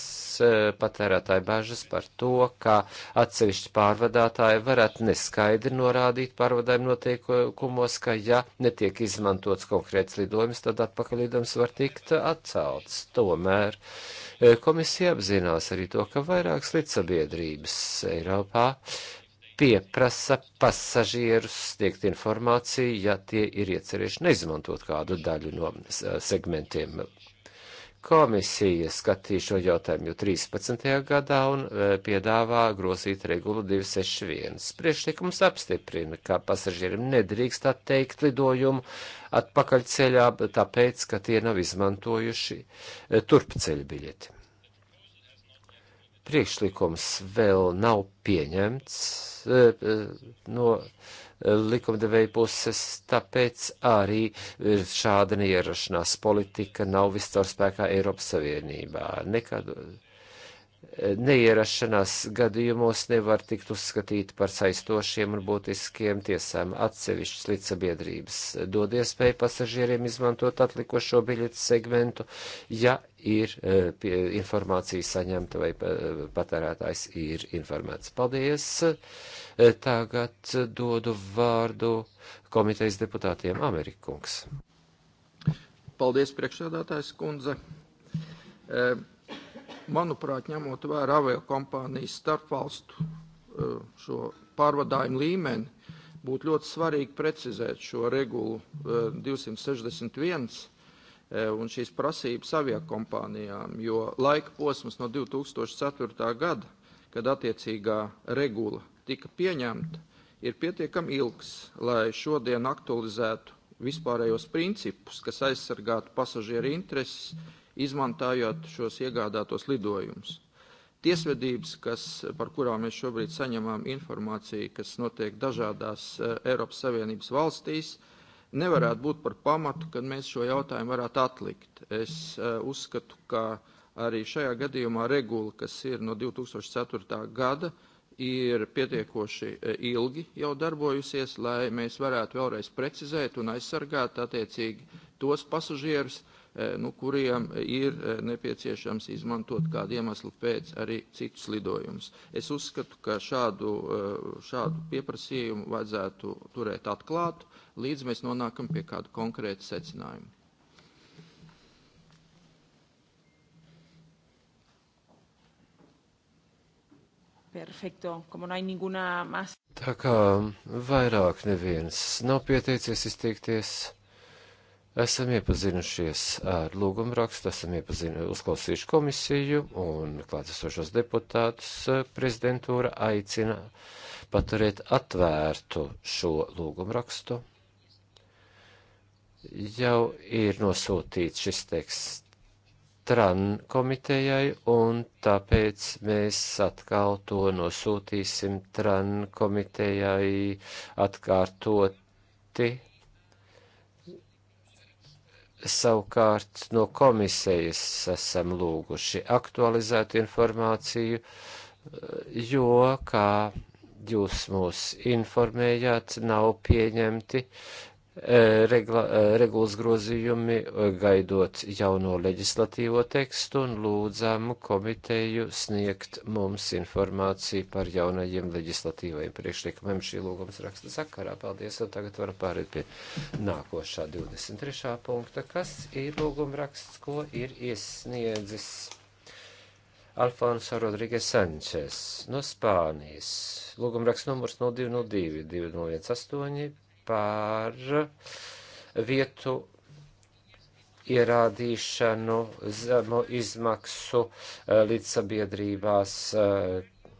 eh, patērētāju bažas par to, ka atsevišķi pārvadātāji varētu neskaidri norādīt pārvadājumu noteikumos, ka ja netiek izmantots konkrēts lidojums, tad atpakaļ lidojums var tikt atcelts. Tomēr uh, Eh, komisija apzinās arī to, ka vairākas līdzsabiedrības Eiropā pieprasa pasažierus sniegt informāciju, ja tie ir iecerējuši neizmantot kādu daļu no eh, segmentiem. Komisija skatīja šo jautājumu jau 13. gadā un eh, piedāvā grozīt regulu 261. Priekšlikums apstiprina, ka pasažierim nedrīkst atteikt lidojumu atpakaļ ceļā, tāpēc, ka tie nav izmantojuši eh, turpceļu biļeti. Priekšlikums vēl nav pieņemts eh, eh, no likumdevēja puses, tāpēc arī šāda neierašanās politika nav viscaur spēkā Eiropas Savienībā. Nekādu neierašanās gadījumos nevar tikt uzskatīti par saistošiem un būtiskiem tiesām. Atsevišķas līdzsabiedrības dod iespēju pasažieriem izmantot atlikušo biļetes segmentu, ja ir eh, pie, informācija saņemta vai eh, patērētājs ir informēts. Paldies! Eh, tagad dodu vārdu komitejas deputātiem Amerikungs.
Paldies, priekšsēdātājs kundze. E manuprāt, ņemot vērā aviokompānijas starpvalstu e, šo pārvadājumu līmeni, būtu ļoti svarīgi precizēt šo regulu 261 e, e, un šīs prasības aviokompānijām, jo laika posms no 2004. gada, kad attiecīgā regula tika pieņemta, ir pietiekami ilgs, lai šodien aktualizētu vispārējos principus, kas aizsargātu pasažieru intereses, izmantojot šos iegādātos lidojumus. Tiesvedības, kas, par kurām mēs šobrīd saņemam informāciju, kas notiek dažādās eh, Eiropas Savienības valstīs, nevarētu būt par pamatu, kad mēs šo jautājumu varētu atlikt. Es eh, uzskatu, ka arī šajā gadījumā regula, kas ir no 2004. gada, ir pietiekoši eh, ilgi jau darbojusies, lai mēs varētu vēlreiz precizēt un aizsargāt attiecīgi tos pasažierus, uh, Eh, nu, kuriem eh, ir eh, nepieciešams izmantot kādu iemeslu pēc arī citus lidojumus. Es uzskatu, ka šādu, šādu pieprasījumu vajadzētu turēt atklātu, līdz mēs nonākam pie kādu konkrētu secinājumu.
Perfekto, como no hay ninguna más.
Tā kā vairāk neviens nav pieteicies izteikties. Esam iepazinušies ar lūgumu rakstu, esam iepazinu, uzklausījuši komisiju un klātesošos deputātus. Prezidentūra aicina paturēt atvērtu šo lūgumu rakstu. Jau ir nosūtīts šis teksts TRAN komitejai, un tāpēc mēs atkal to nosūtīsim TRAN komitejai atkārtoti Savukārt no komisijas esam lūguši aktualizētu informāciju, jo, kā jūs mūs informējāt, nav pieņemti regla, regulas grozījumi, gaidot jauno leģislatīvo tekstu un lūdzām komiteju sniegt mums informāciju par jaunajiem leģislatīvajiem priekšlikumiem šī lūgums raksta sakarā. Paldies, un tagad varam pārēt pie nākošā 23. punkta, kas ir lūguma raksts, ko ir iesniedzis Alfonso Rodrīgas Sančes no Spānijas. Lūguma raksts numurs 0202 218 par vietu ierādīšanu zemu izmaksu eh, līdzsabiedrībās eh,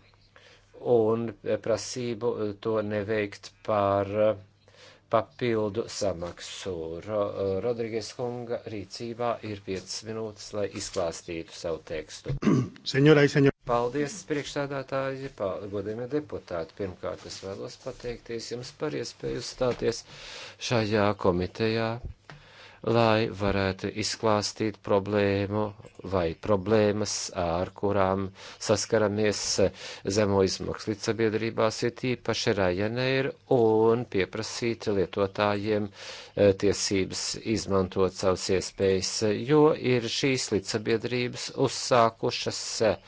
un prasību eh, to neveikt par papildu samaksu. Rodrīgas kunga rīcībā ir 5 minūtes, lai izklāstītu savu tekstu.
Senjora, senjora.
Paldies,
priekšsēdētāji, godējumie deputāti. Pirmkārt, es vēlos pateikties jums par iespēju uzstāties šajā komitejā, lai varētu izklāstīt problēmu vai problēmas, ar kurām saskaramies zemo izmaksu līdzsabiedrībās, ir tīpaši Ryanair, un pieprasīt lietotājiem e, tiesības izmantot savas iespējas, jo ir šīs līdzsabiedrības uzsākušas e,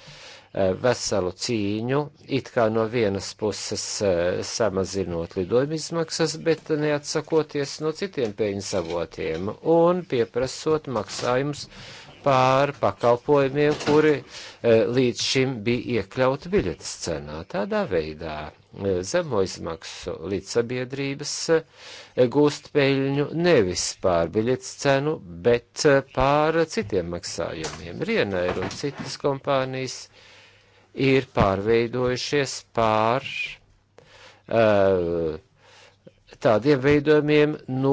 Eh, veselu cīņu, it kā no vienas puses eh, samazinot lidojuma izmaksas, bet neatsakoties no citiem peļņas avotiem un pieprasot maksājumus pār pakalpojumiem, kuri eh, līdz šim bija iekļauti biļetes cenā. Tādā veidā zemo izmaksu līdz sabiedrības gūst peļņu nevis pār biļetes cenu, bet pār citiem maksājumiem. Rienēra un citas kompānijas ir pārveidojušies pār uh, eh, tādiem veidojumiem, no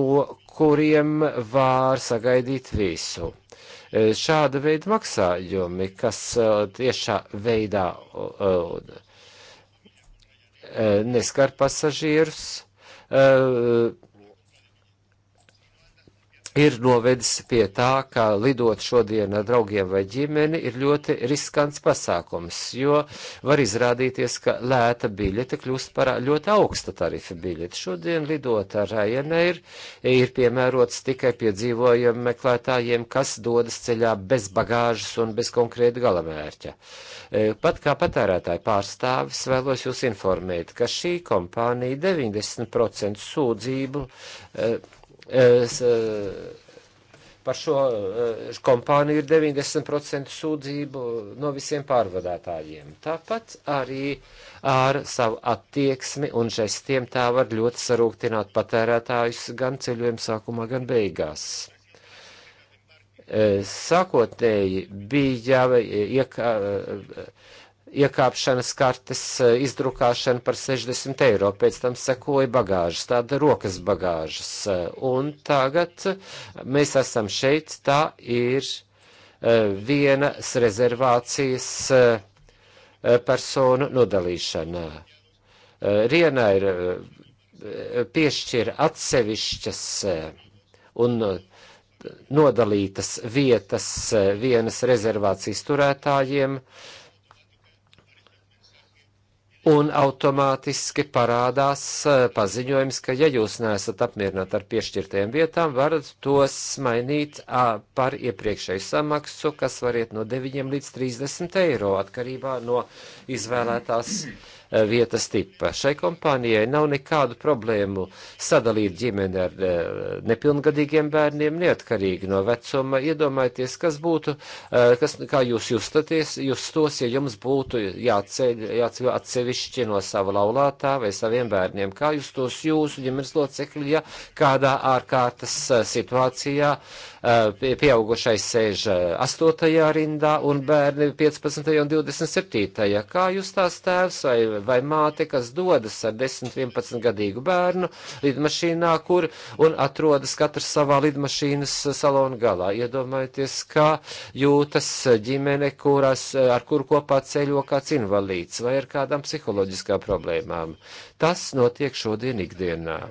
kuriem var sagaidīt visu. Uh, šāda veida maksājumi, kas uh, tiešā veidā neskar pasažierus, ir novedis pie tā, ka lidot šodien ar draugiem vai ģimeni ir ļoti riskants pasākums, jo var izrādīties, ka lēta biļete kļūst par ļoti augsta tarifa biļeti. Šodien lidot ar Ryanair ir piemērots tikai piedzīvojumu meklētājiem, kas dodas ceļā bez bagāžas un bez konkrēta galamērķa. E, pat kā patērētāja pārstāvis vēlos jūs informēt, ka šī kompānija 90% sūdzību e, Es, par šo kompāniju ir 90% sūdzību no visiem pārvadātājiem. Tāpat arī ar savu attieksmi un žestiem tā var ļoti sarūktināt patērētājus gan ceļojuma sākumā, gan beigās. Sākotnēji bija iekā, iekāpšanas kartes eh, izdrukāšana par 60 eiro, pēc tam sekoja bagāžas, tāda rokas bagāžas. Eh, un tagad eh, mēs esam šeit, tā ir vienas rezervācijas personu nodalīšana. Riena ir piešķir atsevišķas un nodalītas vietas vienas rezervācijas turētājiem, uh, un automātiski parādās e, paziņojums, ka ja jūs neesat apmierināti ar piešķirtajām vietām, varat tos mainīt par iepriekšēju samaksu, kas var iet no 9 līdz 30 eiro atkarībā no izvēlētās. Mm Eh, vietas tipa. Šai kompānijai nav nekādu problēmu sadalīt ģimeni ar eh, nepilngadīgiem bērniem, neatkarīgi no vecuma. Iedomājieties, kas būtu, eh, kas, kā jūs justaties, justos, ja jums būtu jāceļ, jāceļ atsevišķi no sava laulātā vai saviem bērniem. Kā justos jūsu ģimenes locekļi, ja kādā ārkārtas situācijā pieaugušais sēž 8. rindā un bērni 15. un 27. Kā jūs tās tēvs vai vai māte, kas dodas ar 10-11 gadīgu bērnu lidmašīnā, kur un atrodas katrs savā lidmašīnas salona galā. Iedomājieties, kā jūtas ģimene, kurās, ar kuru kopā ceļo kāds invalīds vai ar kādām psiholoģiskām problēmām. Tas notiek šodien ikdienā.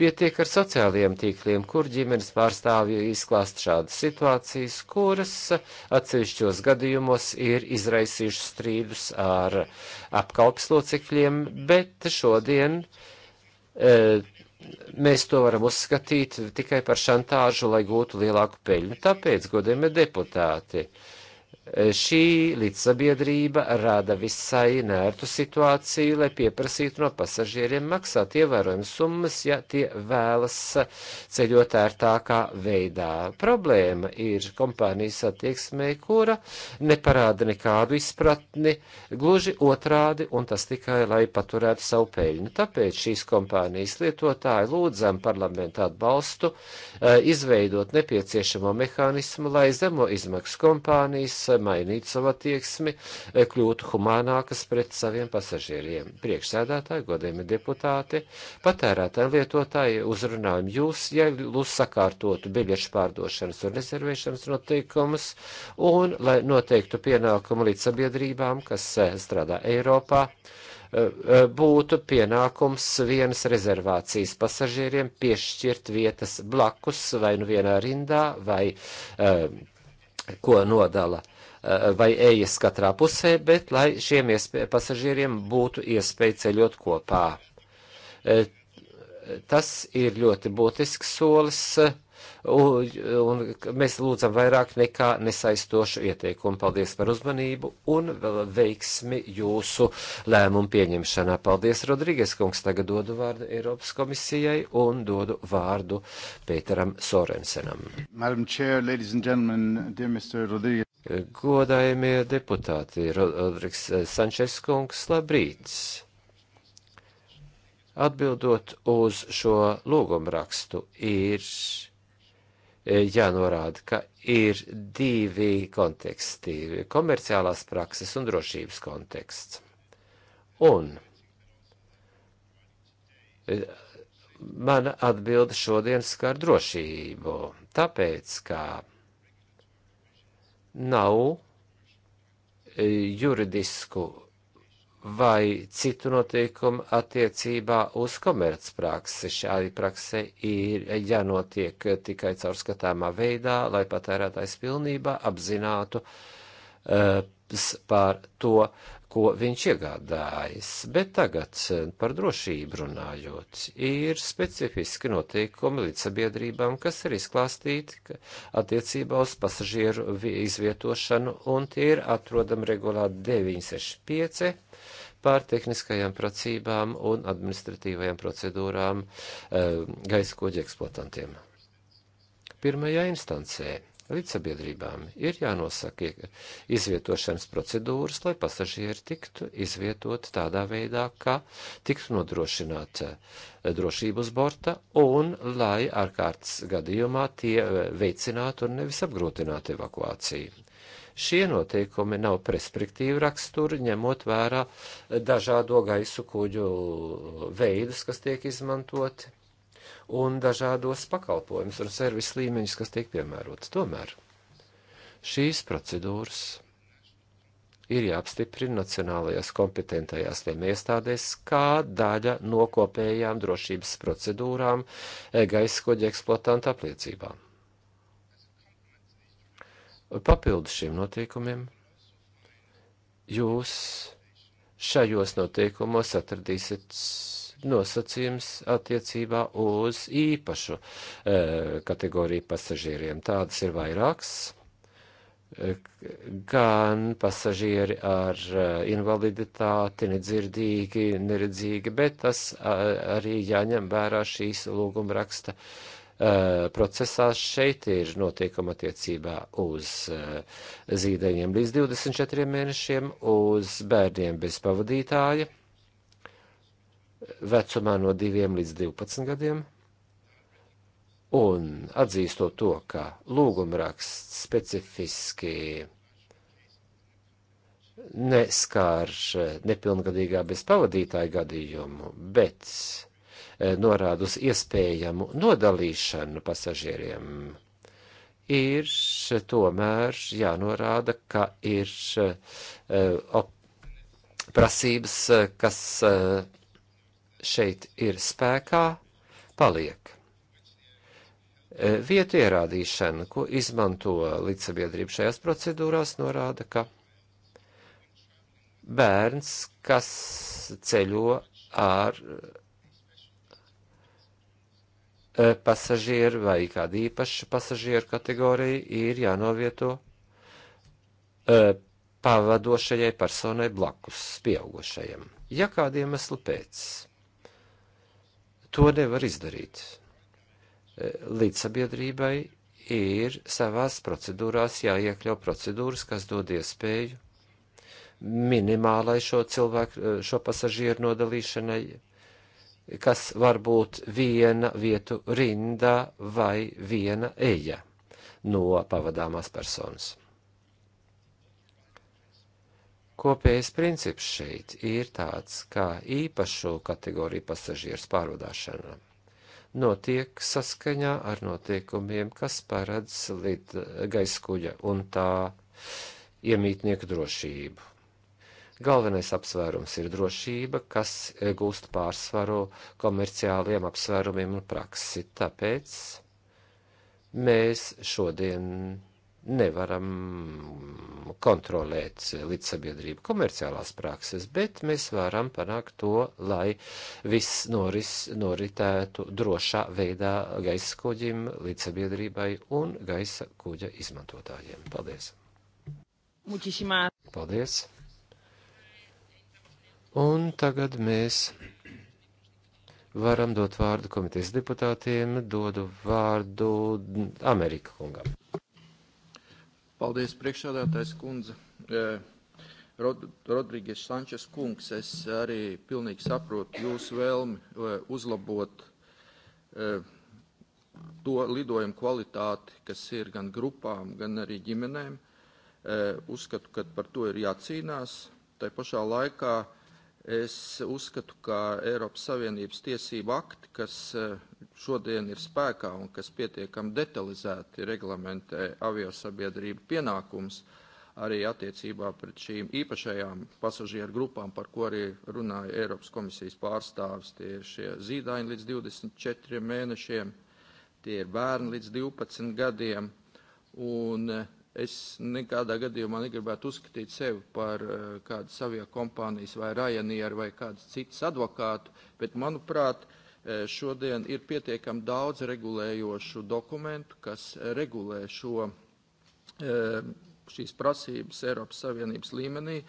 Pietiek ar sociālajiem tīkliem, kur ģimenes pārstāvji izklāst šādas situācijas, kuras atsevišķos gadījumos ir izraisījušas strīdus ar apkalpes locekļiem, bet šodien e, mēs to varam uzskatīt tikai par šantāžu, lai gūtu lielāku peļņu. Tāpēc, godējumie deputāti, uh, Šī līdzsabiedrība rada visai nērtu situāciju, lai pieprasītu no pasažieriem maksāt ievērojumas summas, ja tie vēlas ceļot ērtākā veidā. Problēma ir kompānijas attieksmē, kura neparāda nekādu izpratni, gluži otrādi, un tas tikai, lai paturētu savu peļņu. Tāpēc šīs kompānijas lietotāji lūdzam parlamentu atbalstu, eh, izveidot nepieciešamo mehānismu, lai zemo izmaksu kompānijas mainītu savu attieksmi, kļūtu humānākas pret saviem pasažieriem. Priekšsēdētāji, godējumi deputāti, patērētāji lietotāji uzrunājumi jūs, ja jūs sakārtotu biļešu pārdošanas un rezervēšanas noteikumus, un lai noteiktu pienākumu līdz sabiedrībām, kas eh, strādā Eiropā eh, eh, būtu pienākums vienas rezervācijas pasažieriem piešķirt vietas blakus vai nu vienā rindā vai um, ko nodala Eh, vai ejas katrā pusē, bet lai šiem pasažieriem būtu iespēja ceļot kopā. Eh, tas ir ļoti būtisks solis, eh, un, un mēs lūdzam vairāk nekā nesaistošu ieteikumu. Paldies par uzmanību un veiksmi jūsu lēmumu pieņemšanā. Paldies, Rodrīgas kungs. Tagad dodu vārdu Eiropas komisijai un dodu vārdu Pēteram Sorensenam. Chair, Godājumie deputāti, Rodriks eh, Sančes kungs, labrīt! Atbildot uz šo lūgumrakstu ir eh, jānorāda, ka ir divi konteksti - komerciālās prakses un drošības konteksts. Un eh, mana atbilde šodien skar drošību, tāpēc, ka nav e, juridisku vai citu noteikumu attiecībā uz komercpraksi. Šādi praksē ir jānotiek ja tikai caurskatāmā veidā, lai patērētājs pilnībā apzinātu uh, par to, ko viņš iegādājas, bet tagad eh, par drošību runājot, ir specifiski noteikumi līdz sabiedrībām, kas ir izklāstīti attiecībā uz pasažieru izvietošanu, un tie ir atrodami regulā 965 pār tehniskajām pracībām un administratīvajām procedūrām eh, gaisa koģa eksploatantiem. Pirmajā instancē Līdzsabiedrībām ir jānosaka izvietošanas procedūras, lai pasažieri tiktu izvietoti tādā veidā, ka tiktu nodrošināta eh, drošība uz borta un lai ārkārtas gadījumā tie eh, veicinātu un nevis apgrūtinātu evakuāciju. Šie noteikumi nav perspektīvu raksturi, ņemot vērā dažādo gaisu kuģu veidus, kas tiek izmantoti un dažādos pakalpojumus un servisu līmeņus, kas tiek piemērots. Tomēr šīs procedūras ir jāapstiprina nacionālajās kompetentajās iestādēs kā daļa no kopējām drošības procedūrām e, gaisa kuģa eksploatanta apliecībām. Papildu šiem noteikumiem jūs šajos noteikumos atradīsiet nosacījums attiecībā uz īpašu e, kategoriju pasažieriem. Tādas ir vairākas. E, gan pasažieri ar eh, invaliditāti, nedzirdīgi, neredzīgi, bet tas a, arī jāņem vērā šīs lūguma raksta procesā šeit ir notiekuma attiecībā uz zīdaiņiem līdz 24 mēnešiem, uz bērniem bez pavadītāja vecumā no 2 līdz 12 gadiem. Un atzīstot to, ka lūgumraksts specifiski neskār nepilngadīgā bezpavadītāja gadījumu, bet e, norāda uz iespējamu nodalīšanu pasažieriem, ir tomēr jānorāda, ka ir e, prasības, kas e, šeit ir spēkā, paliek. E, vietu ierādīšana, ko izmanto līdzsabiedrība šajās procedūrās, norāda, ka bērns, kas ceļo ar e, pasažieru vai kādu īpašu pasažieru kategoriju, ir jānovieto e, pavadošajai personai blakus pieaugušajam. Ja kādiem eslu pēc to nevar izdarīt. E, līdzsabiedrībai ir savās procedūrās jāiekļau procedūras, kas dod iespēju minimālai šo cilvēku, e, šo pasažieru nodalīšanai, kas var būt viena vietu rindā vai viena eja no pavadāmās personas. Kopējais princips šeit ir tāds, kā īpašo kategoriju pasažieru pārvadāšana notiek saskaņā ar noteikumiem, kas paredz līdz gaiskuļa un tā iemītnieku drošību. Galvenais apsvērums ir drošība, kas gūst pārsvaru komerciāliem apsvērumiem un praksi, tāpēc mēs šodien nevaram kontrolēt līdzsabiedrību komerciālās prakses, bet mēs varam panākt to, lai viss noris, noritētu drošā veidā gaisa kuģim, līdzsabiedrībai un gaisa kuģa izmantotājiem. Paldies!
Muķisimā. Paldies!
Un tagad mēs varam dot vārdu komitejas deputātiem, dodu vārdu Amerika
kungam. Paldies, priekšsādātājs kundze. E, Rod, Rodrīgas Sančes kungs, es arī pilnīgi saprotu jūsu vēlmi e, uzlabot e, to lidojumu kvalitāti, kas ir gan grupām, gan arī ģimenēm. Uzskatu, ka par to ir jācīnās. Tai pašā laikā uh, Es uzskatu, ka Eiropas Savienības tiesība akti, kas eh, šodien ir spēkā un kas pietiekami detalizēti reglamentē aviosabiedrību pienākums, arī attiecībā pret šīm īpašajām pasažieru grupām, par ko arī runāja Eiropas komisijas pārstāvis, tie ir šie zīdaiņi līdz 24 mēnešiem, tie ir bērni līdz 12 gadiem, un eh, Es nekādā gadījumā negribētu uzskatīt sevi par uh, kādu savie kompānijas vai Ryanair vai kādas citas advokātu, bet, manuprāt, eh, šodien ir pietiekami daudz regulējošu dokumentu, kas regulē šo, eh, šīs prasības Eiropas Savienības līmenī,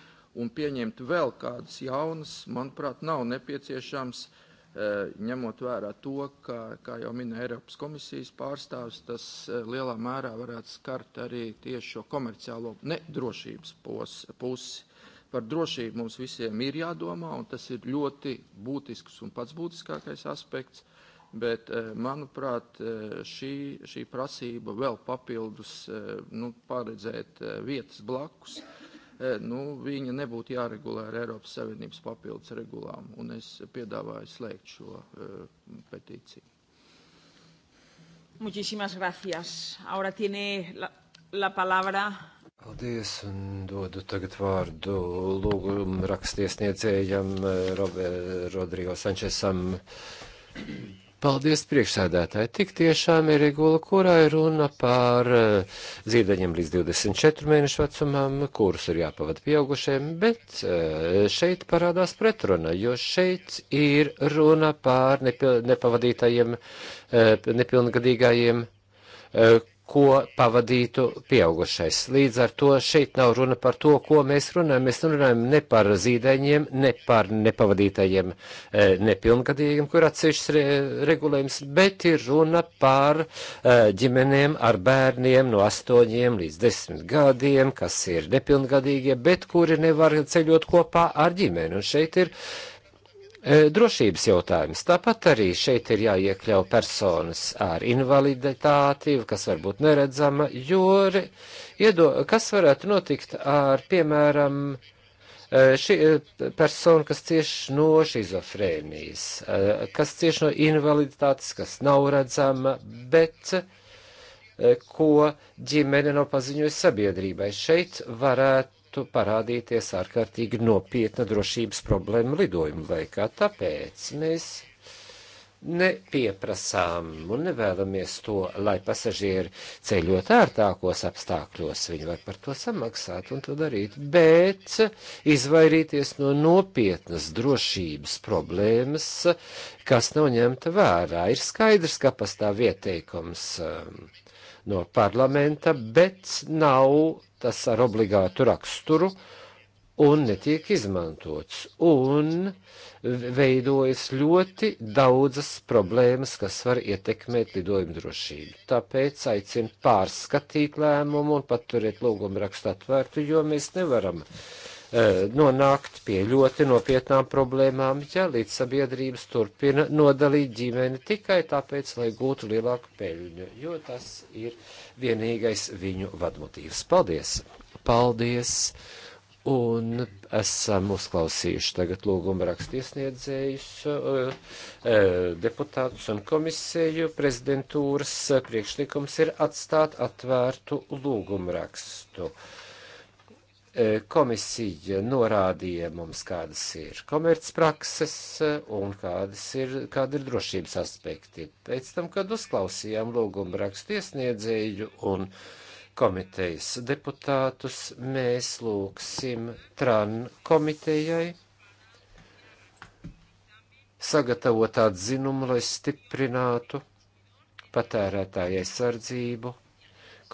un pieņemt vēl kādas jaunas, manuprāt, nav nepieciešams uh, Eh, ņemot vērā to, ka, kā jau minēja Eiropas komisijas pārstāvis, tas eh, lielā mērā varētu skart arī tieši šo komerciālo nedrošības pos, pusi. Par drošību mums visiem ir jādomā, un tas ir ļoti būtisks un pats būtiskākais aspekts, bet, eh, manuprāt, šī, šī prasība vēl papildus nu, paredzēt vietas blakus E, nu, viņa nebūtu jāregulē ar Eiropas Savienības papildus regulām, un es piedāvāju slēgt šo e, petīciju.
Muchísimas gracias. Ahora tiene la, la palabra.
Paldies, un dodu tagad vārdu lūgumu rakstiesniedzējam e, Rodrigo Sančesam. Paldies, priekšsēdētāji. Tik tiešām ir regula, kurā ir runa par eh, zīdaņiem līdz 24 mēnešu vecumam, kurus ir jāpavada pieaugušiem, bet eh, šeit parādās pretruna, jo šeit ir runa par nepavadītajiem, eh, nepilngadīgajiem, ko pavadītu pieaugušais. Līdz ar to šeit nav runa par to, ko mēs runājam. Mēs runājam ne par zīdaiņiem, ne par nepavadītajiem eh, nepilngadīgiem, kur atsevišķs re, regulējums, bet ir runa par eh, ģimenēm ar bērniem no 8 līdz 10 gadiem, kas ir nepilngadīgie, bet kuri nevar ceļot kopā ar ģimeni. Un šeit ir uh, E, drošības jautājums. Tāpat arī šeit ir jāiekļau personas ar invaliditāti, kas varbūt neredzama, jo iedo, kas varētu notikt ar, piemēram, e, šī e, persona, kas cieš no šizofrēnijas, kas cieš no invaliditātes, kas nav redzama, bet ko ģimene nav paziņojusi sabiedrībai. Šeit varētu varētu parādīties ārkārtīgi nopietna drošības problēma lidojuma laikā. Tāpēc mēs nepieprasām un nevēlamies to, lai pasažieri ceļot ārtākos apstākļos, viņi var par to samaksāt un to darīt, bet izvairīties no nopietnas drošības problēmas, kas nav ņemta vērā. Ir skaidrs, ka pastāv ieteikums um, no parlamenta, bet nav tas ar obligātu raksturu un netiek izmantots. Un veidojas ļoti daudzas problēmas, kas var ietekmēt lidojumu drošību. Tāpēc aicinu pārskatīt lēmumu un paturēt lūgumu rakstu atvērtu, jo mēs nevaram e, nonākt pie ļoti nopietnām problēmām, ja līdz sabiedrības turpina nodalīt ģimeni tikai tāpēc, lai gūtu lielāku peļņu, jo tas ir vienīgais viņu vadmotīvs. Paldies! Paldies! Un esam uzklausījuši tagad lūguma rakstiesniedzējus, eh, eh, deputātus un komisiju. Prezidentūras eh, priekšlikums ir atstāt atvērtu lūguma rakstu. E, komisija norādīja mums, kādas ir komercprakses e, un kādas ir, kāda ir drošības aspekti. Pēc tam, kad uzklausījām lūgumu rakstu iesniedzēju un komitejas deputātus, mēs lūgsim TRAN komitejai sagatavot atzinumu, lai stiprinātu patērētāju aizsardzību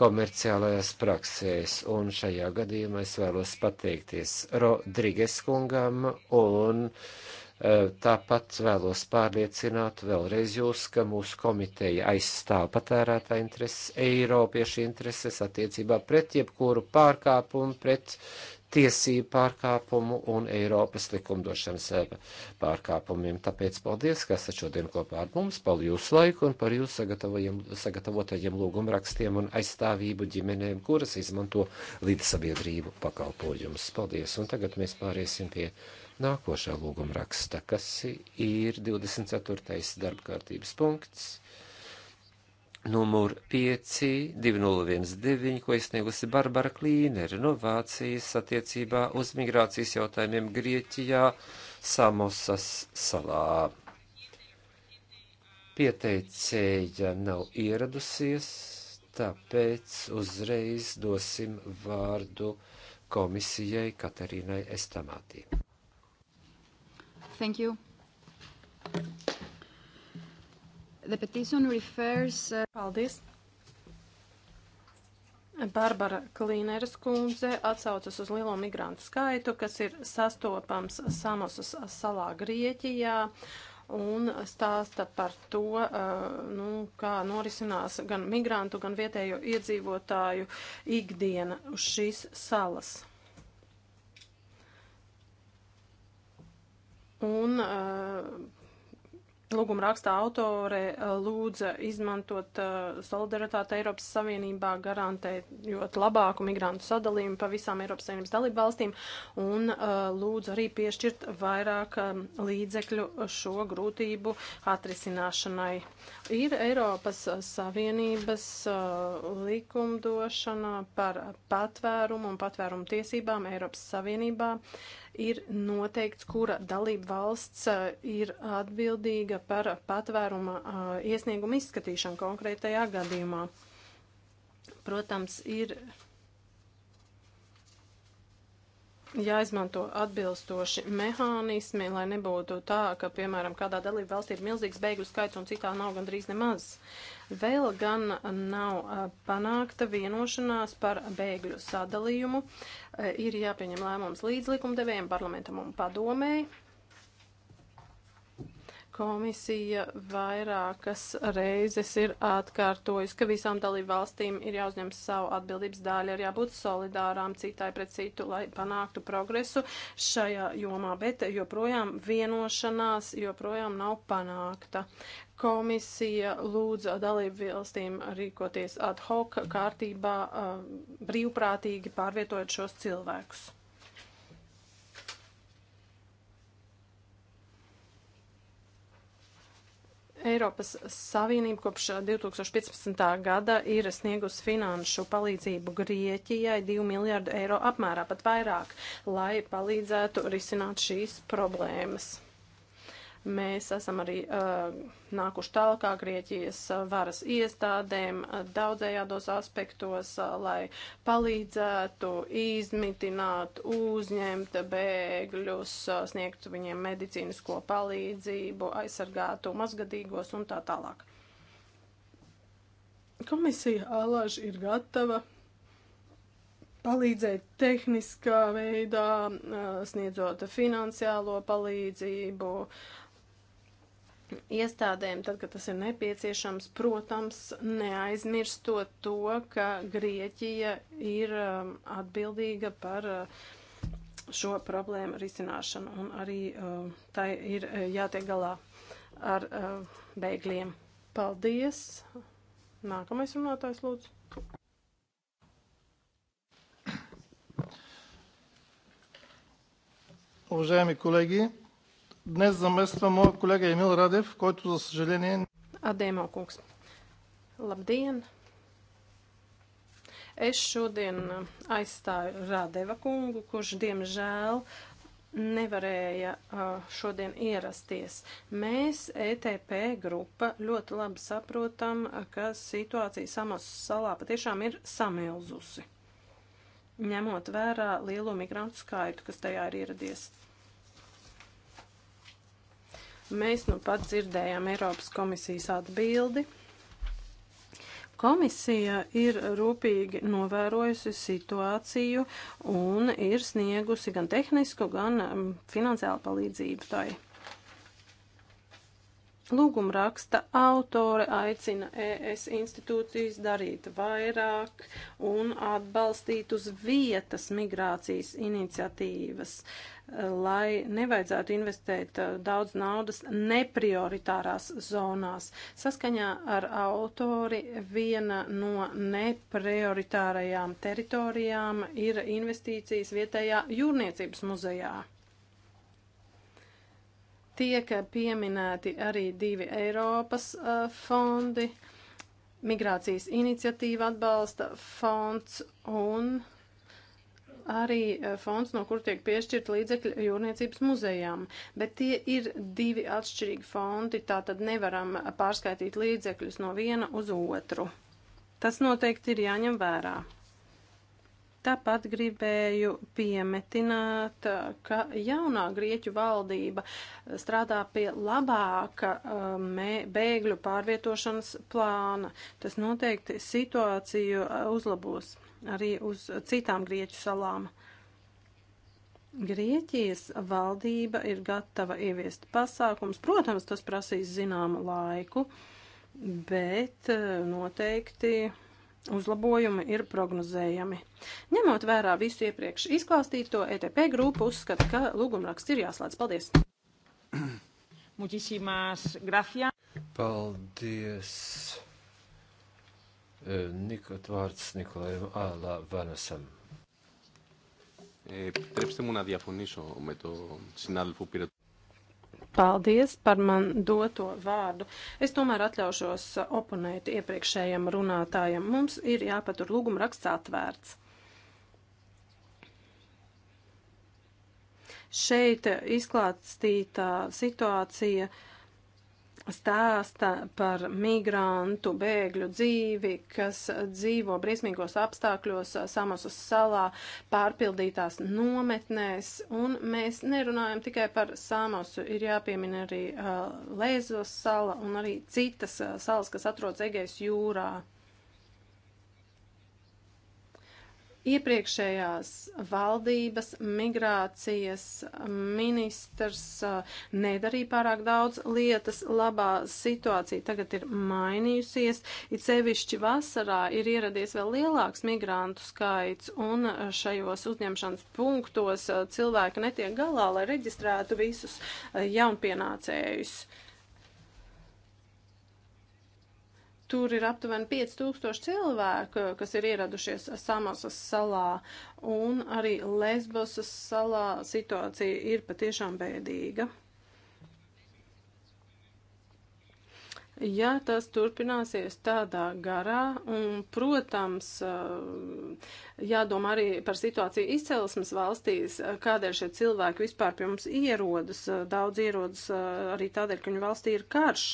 komerciālajās praksēs, un šajā gadījumā es vēlos pateikties Rodriges kungam, un eh, tāpat vēlos pārliecināt vēlreiz jūs, ka mūsu komiteja aizstāv patērētā intereses, Eiropiešu intereses attiecībā pret jebkuru pārkāpumu, pret tiesību pārkāpumu un Eiropas likumdošanas eh, pārkāpumiem. Tāpēc paldies, ka esat šodien kopā ar mums, par jūsu laiku un par jūsu sagatavotajiem lūgumrakstiem un aizstāvību ģimenēm, kuras izmanto līdzsabiedrību pakalpojumus. Paldies, un tagad mēs pāriesim pie nākošā lūgumraksta, kas ir 24. darba kārtības punkts numur 5219, ko iesniegusi Barbara Klīneri no Vācijas attiecībā uz migrācijas jautājumiem Grieķijā Samosas salā. Pieteicēja nav ieradusies, tāpēc uzreiz dosim vārdu komisijai Katerīnai Estamātī.
Thank you. The petition refers. Uh, Paldies. Barbara Klīneres kundze atsaucas uz lielo migrantu skaitu, kas ir sastopams Samosas salā Grieķijā un stāsta par to, uh, nu, kā norisinās gan migrantu, gan vietējo iedzīvotāju ikdiena uz šīs salas. Un, uh, Lūguma rakstā autore eh, lūdza izmantot eh, solidaritāti Eiropas Savienībā, garantējot labāku migrantu sadalījumu pa visām Eiropas Savienības dalību valstīm un eh, lūdza arī piešķirt vairāk līdzekļu šo grūtību atrisināšanai. Ir Eiropas Savienības likumdošana par patvērumu un patvērumu tiesībām Eiropas Savienībā. Uh, ir noteikts, kura dalība valsts uh, ir atbildīga par patvēruma uh, iesniegumu izskatīšanu konkrētajā gadījumā. Protams, ir jāizmanto atbilstoši mehānismi, lai nebūtu tā, ka, piemēram, kādā dalība valstī ir milzīgs bēgļu skaits un citā nav gandrīz nemaz. Vēl gan nav uh, panākta vienošanās par bēgļu sadalījumu ir jāpieņem lēmums līdz likumdevējiem, parlamentam un padomēji. Komisija vairākas reizes ir atkārtojusi, ka visām dalību valstīm ir jāuzņem savu atbildības daļu, ir jābūt solidārām citai pret citu, lai panāktu progresu šajā jomā, bet joprojām vienošanās joprojām nav panākta komisija lūdza dalību valstīm rīkoties ad hoc kārtībā, brīvprātīgi pārvietojot šos cilvēkus. Eiropas Savienība kopš 2015. gada ir sniegusi finanšu palīdzību Grieķijai 2 miljārdu eiro apmērā, pat vairāk, lai palīdzētu risināt šīs problēmas. Mēs esam arī uh, nākuši tālākā Grieķijas uh, varas iestādēm uh, daudzējādos aspektos, uh, lai palīdzētu izmitināt, uzņemt bēgļus, uh, sniegt viņiem medicīnisko palīdzību, aizsargātu mazgadīgos un tā tālāk. Komisija Alāž ir gatava palīdzēt tehniskā veidā, uh, sniedzot finansiālo palīdzību, uh, iestādēm, tad, kad tas ir nepieciešams, protams, neaizmirstot to, ka Grieķija ir um, atbildīga par uh, šo problēmu risināšanu un arī uh, tai ir uh, jātiek galā ar uh, bēgļiem. Paldies! Nākamais runātājs lūdzu.
Уважаеми колеги, Днес замества моят колега Емил Радев, който за съжаление...
Адемо Кукс. Labdien! Es šodien aizstāju Rādeva kungu, kurš diemžēl nevarēja šodien ierasties. Mēs, ETP grupa, ļoti labi saprotam, ka situācija Samosas salā patiešām ir samilzusi, ņemot vērā lielo migrantu skaitu, kas tajā ir ieradies. Mēs nu pat dzirdējām Eiropas komisijas atbildi. Komisija ir rūpīgi novērojusi situāciju un ir sniegusi gan tehnisku, gan mm, finansiālu palīdzību tai. Lūguma raksta autore aicina ES institūcijas darīt vairāk un atbalstīt uz vietas migrācijas iniciatīvas, eh, lai nevajadzētu investēt eh, daudz naudas neprioritārās zonās. Saskaņā ar autori viena no neprioritārajām teritorijām ir investīcijas vietējā jūrniecības muzejā. Tiek pieminēti arī divi Eiropas uh, fondi, migrācijas iniciatīva atbalsta fonds un arī eh, fonds, no kur tiek piešķirt līdzekļi jūrniecības muzejām, bet tie ir divi atšķirīgi fondi, tā tad nevaram pārskaitīt līdzekļus no viena uz otru. Tas noteikti ir jāņem vērā. Tāpat gribēju piemetināt, ka jaunā Grieķu valdība strādā pie labāka um, mē, bēgļu pārvietošanas plāna. Tas noteikti situāciju uh, uzlabos arī uz citām Grieķu salām. Grieķijas valdība ir gatava ieviest pasākums. Protams, tas prasīs zināmu laiku, bet uh, noteikti uzlabojumi ir prognozējami. Ņemot vērā visu iepriekš izklāstīto, ETP grupa uzskata, ka lūgumraksts ir jāslēdz.
Paldies! Muchísimas gracias.
Paldies. E, Nikot vārds Nikolajam Ālā Vanasam.
Επιτρέψτε μου να διαφωνήσω με τον συνάδελφο
που πήρε το Paldies par man doto vārdu. Es tomēr atļaušos oponēt iepriekšējiem runātājiem. Mums ir jāpatur lūguma raksts atvērts. Šeit izklāstītā situācija uh, stāsta par migrantu, bēgļu dzīvi, kas dzīvo briesmīgos apstākļos Samosas salā, pārpildītās nometnēs, un mēs nerunājam tikai par Samosu, ir jāpiemina arī uh, Lēzos sala un arī citas uh, salas, kas atrodas Egejas jūrā. iepriekšējās valdības migrācijas ministrs uh, nedarīja pārāk daudz lietas labā situācija. Tagad ir mainījusies, it sevišķi vasarā ir ieradies vēl lielāks migrantu skaits, un šajos uzņemšanas punktos uh, cilvēki netiek galā, lai reģistrētu visus uh, jaunpienācējus. Tur ir aptuveni 5000 cilvēku, kas ir ieradušies Samosas salā, un arī Lesbosas salā situācija ir patiešām bēdīga. ja tas turpināsies tādā garā, un, protams, jādomā arī par situāciju izcelsmes valstīs, kādēļ šie cilvēki vispār pie mums ierodas. Daudz ierodas arī tādēļ, ka viņu valstī ir karš,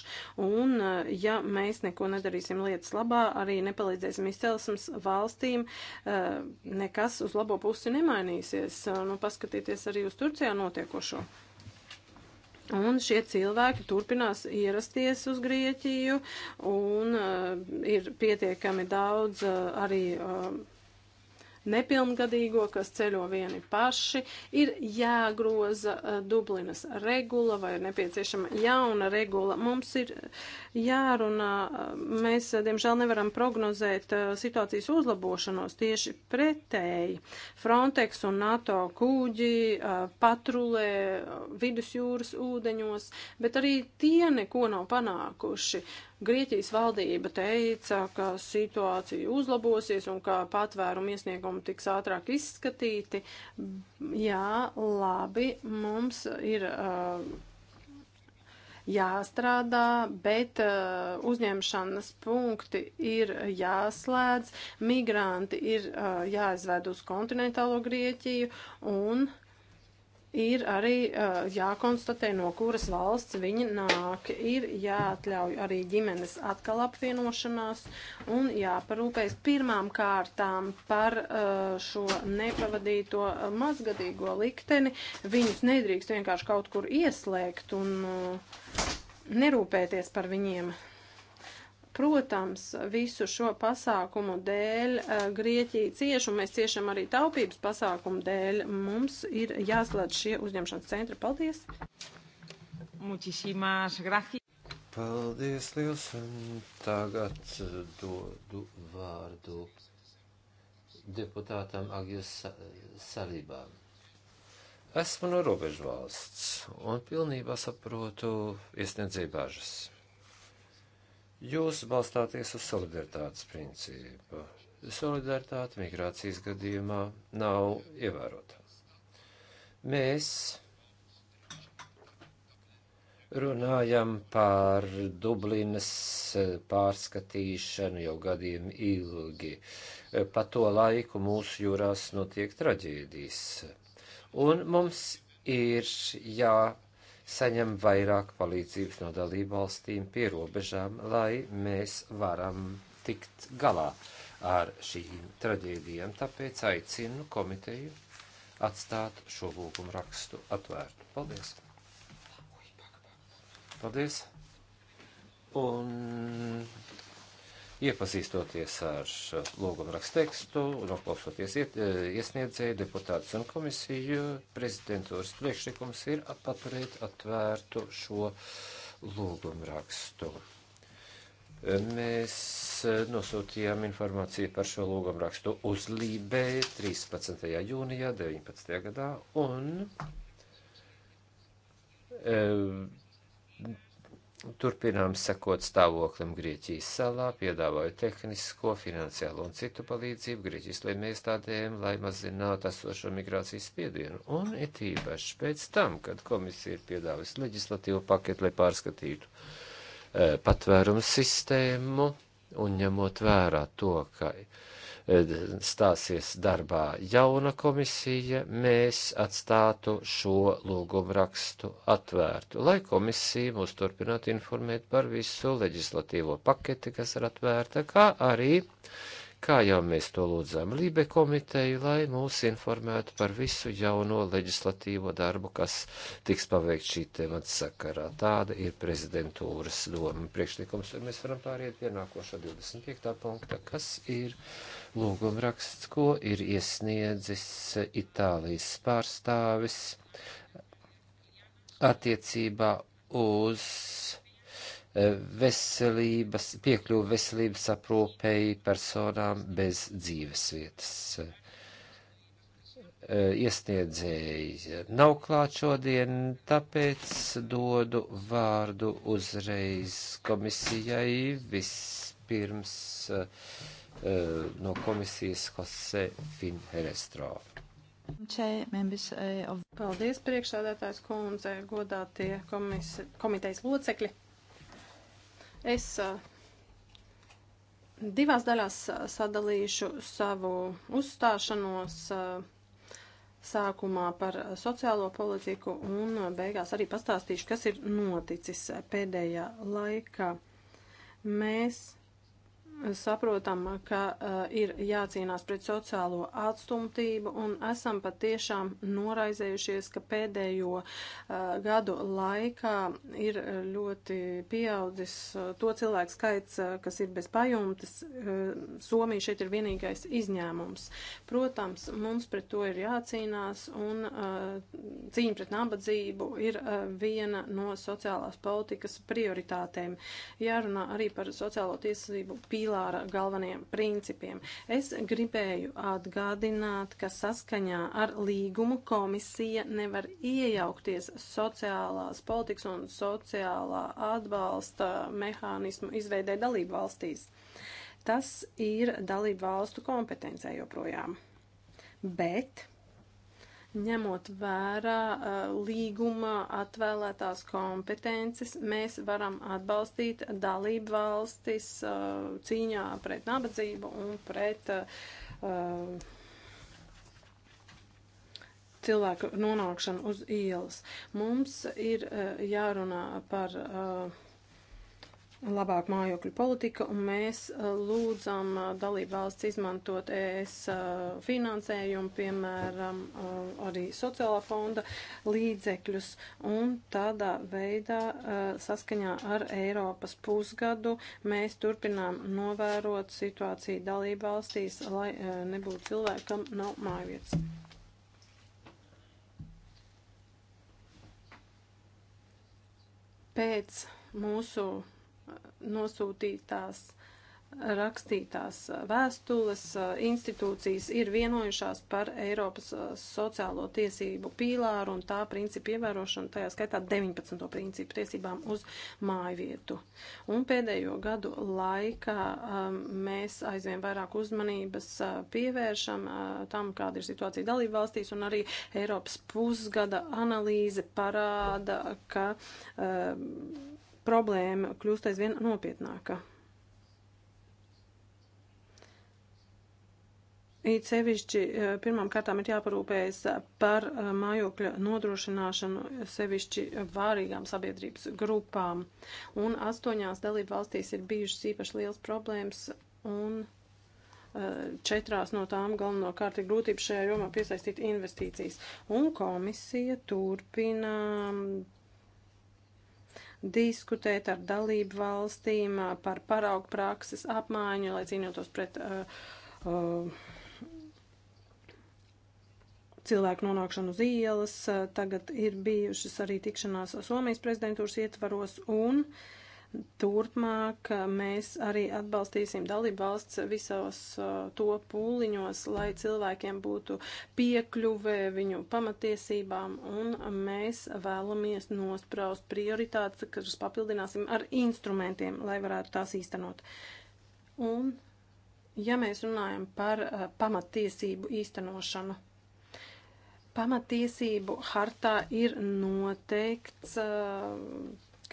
un, ja mēs neko nedarīsim lietas labā, arī nepalīdzēsim izcelsmes valstīm, nekas uz labo pusi nemainīsies. Nu, paskatieties arī uz Turcijā notiekošo. Un šie cilvēki turpinās ierasties uz Grieķiju, un uh, ir pietiekami daudz uh, arī uh, nepilngadīgo, kas ceļo vieni paši, ir jāgroza eh, Dublinas regula vai ir nepieciešama jauna regula. Mums ir jārunā, eh, mēs, eh, diemžēl, nevaram prognozēt situācijas uzlabošanos tieši pretēji. Frontex un NATO kūģi patrulē vidusjūras ūdeņos, bet arī tie neko nav panākuši. Grieķijas valdība teica, ka situācija uzlabosies un ka patvērumu iesniegumi tiks ātrāk izskatīti. Jā, labi, mums ir. Uh, jāstrādā, bet uh, uzņemšanas punkti ir jāslēdz, migranti ir uh, jāizved uz kontinentālo Grieķiju un uh, ir arī uh, jākonstatē, no kuras valsts viņi nāk. Ir jāatļauj arī ģimenes atkal apvienošanās un jāparūpējas pirmām kārtām par uh, šo nepavadīto uh, mazgadīgo likteni. Viņus nedrīkst vienkārši kaut kur ieslēgt un uh, nerūpēties par viņiem. Protams, visu šo pasākumu dēļ eh, Grieķija cieš, un mēs ciešam arī taupības pasākumu dēļ. Mums ir jāslēdz šie uzņemšanas centri. Paldies!
Muchísimas gracias. Paldies, Liels, un
tagad eh, dodu vārdu deputātam Agijas Salībām. Esmu no robežvalsts un pilnībā saprotu iesniedzēju bāžas. Jūs balstāties uz solidaritātes principu. Solidaritāte migrācijas gadījumā nav ievērota. Mēs runājam par Dublinas pārskatīšanu jau gadiem ilgi. Pa to laiku mūsu jūrās notiek traģēdijas. Un mums ir jā. Ja saņem vairāk palīdzības no dalību valstīm pie robežām, lai mēs varam tikt galā ar šīm traģēdijām. Tāpēc aicinu komiteju atstāt šo lūgumu rakstu atvērtu. Paldies! Paldies! Un Iepazīstoties ar lūgumu rakstekstu, noklausoties iet, e, iesniedzēju, deputātus un komisiju, prezidentūras priekšlikums ir paturēt atvērtu šo lūgumu rakstu. Mēs e, nosūtījām informāciju par šo lūgumu rakstu uz Lībē 13. jūnijā 19. gadā un e, Turpinām sekot stāvoklim Grieķijas salā, piedāvāju tehnisko, finansiālo un citu palīdzību Grieķijas lēmējstādēm, lai mazinātu esošo migrācijas spiedienu. Un it īpaši pēc tam, kad komisija ir piedāvājusi leģislatīvu paketu, lai pārskatītu e, patvērumu sistēmu un ņemot vērā to, ka. E, stāsies darbā jauna komisija, mēs atstātu šo lūgumu rakstu atvērtu, lai komisija mūs turpinātu informēt par visu leģislatīvo paketi, kas ir atvērta, kā arī, kā jau mēs to lūdzām Lībe komiteju, lai mūs informētu par visu jauno leģislatīvo darbu, kas tiks paveikt šī temata sakarā. Tāda ir prezidentūras doma priekšlikums, un mēs varam pāriet pie nākošā 25. punkta, kas ir lūgumraksts, ko ir iesniedzis Itālijas pārstāvis attiecībā uz e, veselības, piekļuvu veselības aprūpēji personām bez dzīvesvietas. E, iesniedzēji nav klāt šodien, tāpēc dodu vārdu uzreiz komisijai vispirms. Uh, no komisijas Jose Finherestro.
Eh, Paldies, priekšsādātājs kundze, godātie komis, komitejas locekļi. Es eh, divās daļās eh, sadalīšu savu uzstāšanos sākumā par sociālo politiku un beigās arī pastāstīšu, kas ir noticis pēdējā laikā. Mēs saprotam, ka uh, ir jācīnās pret sociālo atstumtību un esam patiešām noraizējušies, ka pēdējo uh, gadu laikā ir ļoti pieaudzis uh, to cilvēku skaits, uh, kas ir bez pajumtes. Uh, Somija šeit ir vienīgais izņēmums. Protams, mums pret to ir jācīnās un uh, cīņa pret nabadzību ir uh, viena no sociālās politikas prioritātēm. Jārunā arī par sociālo tiesību pīlāru pīlāra galvenajiem principiem. Es gribēju atgādināt, ka saskaņā ar līgumu komisija nevar iejaukties sociālās politikas un sociālā atbalsta mehānismu izveidē dalību valstīs. Tas ir dalību valstu kompetencija joprojām. Bet ņemot vērā līguma atvēlētās kompetences, mēs varam atbalstīt dalību valstis cīņā pret nabadzību un pret cilvēku nonākšanu uz ielas. Mums ir jārunā par uh, labāk mājokļu politika, un mēs uh, lūdzam uh, dalību valsts izmantot ES uh, finansējumu, piemēram, arī sociālā fonda līdzekļus, un tādā veidā saskaņā ar Eiropas pusgadu mēs turpinām novērot situāciju dalību valstīs, lai nebūtu cilvēkam nav mājvietas. Pēc mūsu nosūtītās rakstītās vēstules institūcijas ir vienojušās par Eiropas sociālo tiesību pīlāru un tā principu ievērošanu, tajā skaitā 19. principu tiesībām uz mājvietu. Un pēdējo gadu laikā mēs aizvien vairāk uzmanības pievēršam tam, kāda ir situācija dalību valstīs, un arī Eiropas pusgada analīze parāda, ka problēma kļūst aizvien nopietnāka. It sevišķi eh, pirmām kārtām ir jāparūpējas par eh, mājokļa nodrošināšanu sevišķi vārīgām sabiedrības grupām. Un astoņās dalību valstīs ir bijušas īpaši liels problēmas un eh, četrās no tām galvenokārt ir grūtības šajā jomā piesaistīt investīcijas. Un komisija turpina diskutēt ar dalību valstīm par paraugu prakses apmaiņu, lai cīnītos pret uh, uh, cilvēku nonākšanu uz ielas. Tagad ir bijušas arī tikšanās Somijas prezidentūras ietvaros un uh, Turpmāk mēs arī atbalstīsim dalību valsts visos to pūliņos, lai cilvēkiem būtu piekļuve viņu pamatiesībām, un mēs vēlamies nospraust prioritātes, kas papildināsim ar instrumentiem, lai varētu tās īstenot. Un, ja mēs runājam par pamatiesību īstenošanu pamatiesību hartā ir noteikts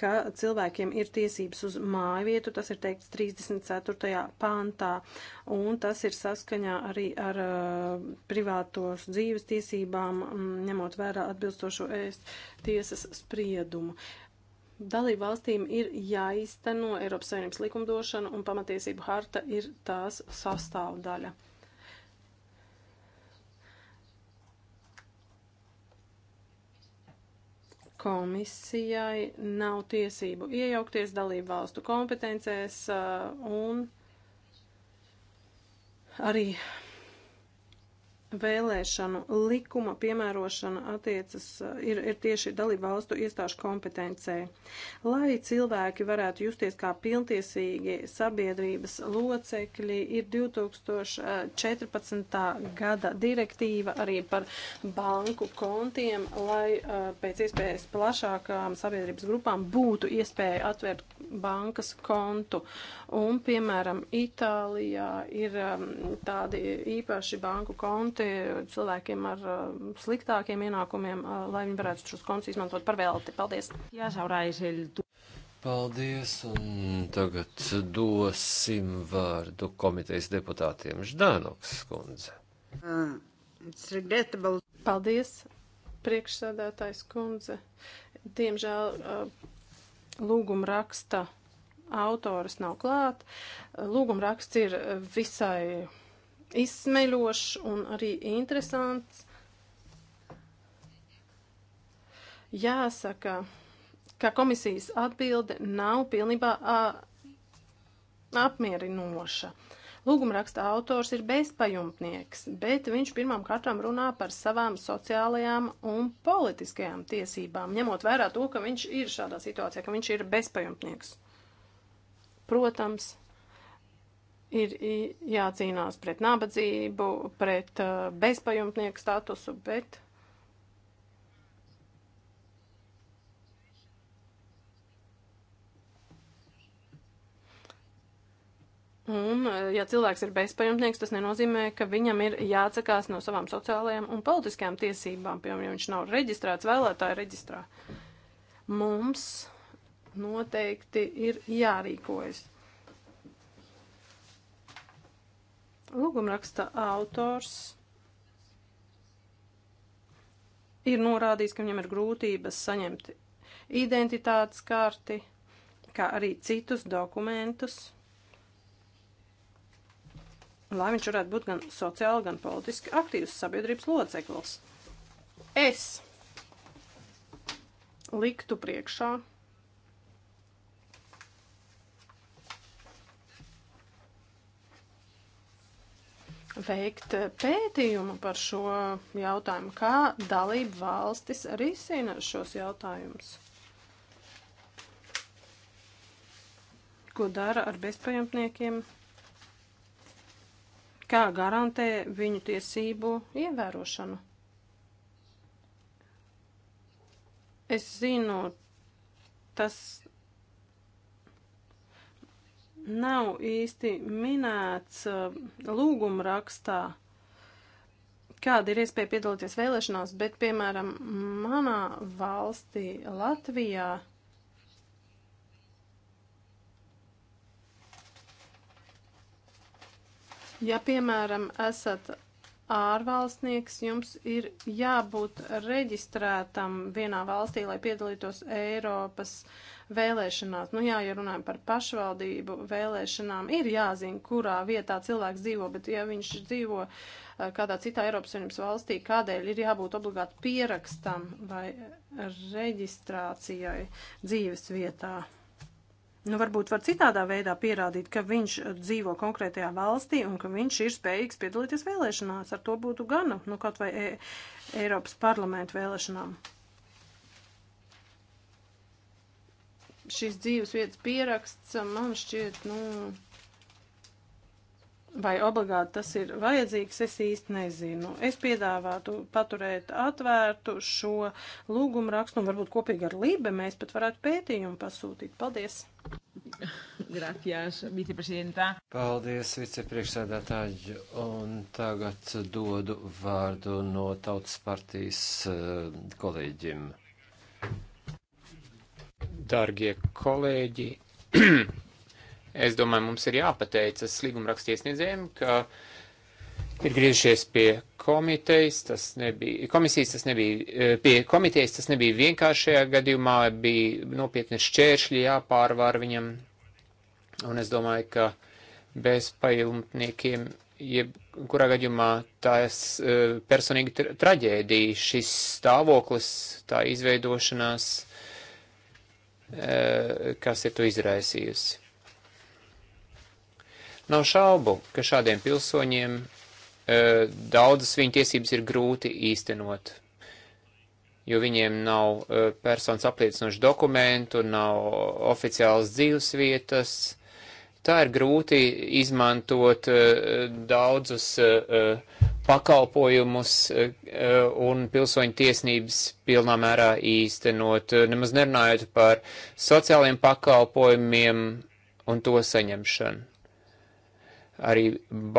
ka cilvēkiem ir tiesības uz māju vietu, tas ir teikts 34. pāntā, un tas ir saskaņā arī ar uh, privātos dzīves tiesībām, m, mm, ņemot vērā atbilstošo ēst tiesas spriedumu. Dalību valstīm ir jāizteno Eiropas Savienības likumdošana, un pamatiesību harta ir tās sastāvdaļa. Komisijai nav tiesību iejaukties dalību valstu kompetencēs uh, un arī Vēlēšanu likuma piemērošana attiecas eh, ir, ir tieši dalību valstu iestāžu kompetencē. Lai cilvēki varētu justies kā pilntiesīgi sabiedrības locekļi, ir 2014. gada direktīva arī par banku kontiem, lai eh, pēc iespējas plašākām sabiedrības grupām būtu iespēja atvērt bankas kontu. Un, piemēram, Itālijā ir ehm, tādi īpaši banku konti, grūti cilvēkiem ar um, sliktākiem ienākumiem, uh, lai viņi varētu šos kontus izmantot par velti.
Paldies! Jā,
Paldies, un tagad dosim vārdu komitejas deputātiem Ždānoks skundze.
Uh,
Paldies, priekšsēdētājs skundze. Diemžēl uh, lūguma raksta autors nav klāt. Lūguma raksts ir visai izsmeļošs un arī interesants. Jāsaka, ka komisijas atbilde nav pilnībā a, apmierinoša. Lūguma raksta autors ir bezpajumtnieks, bet viņš pirmām kārtām runā par savām sociālajām un politiskajām tiesībām, ņemot vērā to, ka viņš ir šādā situācijā, ka viņš ir bezpajumtnieks. Protams, ir jācīnās pret nabadzību, pret uh, bezpajumtnieku statusu, bet Un, uh, ja cilvēks ir bezpajumtnieks, tas nenozīmē, ka viņam ir jāatsakās no savām sociālajām un politiskajām tiesībām, piemēram, ja viņš nav reģistrēts vēlētāju reģistrā. Mums noteikti ir jārīkojas. Lūgumraksta autors ir norādījis, ka viņam ir grūtības saņemt identitātes karti, kā arī citus dokumentus, lai viņš varētu būt gan sociāli, gan politiski aktīvs sabiedrības loceklis. Es liktu priekšā veikt pētījumu par šo jautājumu, kā dalību valstis risina šos jautājumus. Ko dara ar bezpajumtniekiem? Kā garantē viņu tiesību ievērošanu? Es zinu, tas nav īsti minēts eh, lūguma rakstā, kāda ir iespēja piedalīties vēlēšanās, bet, piemēram, manā valstī Latvijā Ja, piemēram, esat ārvalstnieks, jums ir jābūt reģistrētam vienā valstī, lai piedalītos Eiropas vēlēšanās. Nu jā, ja runājam par pašvaldību vēlēšanām, ir jāzina, kurā vietā cilvēks dzīvo, bet ja viņš dzīvo eh, kādā citā Eiropas Savienības valstī, kādēļ ir jābūt obligāti pierakstam vai reģistrācijai dzīves vietā nu, varbūt var citādā veidā pierādīt, ka viņš eh, dzīvo konkrētajā valstī un ka viņš ir spējīgs piedalīties vēlēšanās. Ar to būtu gana, nu, kaut vai e Eiropas parlamentu vēlēšanām. Šis dzīves vietas pieraksts eh, man šķiet, nu, Vai obligāti tas ir vajadzīgs, es īsti nezinu. Es piedāvātu paturēt atvērtu šo lūgumu rakstu un varbūt kopīgi ar Lībe mēs pat varētu pētījumu pasūtīt. Paldies!
Gracias, viceprezidenta.
Paldies, vicepriekšsēdētāji, un tagad dodu vārdu no Tautas partijas eh, kolēģim.
Dargie kolēģi, es domāju, mums ir jāpateicas līgumrakstiesniedzējiem, ka ir griežies pie komitejas, tas nebija, komisijas tas nebija, eh, pie komitejas tas nebija vienkāršajā gadījumā, bija nopietni šķēršļi jāpārvar viņam, un es domāju, ka bez pajumtniekiem, jebkurā gadījumā tās eh, personīga tra traģēdija, šis stāvoklis, tā izveidošanās, eh, kas ir to izraisījusi. Nav šaubu, ka šādiem pilsoņiem Eh, daudzas viņa tiesības ir grūti īstenot, jo viņiem nav eh, personas apliecinošu dokumentu, nav oficiālas dzīves vietas. Tā ir grūti izmantot eh, daudzus pakalpojumus un pilsoņu tiesnības pilnā mērā īstenot, nemaz nerunājot par sociāliem pakalpojumiem un to saņemšanu. Arī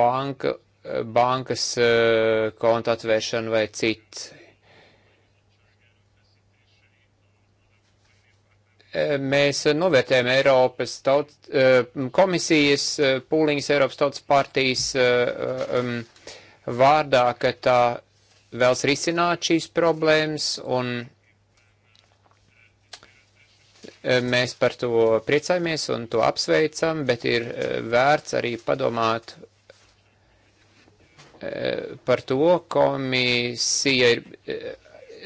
banka bankas eh, kontu atvēršanu vai citu. Eh, mēs novērtējam Eiropas tautas eh, komisijas pūliņas Eiropas tautas partijas um, vārdā, ka tā vēlas risināt šīs problēmas un mēs par to priecājamies un to apsveicam, bet ir vērts arī padomāt Eh, par to komisija eh,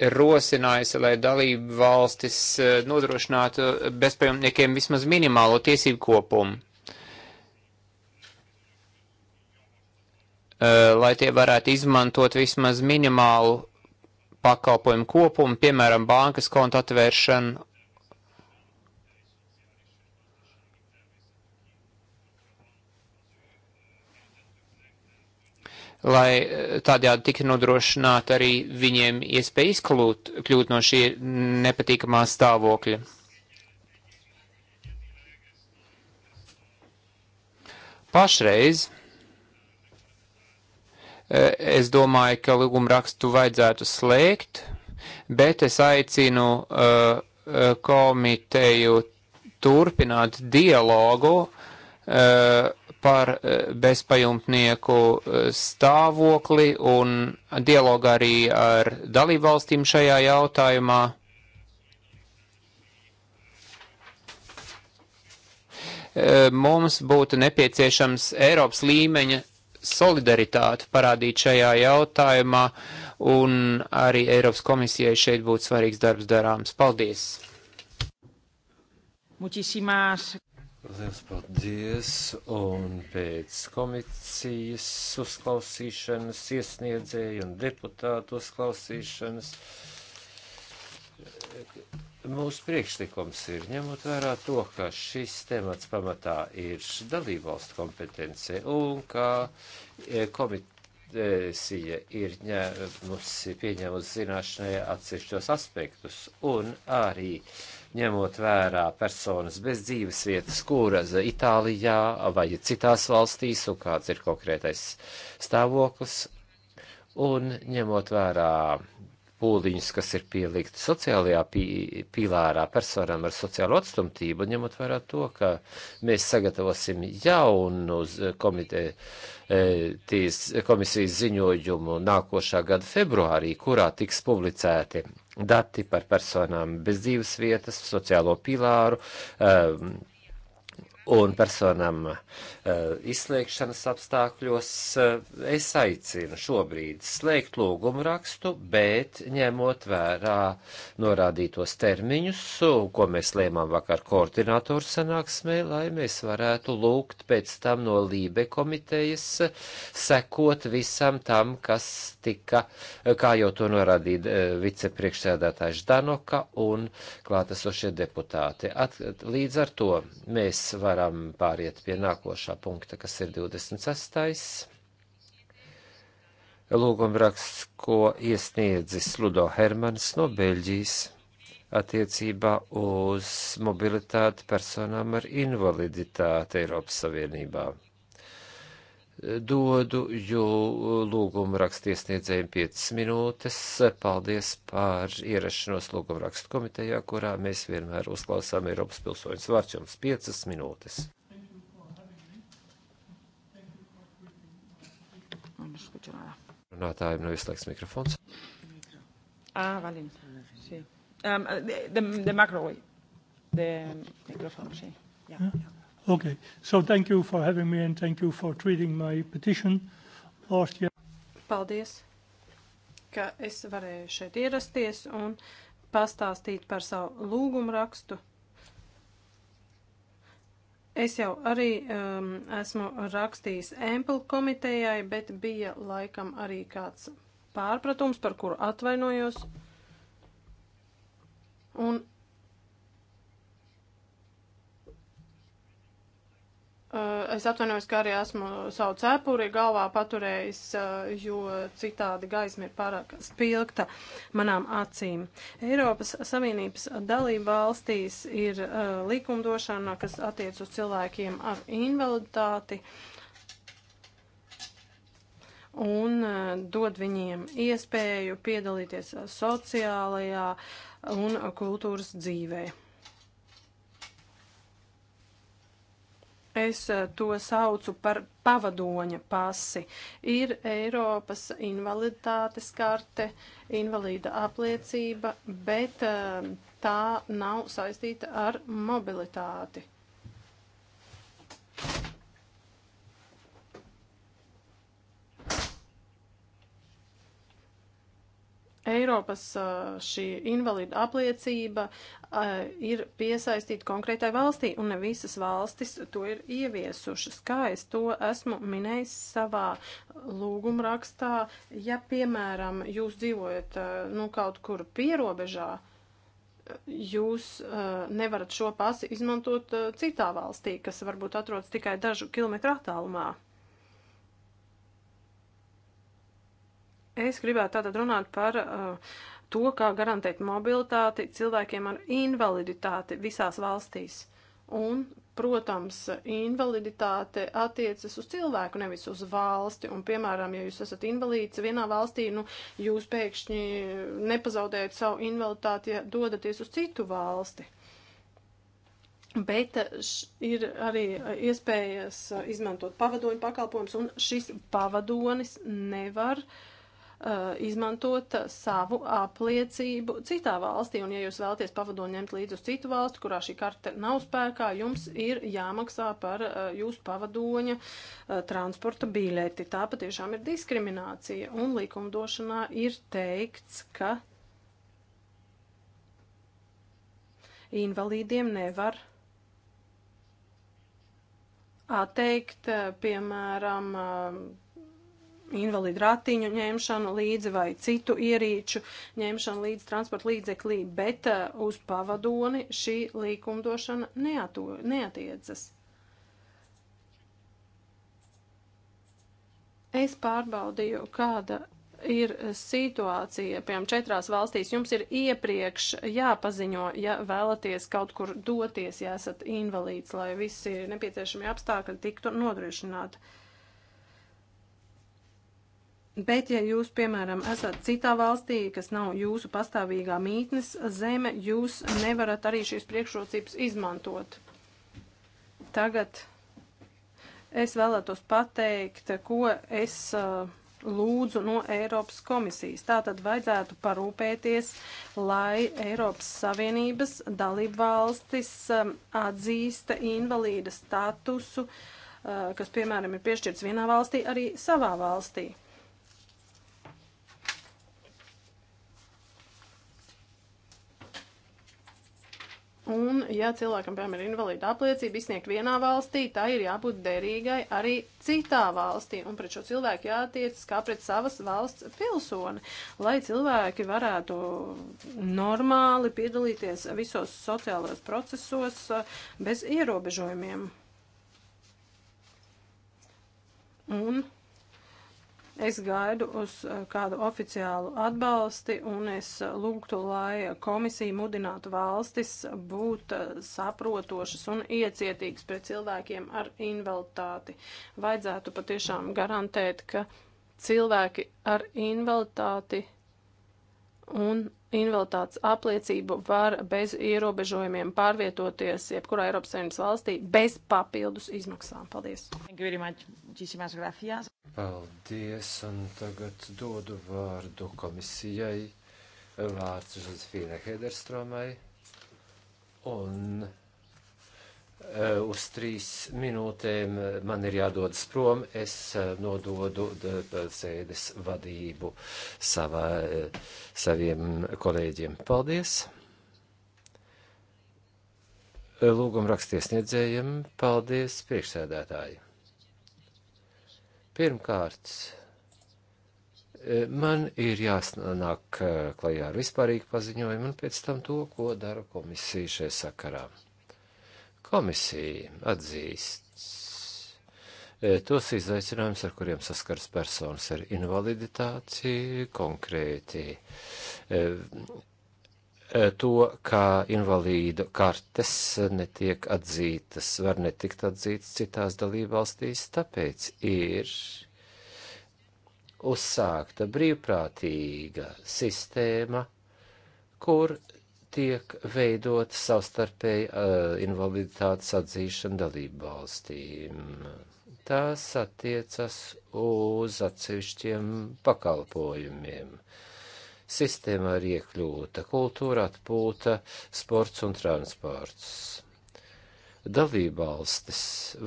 ir rosinājusi, lai dalību valstis eh, nodrošinātu bezpajumtniekiem vismaz minimālo tiesību kopumu, lai tie varētu izmantot vismaz minimālu pakalpojumu kopumu, piemēram, bankas konta atvēršanu lai eh, tādējādi tika nodrošināta arī viņiem iespēja izklūt, kļūt no šī nepatīkamā stāvokļa. Pašreiz eh, es domāju, ka lūgumrakstu vajadzētu slēgt, bet es aicinu uh, komiteju turpināt dialogu Eh, par eh, bezpajumtnieku eh, stāvokli un dialogu arī ar dalībvalstīm šajā jautājumā. Mums būtu nepieciešams Eiropas līmeņa solidaritāti parādīt šajā jautājumā, un arī Eiropas komisijai šeit būtu svarīgs darbs darāms. Paldies!
Muchísimas
Liels paldies! Un pēc komisijas uzklausīšanas, iesniedzēju un deputātu uzklausīšanas mūsu priekšlikums ir, ņemot vērā to, ka šis temats pamatā ir dalībvalstu kompetence un ka e, komisija ir ņēmusi, pieņēmusi zināšanai atsevišķos aspektus un arī uh, ņemot vērā personas bez dzīves vietas, kuras Itālijā vai citās valstīs un kāds ir konkrētais stāvoklis, un ņemot vērā pūliņus, kas ir pielikti sociālajā pī, pīlārā personām ar sociālo atstumtību, ņemot vērā to, ka mēs sagatavosim jaunu komite, e, tīs, komisijas ziņojumu nākošā gada februārī, kurā tiks publicēti dati par personām bez dzīves vietas, sociālo pilāru, um, ehm, un personam uh, izslēgšanas apstākļos, uh, es aicinu šobrīd slēgt lūgumu rakstu, bet ņemot vērā norādītos termiņus, ko mēs lēmām vakar koordinātoru sanāksmē, lai mēs varētu lūgt pēc tam no Lībe komitejas eh, sekot visam tam, kas tika, kā jau to norādīja uh, vicepriekšsēdētājs Danoka un klātesošie deputāti. At, līdz ar to mēs varam varam pāriet pie nākošā punkta, kas ir 26. Lūgumraksts, ko iesniedzis Ludo Hermans no Beļģijas attiecībā uz mobilitāti personām ar invaliditāti Eiropas Savienībā dodu jū lūgumu rakstiesniedzējiem 5 minūtes. Paldies par ierašanos lūgumu rakstu komitejā, kurā mēs vienmēr uzklausām Eiropas pilsoņus. Vārds jums 5 minūtes.
Runātājiem
nav izslēgts mikrofons.
Ah, vale. Sí. Um, de, uh, de, de macro, de micrófono, sí.
Yeah.
Yeah. Okay. So thank you for having me, and thank you for treating my petition last year.
Paldies, ka es varēju šeit ierasties un pastāstīt par savu lūgumu rakstu. Es jau arī um, esmu rakstījis Ample komitejai, bet bija laikam arī kāds pārpratums, par kuru atvainojos. Un Eh, es atvainojos, ka arī esmu savu cepuri galvā paturējis, eh, jo citādi gaisma ir pārāk spilgta manām acīm. Eiropas Savienības dalība valstīs ir eh, likumdošana, kas attiec uz cilvēkiem ar invaliditāti un dod viņiem iespēju piedalīties sociālajā un kultūras dzīvē. Es eh, to saucu par pavadoņa pasi. Ir Eiropas invaliditātes karte, invalīda apliecība, bet eh, tā nav saistīta ar mobilitāti. Eiropas šī invalida apliecība ir piesaistīta konkrētai valstī, un ne visas valstis to ir ieviesušas. Kā es to esmu minējis savā lūgumrakstā, ja, piemēram, jūs dzīvojat nu, kaut kur pierobežā, jūs uh, nevarat šo pasi izmantot uh, citā valstī, kas varbūt atrodas tikai dažu kilometru attālumā. Es gribētu tātad runāt par uh, to, kā garantēt mobilitāti cilvēkiem ar invaliditāti visās valstīs. Un, protams, invaliditāte attiecas uz cilvēku, nevis uz valsti. Un, piemēram, ja jūs esat invalīds vienā valstī, nu, jūs pēkšņi nepazaudējat savu invaliditāti, ja dodaties uz citu valsti. Bet uh, ir arī uh, iespējas uh, izmantot pavadoņu pakalpojumus, un šis pavadonis nevar uh, Uh, izmantot savu apliecību citā valstī. Un, ja jūs vēlaties pavadoni ņemt līdzi uz citu valstu, kurā šī karte nav spēkā, jums ir jāmaksā par uh, jūsu pavadoņa uh, transporta biļeti. Tā patiešām ir diskriminācija. Un likumdošanā ir teikts, ka invalīdiem nevar atteikt, piemēram, invalīdu ratiņu ņemšanu līdzi vai citu ierīču ņemšanu līdzi transporta līdzeklī, bet uh, uz pavadoni šī līkumdošana neato, neatiecas. Es pārbaudīju, kāda ir situācija, piemēram, četrās valstīs. Jums ir iepriekš jāpaziņo, ja vēlaties kaut kur doties, ja esat invalīds, lai visi nepieciešamie apstākļi tiktu nodrošināti. Uh, Bet, ja jūs, piemēram, esat citā valstī, kas nav jūsu pastāvīgā mītnes zeme, jūs nevarat arī šīs priekšrocības izmantot. Tagad es vēlētos pateikt, ko es uh, lūdzu no Eiropas komisijas. Tā tad vajadzētu parūpēties, lai Eiropas Savienības dalību valstis um, atzīsta invalīda statusu, uh, kas, piemēram, ir piešķirts vienā valstī, arī savā valstī. Uh, Un, ja cilvēkam, piemēram, ir invalīda apliecība izsniegt vienā valstī, tā ir jābūt derīgai arī citā valstī. Un pret šo cilvēku jātiecas kā pret savas valsts pilsoni, lai cilvēki varētu normāli piedalīties visos sociālajos procesos bez ierobežojumiem. Un Es gaidu uz eh, kādu oficiālu atbalsti un es eh, lūgtu, lai komisija mudinātu valstis būt eh, saprotošas un iecietīgas pret cilvēkiem ar invaliditāti. Vajadzētu patiešām garantēt, ka cilvēki ar invaliditāti un invaliditātes apliecību var bez ierobežojumiem pārvietoties jebkurā Eiropas Savienības valstī bez papildus izmaksām. Paldies!
Paldies, un tagad dodu vārdu komisijai, vārds Žozefīna Hederstromai, un Eh, uz trīs minūtēm eh, man ir jādodas prom, es eh, nododu sēdes vadību savā, saviem kolēģiem. Paldies! Lūgum rakstiesniedzējiem, paldies priekšsēdētāji! Pirmkārt, man ir jāsnāk klajā ar vispārīgu paziņojumu un pēc tam to, ko dara komisija šajā sakarā. Komisija atzīst e, tos izaicinājumus, ar kuriem saskars personas ar invaliditāti, konkrēti e, e, to, ka invalīdu kartes netiek atzītas, var netikt atzītas citās dalībvalstīs, tāpēc ir uzsākta brīvprātīga sistēma, kur tiek veidot savstarpēji uh, invaliditātes atzīšana dalību valstīm. Tās attiecas uz atsevišķiem pakalpojumiem. Sistēmā ir iekļūta kultūra, atpūta, sports un transports. Dalībvalstis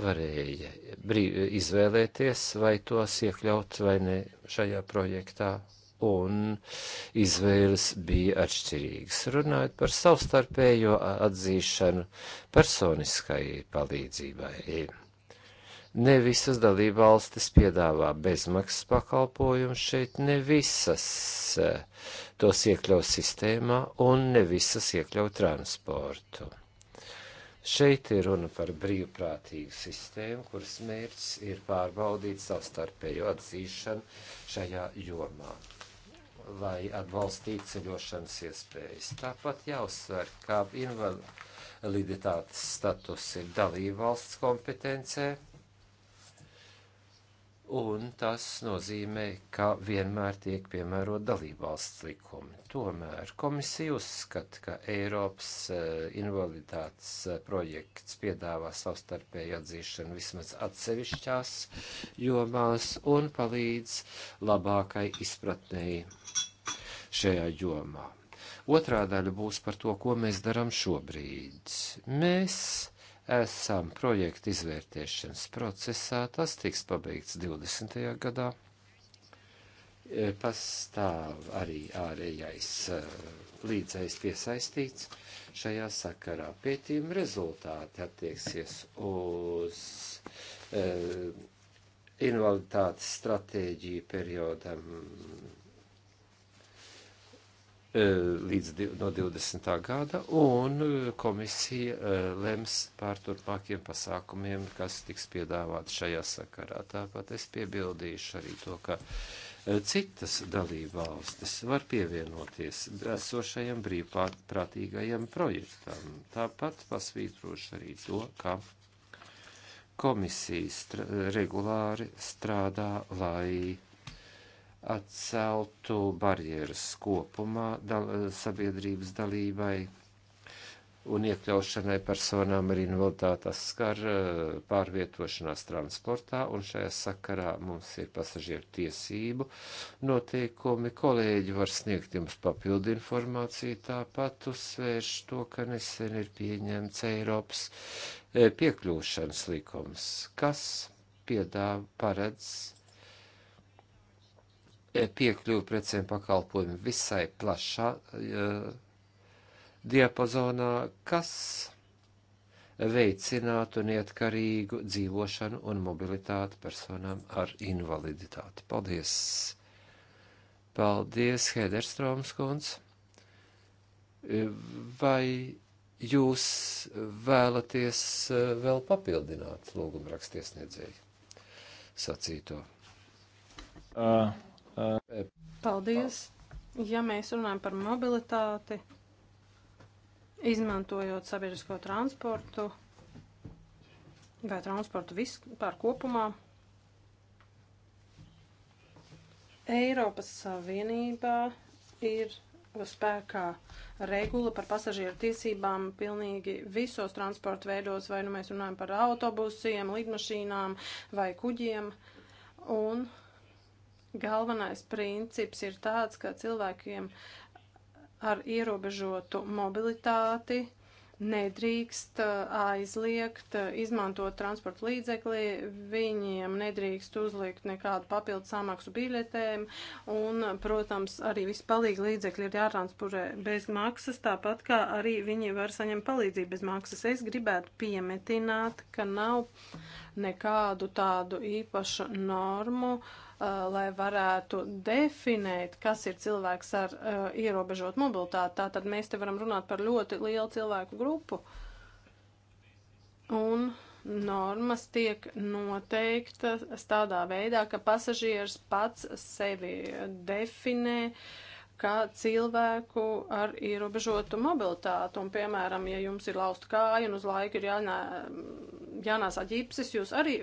varēja brīv, izvēlēties, vai tos iekļaut vai ne šajā projektā, un izvēles bija atšķirīgas. Runājot par savstarpējo atzīšanu personiskai palīdzībai. Ne visas dalībvalstis piedāvā bezmaksas pakalpojumu šeit, ne visas e, tos iekļauj sistēmā un ne visas iekļauj transportu. Šeit ir runa par brīvprātīgu sistēmu, kuras mērķis ir pārbaudīt savstarpējo atzīšanu šajā jomā lai atbalstītu ceļošanas iespējas. Tāpat jāuzsver, ka invaliditātes status ir dalībvalsts kompetencē un tas nozīmē, ka vienmēr tiek piemērot dalībvalsts likumi. Tomēr komisija uzskata, ka Eiropas eh, invaliditātes eh, projekts piedāvā savstarpēju atzīšanu vismaz atsevišķās jomās un palīdz labākai izpratnēji šajā jomā. Otrā daļa būs par to, ko mēs darām šobrīd. Mēs esam projekta izvērtēšanas procesā. Tas tiks pabeigts 20. gadā. E, pastāv arī ārējais e, līdzējs piesaistīts šajā sakarā. Pētījuma rezultāti attieksies uz e, invaliditātes stratēģiju periodam Eh, līdz no 20. gada, un eh, komisija eh, lems par turpmākiem pasākumiem, kas tiks piedāvāti šajā sakarā. Tāpat es piebildīšu arī to, ka citas dalībvalstis var pievienoties esošajam brīvprātīgajam projektam. Tāpat pasvītrošu arī to, ka komisija str regulāri strādā, lai atceltu barjeras kopumā dal sabiedrības dalībai un iekļaušanai personām ar invaliditāti skar eh, pārvietošanās transportā, un šajā sakarā mums ir pasažieru tiesību noteikumi. Kolēģi var sniegt jums papildu informāciju, tāpat uzsvērš to, ka nesen ir pieņemts Eiropas eh, piekļūšanas likums, kas piedāv paredz E, piekļuvi precēm pakalpojumi visai plašā uh, diapazonā, kas veicinātu neatkarīgu dzīvošanu un mobilitāti personām ar invaliditāti. Paldies! Paldies, Hederstroms kundz! E, vai jūs vēlaties vēl papildināt lūgumrakstiesniedzēju sacīto? Uh.
Paldies! Ja mēs runājam par mobilitāti, izmantojot sabiedrisko transportu vai transportu vispār kopumā, Eiropas Savienībā ir spēkā regula par pasažieru tiesībām pilnīgi visos transporta veidos, vai nu mēs runājam par autobusiem, lidmašīnām vai kuģiem. Un uh, Galvenais princips ir tāds, ka cilvēkiem ar ierobežotu mobilitāti nedrīkst uh, aizliegt uh, izmantot transporta līdzekli, viņiem nedrīkst uzliekt nekādu papildu samaksu biļetēm, un, protams, arī visi palīgi līdzekļi ir jātransportē bez maksas, tāpat kā arī viņi var saņemt palīdzību bez maksas. Es gribētu piemetināt, ka nav nekādu tādu īpašu normu, uh, Uh, lai varētu definēt, kas ir cilvēks ar uh, ierobežot mobilitāti. Tātad mēs te varam runāt par ļoti lielu cilvēku grupu. Un normas tiek noteiktas tādā veidā, ka pasažieris pats sevi definē. Uh, kā cilvēku ar ierobežotu mobilitātu. Un, piemēram, ja jums ir lausta kāja un uz laiku ir jānā, jānāsā ģipsis, jūs arī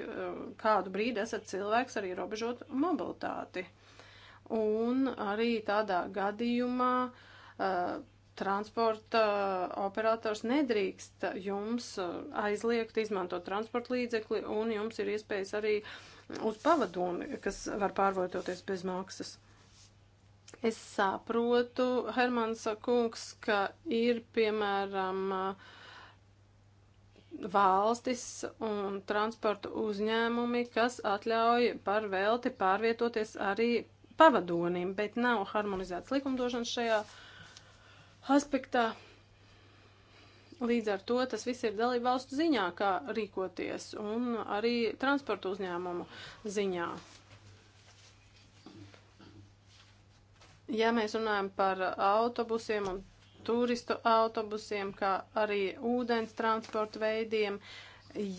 kādu brīdi esat cilvēks ar ierobežotu mobilitāti. Un arī tādā gadījumā uh, transporta operators nedrīkst jums aizliegt izmantot transporta līdzekli, un jums ir iespējas arī uz pavadoni, kas var pārvietoties bez maksas. Es saprotu, Hermans Kungs, ka ir piemēram valstis un transporta uzņēmumi, kas atļauj par velti pārvietoties arī pavadonim, bet nav harmonizēts likumdošanas šajā aspektā. Līdz ar to tas viss ir dalību valstu ziņā, kā rīkoties, un arī transporta uzņēmumu ziņā. Ja mēs runājam par autobusiem un turistu autobusiem, kā arī ūdens transporta veidiem,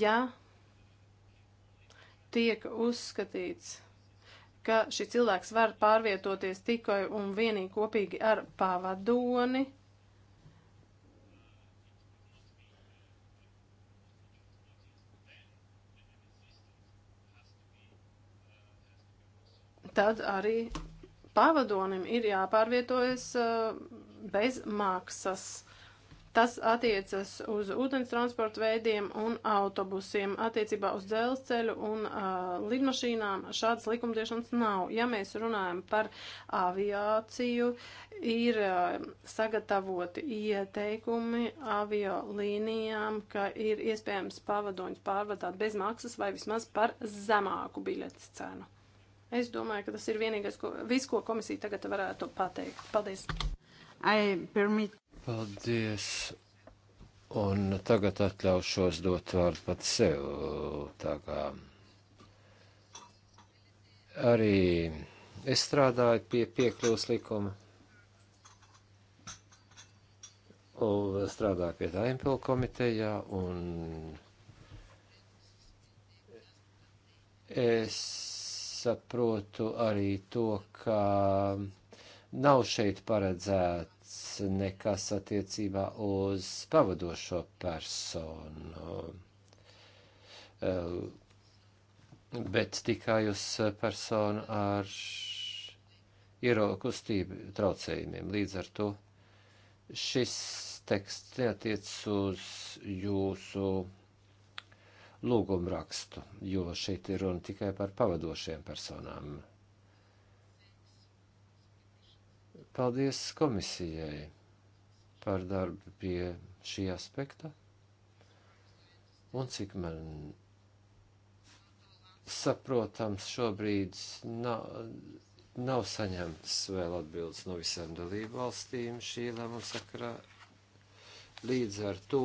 ja tiek uzskatīts, ka šis cilvēks var pārvietoties tikai un vienīgi kopīgi ar pavadoni, tad arī pavadonim ir jāpārvietojas eh, bez maksas. Tas attiecas uz ūdens transporta veidiem un autobusiem. Attiecībā uz dzelzceļu un uh, lidmašīnām šādas likumdiešanas nav. Ja mēs runājam par aviāciju, ir uh, sagatavoti ieteikumi avio līnijām, ka ir iespējams pavadoņus pārvadāt bez maksas vai vismaz par zemāku biļetes cenu. Es domāju, ka tas ir vienīgais, ko, viss, ko komisija tagad varētu pateikt. Paldies! Ai, permit. Paldies!
Un tagad atļaušos dot vārdu pat sev. Tā kā arī es strādāju pie piekļuvas likuma. Un strādāju pie tā MPL komitejā un es saprotu arī to, ka nav šeit paredzēts nekas attiecībā uz pavadošo personu, ehm, bet tikai uz personu ar ierokustību traucējumiem. Līdz ar to šis teksts neatiec uz jūsu lūgumu rakstu, jo šeit ir runa tikai par pavadošiem personām. Paldies komisijai par darbu pie šī aspekta. Un cik man saprotams, šobrīd nav, nav saņemts vēl atbildes no visām dalību valstīm šī lēmuma sakarā. Līdz ar to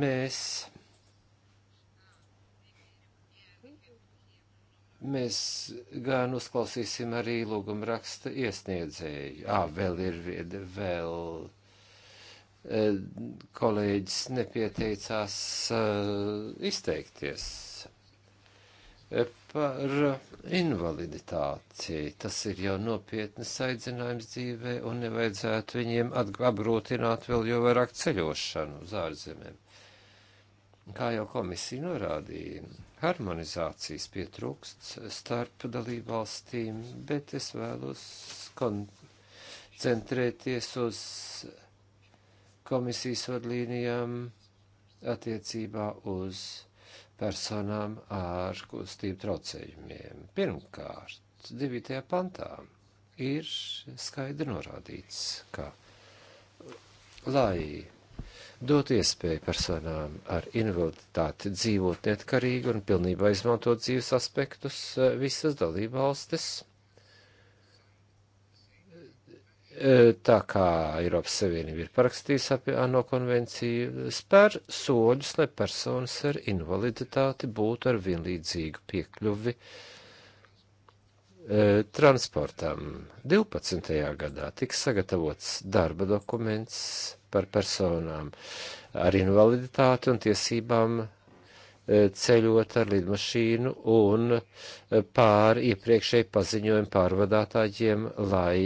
Mēs, mēs gan uzklausīsim arī lūguma raksta iesniedzēju. Ā, vēl ir vēl e, kolēģis nepieteicās e, izteikties e, par invaliditāciju. Tas ir jau nopietnas aicinājums dzīvē, un nevajadzētu viņiem apgrūtināt vēl jau vairāk ceļošanu uz ārzemēm. Kā jau komisija norādīja, harmonizācijas pietrūkst starp dalību valstīm, bet es vēlos koncentrēties uz komisijas vadlīnijām attiecībā uz personām ar kustību traucējumiem. Pirmkārt, 9. pantā ir skaidri norādīts, ka lai dot iespēju personām ar invaliditāti dzīvot neatkarīgi un pilnībā izmantot dzīves aspektus eh, visas dalībvalstis. Eh, tā kā Eiropas Savienība ir parakstījusi ap ANO konvenciju, spēr soļus, lai personas ar invaliditāti būtu ar vienlīdzīgu piekļuvi eh, transportam. 12. gadā tika sagatavots darba dokuments par personām ar invaliditāti un tiesībām ceļot ar lidmašīnu un pār iepriekšēji paziņojumu pārvadātājiem, lai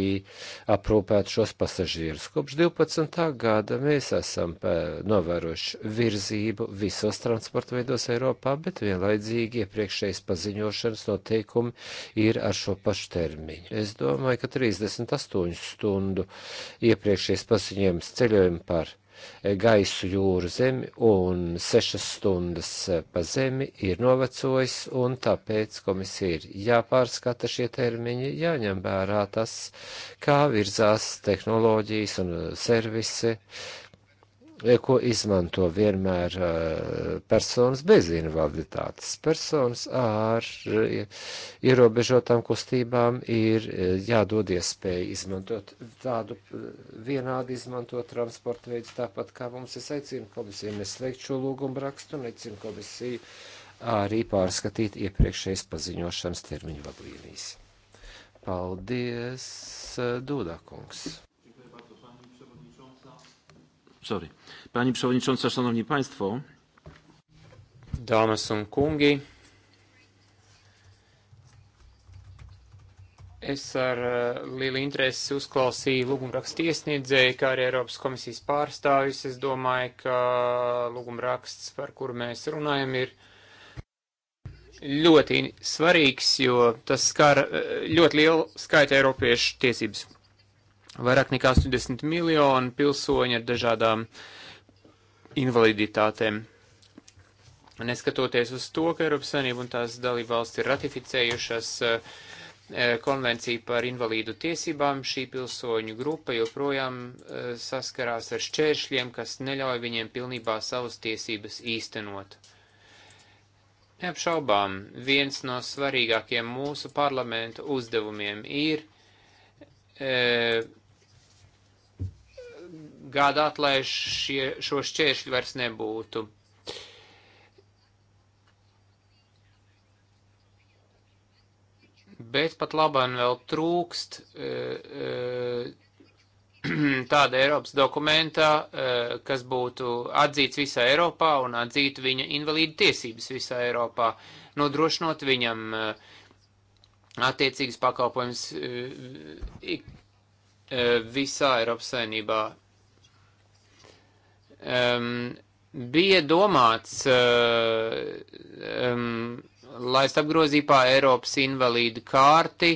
aprūpētu šos pasažierus. Kopš 12. gada mēs esam eh, novērojuši virzību visos transporta veidos Eiropā, bet vienlaidzīgi iepriekšējas paziņošanas noteikumi ir ar šo pašu termiņu. Es domāju, ka 38 stundu iepriekšējas paziņojums ceļojumu par gaisu, jūru, zemi un sešas stundas pa zemi ir novecojis, un tāpēc komisija ir jāpārskata šie termiņi, jāņem vērā tas, kā virzās tehnoloģijas un servisi. Uh, E, ko izmanto vienmēr e, personas bez invaliditātes. Personas ar e, ierobežotām kustībām ir jādod iespēja izmantot tādu vienādi izmantot transporta veidu, tāpat kā mums es aicinu komisiju neslēgt šo lūgumu rakstu un aicinu komisiju arī pārskatīt iepriekšējas paziņošanas termiņu vadlīnijas. Paldies, Dūdakungs!
Sorry. Pani Przewodnicząca, Szanowni Państwo. Dāmas un kungi, es ar e, lielu interesi uzklausīju lūgumrakstu iesniedzēju, kā arī Eiropas komisijas pārstāvis. Es domāju, ka lūgumraksts, par kuru mēs runājam, ir ļoti svarīgs, jo tas skar e, ļoti lielu skaitu Eiropiešu tiesības vairāk nekā 80 miljoni pilsoņi ar dažādām invaliditātēm. Neskatoties uz to, ka Eiropas Savienība un tās dalībvalsts ir ratificējušas uh, konvenciju par invalīdu tiesībām, šī pilsoņu grupa joprojām uh, saskarās ar šķēršļiem, kas neļauj viņiem pilnībā savas tiesības īstenot. Neapšaubām, viens no svarīgākiem mūsu parlamenta uzdevumiem ir uh, gādāt, lai šie, šo šķēršļu vairs nebūtu. Bet pat labāk vēl trūkst e, e, tāda Eiropas dokumentā, e, kas būtu atzīts visā Eiropā un atzītu viņa invalīdu tiesības visā Eiropā, nodrošinot viņam attiecīgas pakalpojums visā Eiropas saimnībā um, bija domāts, uh, um, lai es apgrozīpā Eiropas invalīdu kārti,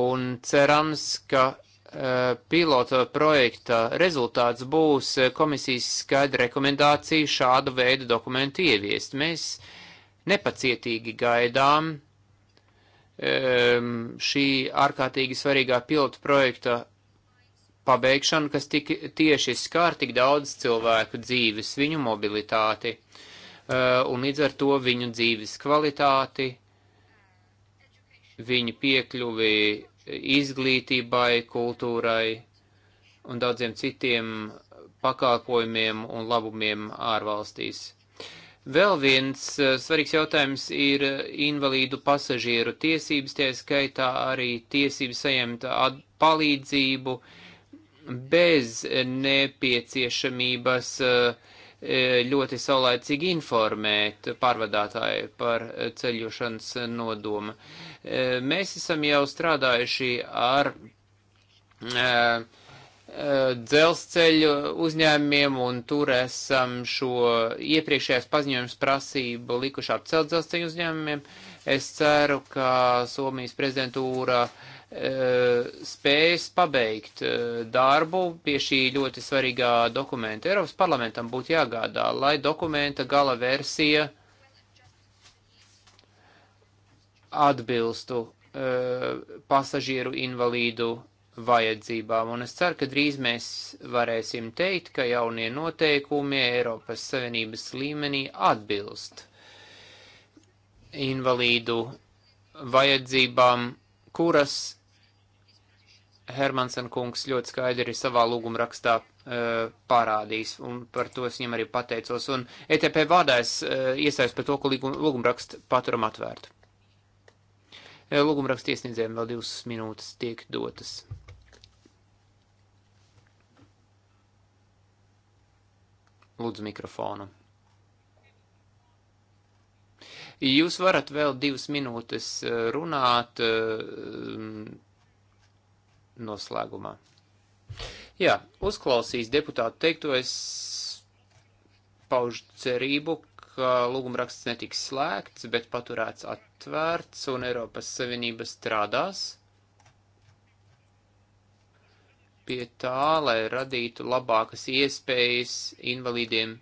un cerams, ka uh, pilota projekta rezultāts būs komisijas skaidra rekomendācija šādu veidu dokumentu ieviest. Mēs nepacietīgi gaidām um, šī ārkārtīgi svarīgā pilota projekta pabeigšanu, kas tik tieši skār tik daudz cilvēku dzīves, viņu mobilitāti eh, un līdz ar to viņu dzīves kvalitāti, viņu piekļuvi izglītībai, kultūrai un daudziem citiem pakalpojumiem un labumiem ārvalstīs. Vēl viens eh, svarīgs jautājums ir invalīdu pasažieru tiesības, tie skaitā arī tiesības saņemt palīdzību, uh, bez nepieciešamības eh, ļoti saulēcīgi informēt pārvadātāju par eh, ceļošanas nodomu. Eh, mēs esam jau strādājuši ar dzelzceļu uzņēmumiem, un tur esam šo iepriekšējās paziņojums prasību likuši apcelt dzelzceļu uzņēmumiem. Es ceru, ka Somijas prezidentūra uh, Eh, spējas pabeigt eh, darbu pie šī ļoti svarīgā dokumenta. Eiropas parlamentam būtu jāgādā, lai dokumenta gala versija atbilstu eh, pasažieru invalīdu vajadzībām. Un es ceru, ka drīz mēs varēsim teikt, ka jaunie noteikumi Eiropas Savienības līmenī atbilst invalīdu vajadzībām, kuras Hermansen kungs ļoti skaidri ir savā lūguma rakstā uh, e, parādījis, un par to es viņam arī pateicos. Un ETP vārdā es uh, e, iesaistos par to, ka lūguma rakstu paturam atvērtu. E, lūguma rakstu iesniedzējiem vēl divas minūtes tiek dotas. Lūdzu mikrofonu. Jūs varat vēl divas minūtes runāt. Uh, noslēgumā. Jā, uzklausījis deputātu teikto, es paužu cerību, ka lūgumraksts netiks slēgts, bet paturēts atvērts un Eiropas Savienība strādās pie tā, lai radītu labākas iespējas invalīdiem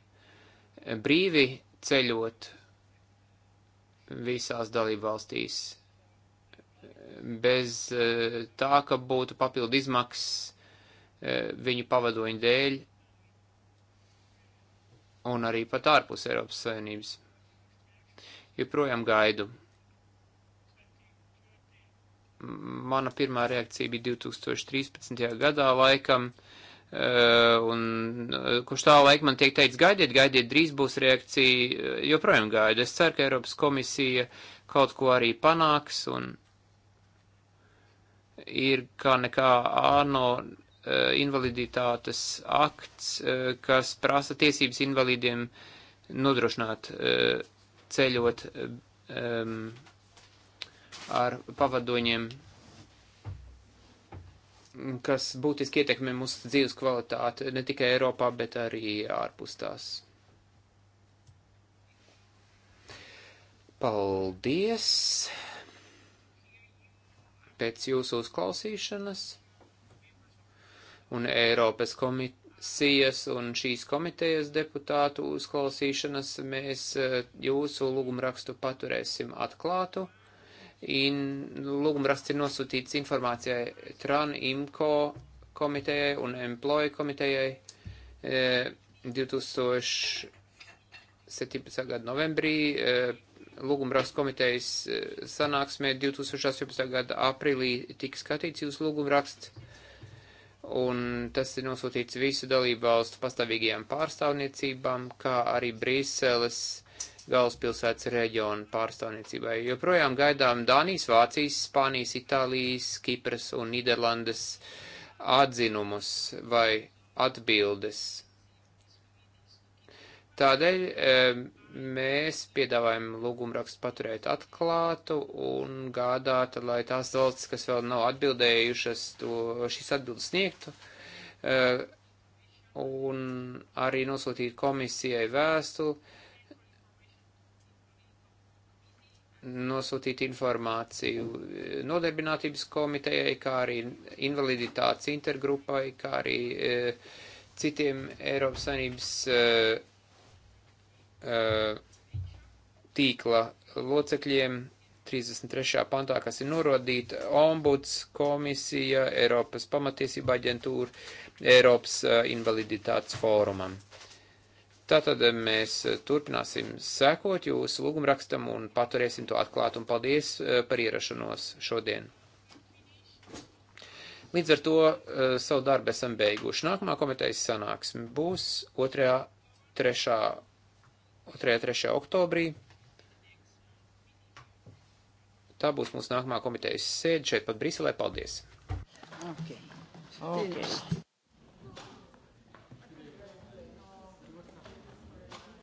brīvi ceļot visās dalību valstīs bez eh, tā, ka būtu papildu izmaksas eh, viņu pavadoņu dēļ un arī pat ārpus Eiropas Savienības. Joprojām gaidu. Mana pirmā reakcija bija 2013. gadā laikam, eh, un kurš tā laika man tiek teicis, gaidiet, gaidiet, drīz būs reakcija, joprojām gaidu. Es ceru, ka Eiropas komisija kaut ko arī panāks un ir kā nekā ANO eh, invaliditātes akts, eh, kas prasa tiesības invalīdiem nodrošināt eh, ceļot ehm, ar pavadoņiem, kas būtiski ietekmē mūsu dzīves kvalitāti ne tikai Eiropā, bet arī ārpus tās. Paldies! Pēc jūsu uzklausīšanas un Eiropas komisijas un šīs komitejas deputātu uzklausīšanas mēs e, jūsu lūgumrakstu paturēsim atklātu. In, lūgumraksts ir nosūtīts informācijai TRAN, IMCO komitejai un employ komitejai e, 2017. gada novembrī. E, lūgumrakstu komitejas eh, sanāksmē 2018. gada aprīlī tika skatīts jūsu lūgumraksts, un tas ir nosūtīts visu dalību valstu pastāvīgajām pārstāvniecībām, kā arī Brīseles galvaspilsētas reģionu pārstāvniecībai. Joprojām gaidām Dānijas, Vācijas, Spānijas, Itālijas, Kipras un Niderlandes atzinumus vai atbildes. Tādēļ Mēs piedāvājam lūgumrakstu paturēt atklātu un gādāt, lai tās valsts, kas vēl nav atbildējušas, to, šīs atbildes sniegtu. Uh, un arī nosūtīt komisijai vēstuli, nosūtīt informāciju nodarbinātības komitejai, kā arī invaliditātes intergrupai, kā arī e, citiem Eiropas Savienības e, Uh, tīkla locekļiem 33. pantā, kas ir norodīta ombuds komisija, Eiropas pamatiesība aģentūra, Eiropas uh, invaliditātes fórumam. Tātad uh, mēs turpināsim sekot jūsu lūgumrakstam un paturēsim to atklāt un paldies par ierašanos šodien. Līdz ar to savu darbu esam beiguši. Nākamā komitejas sanāksme būs 2. 3. 2.3. oktobrī. Tā būs mūsu nākamā komitejas sēde šeit pat Briselē. Paldies!
Okay. Okay.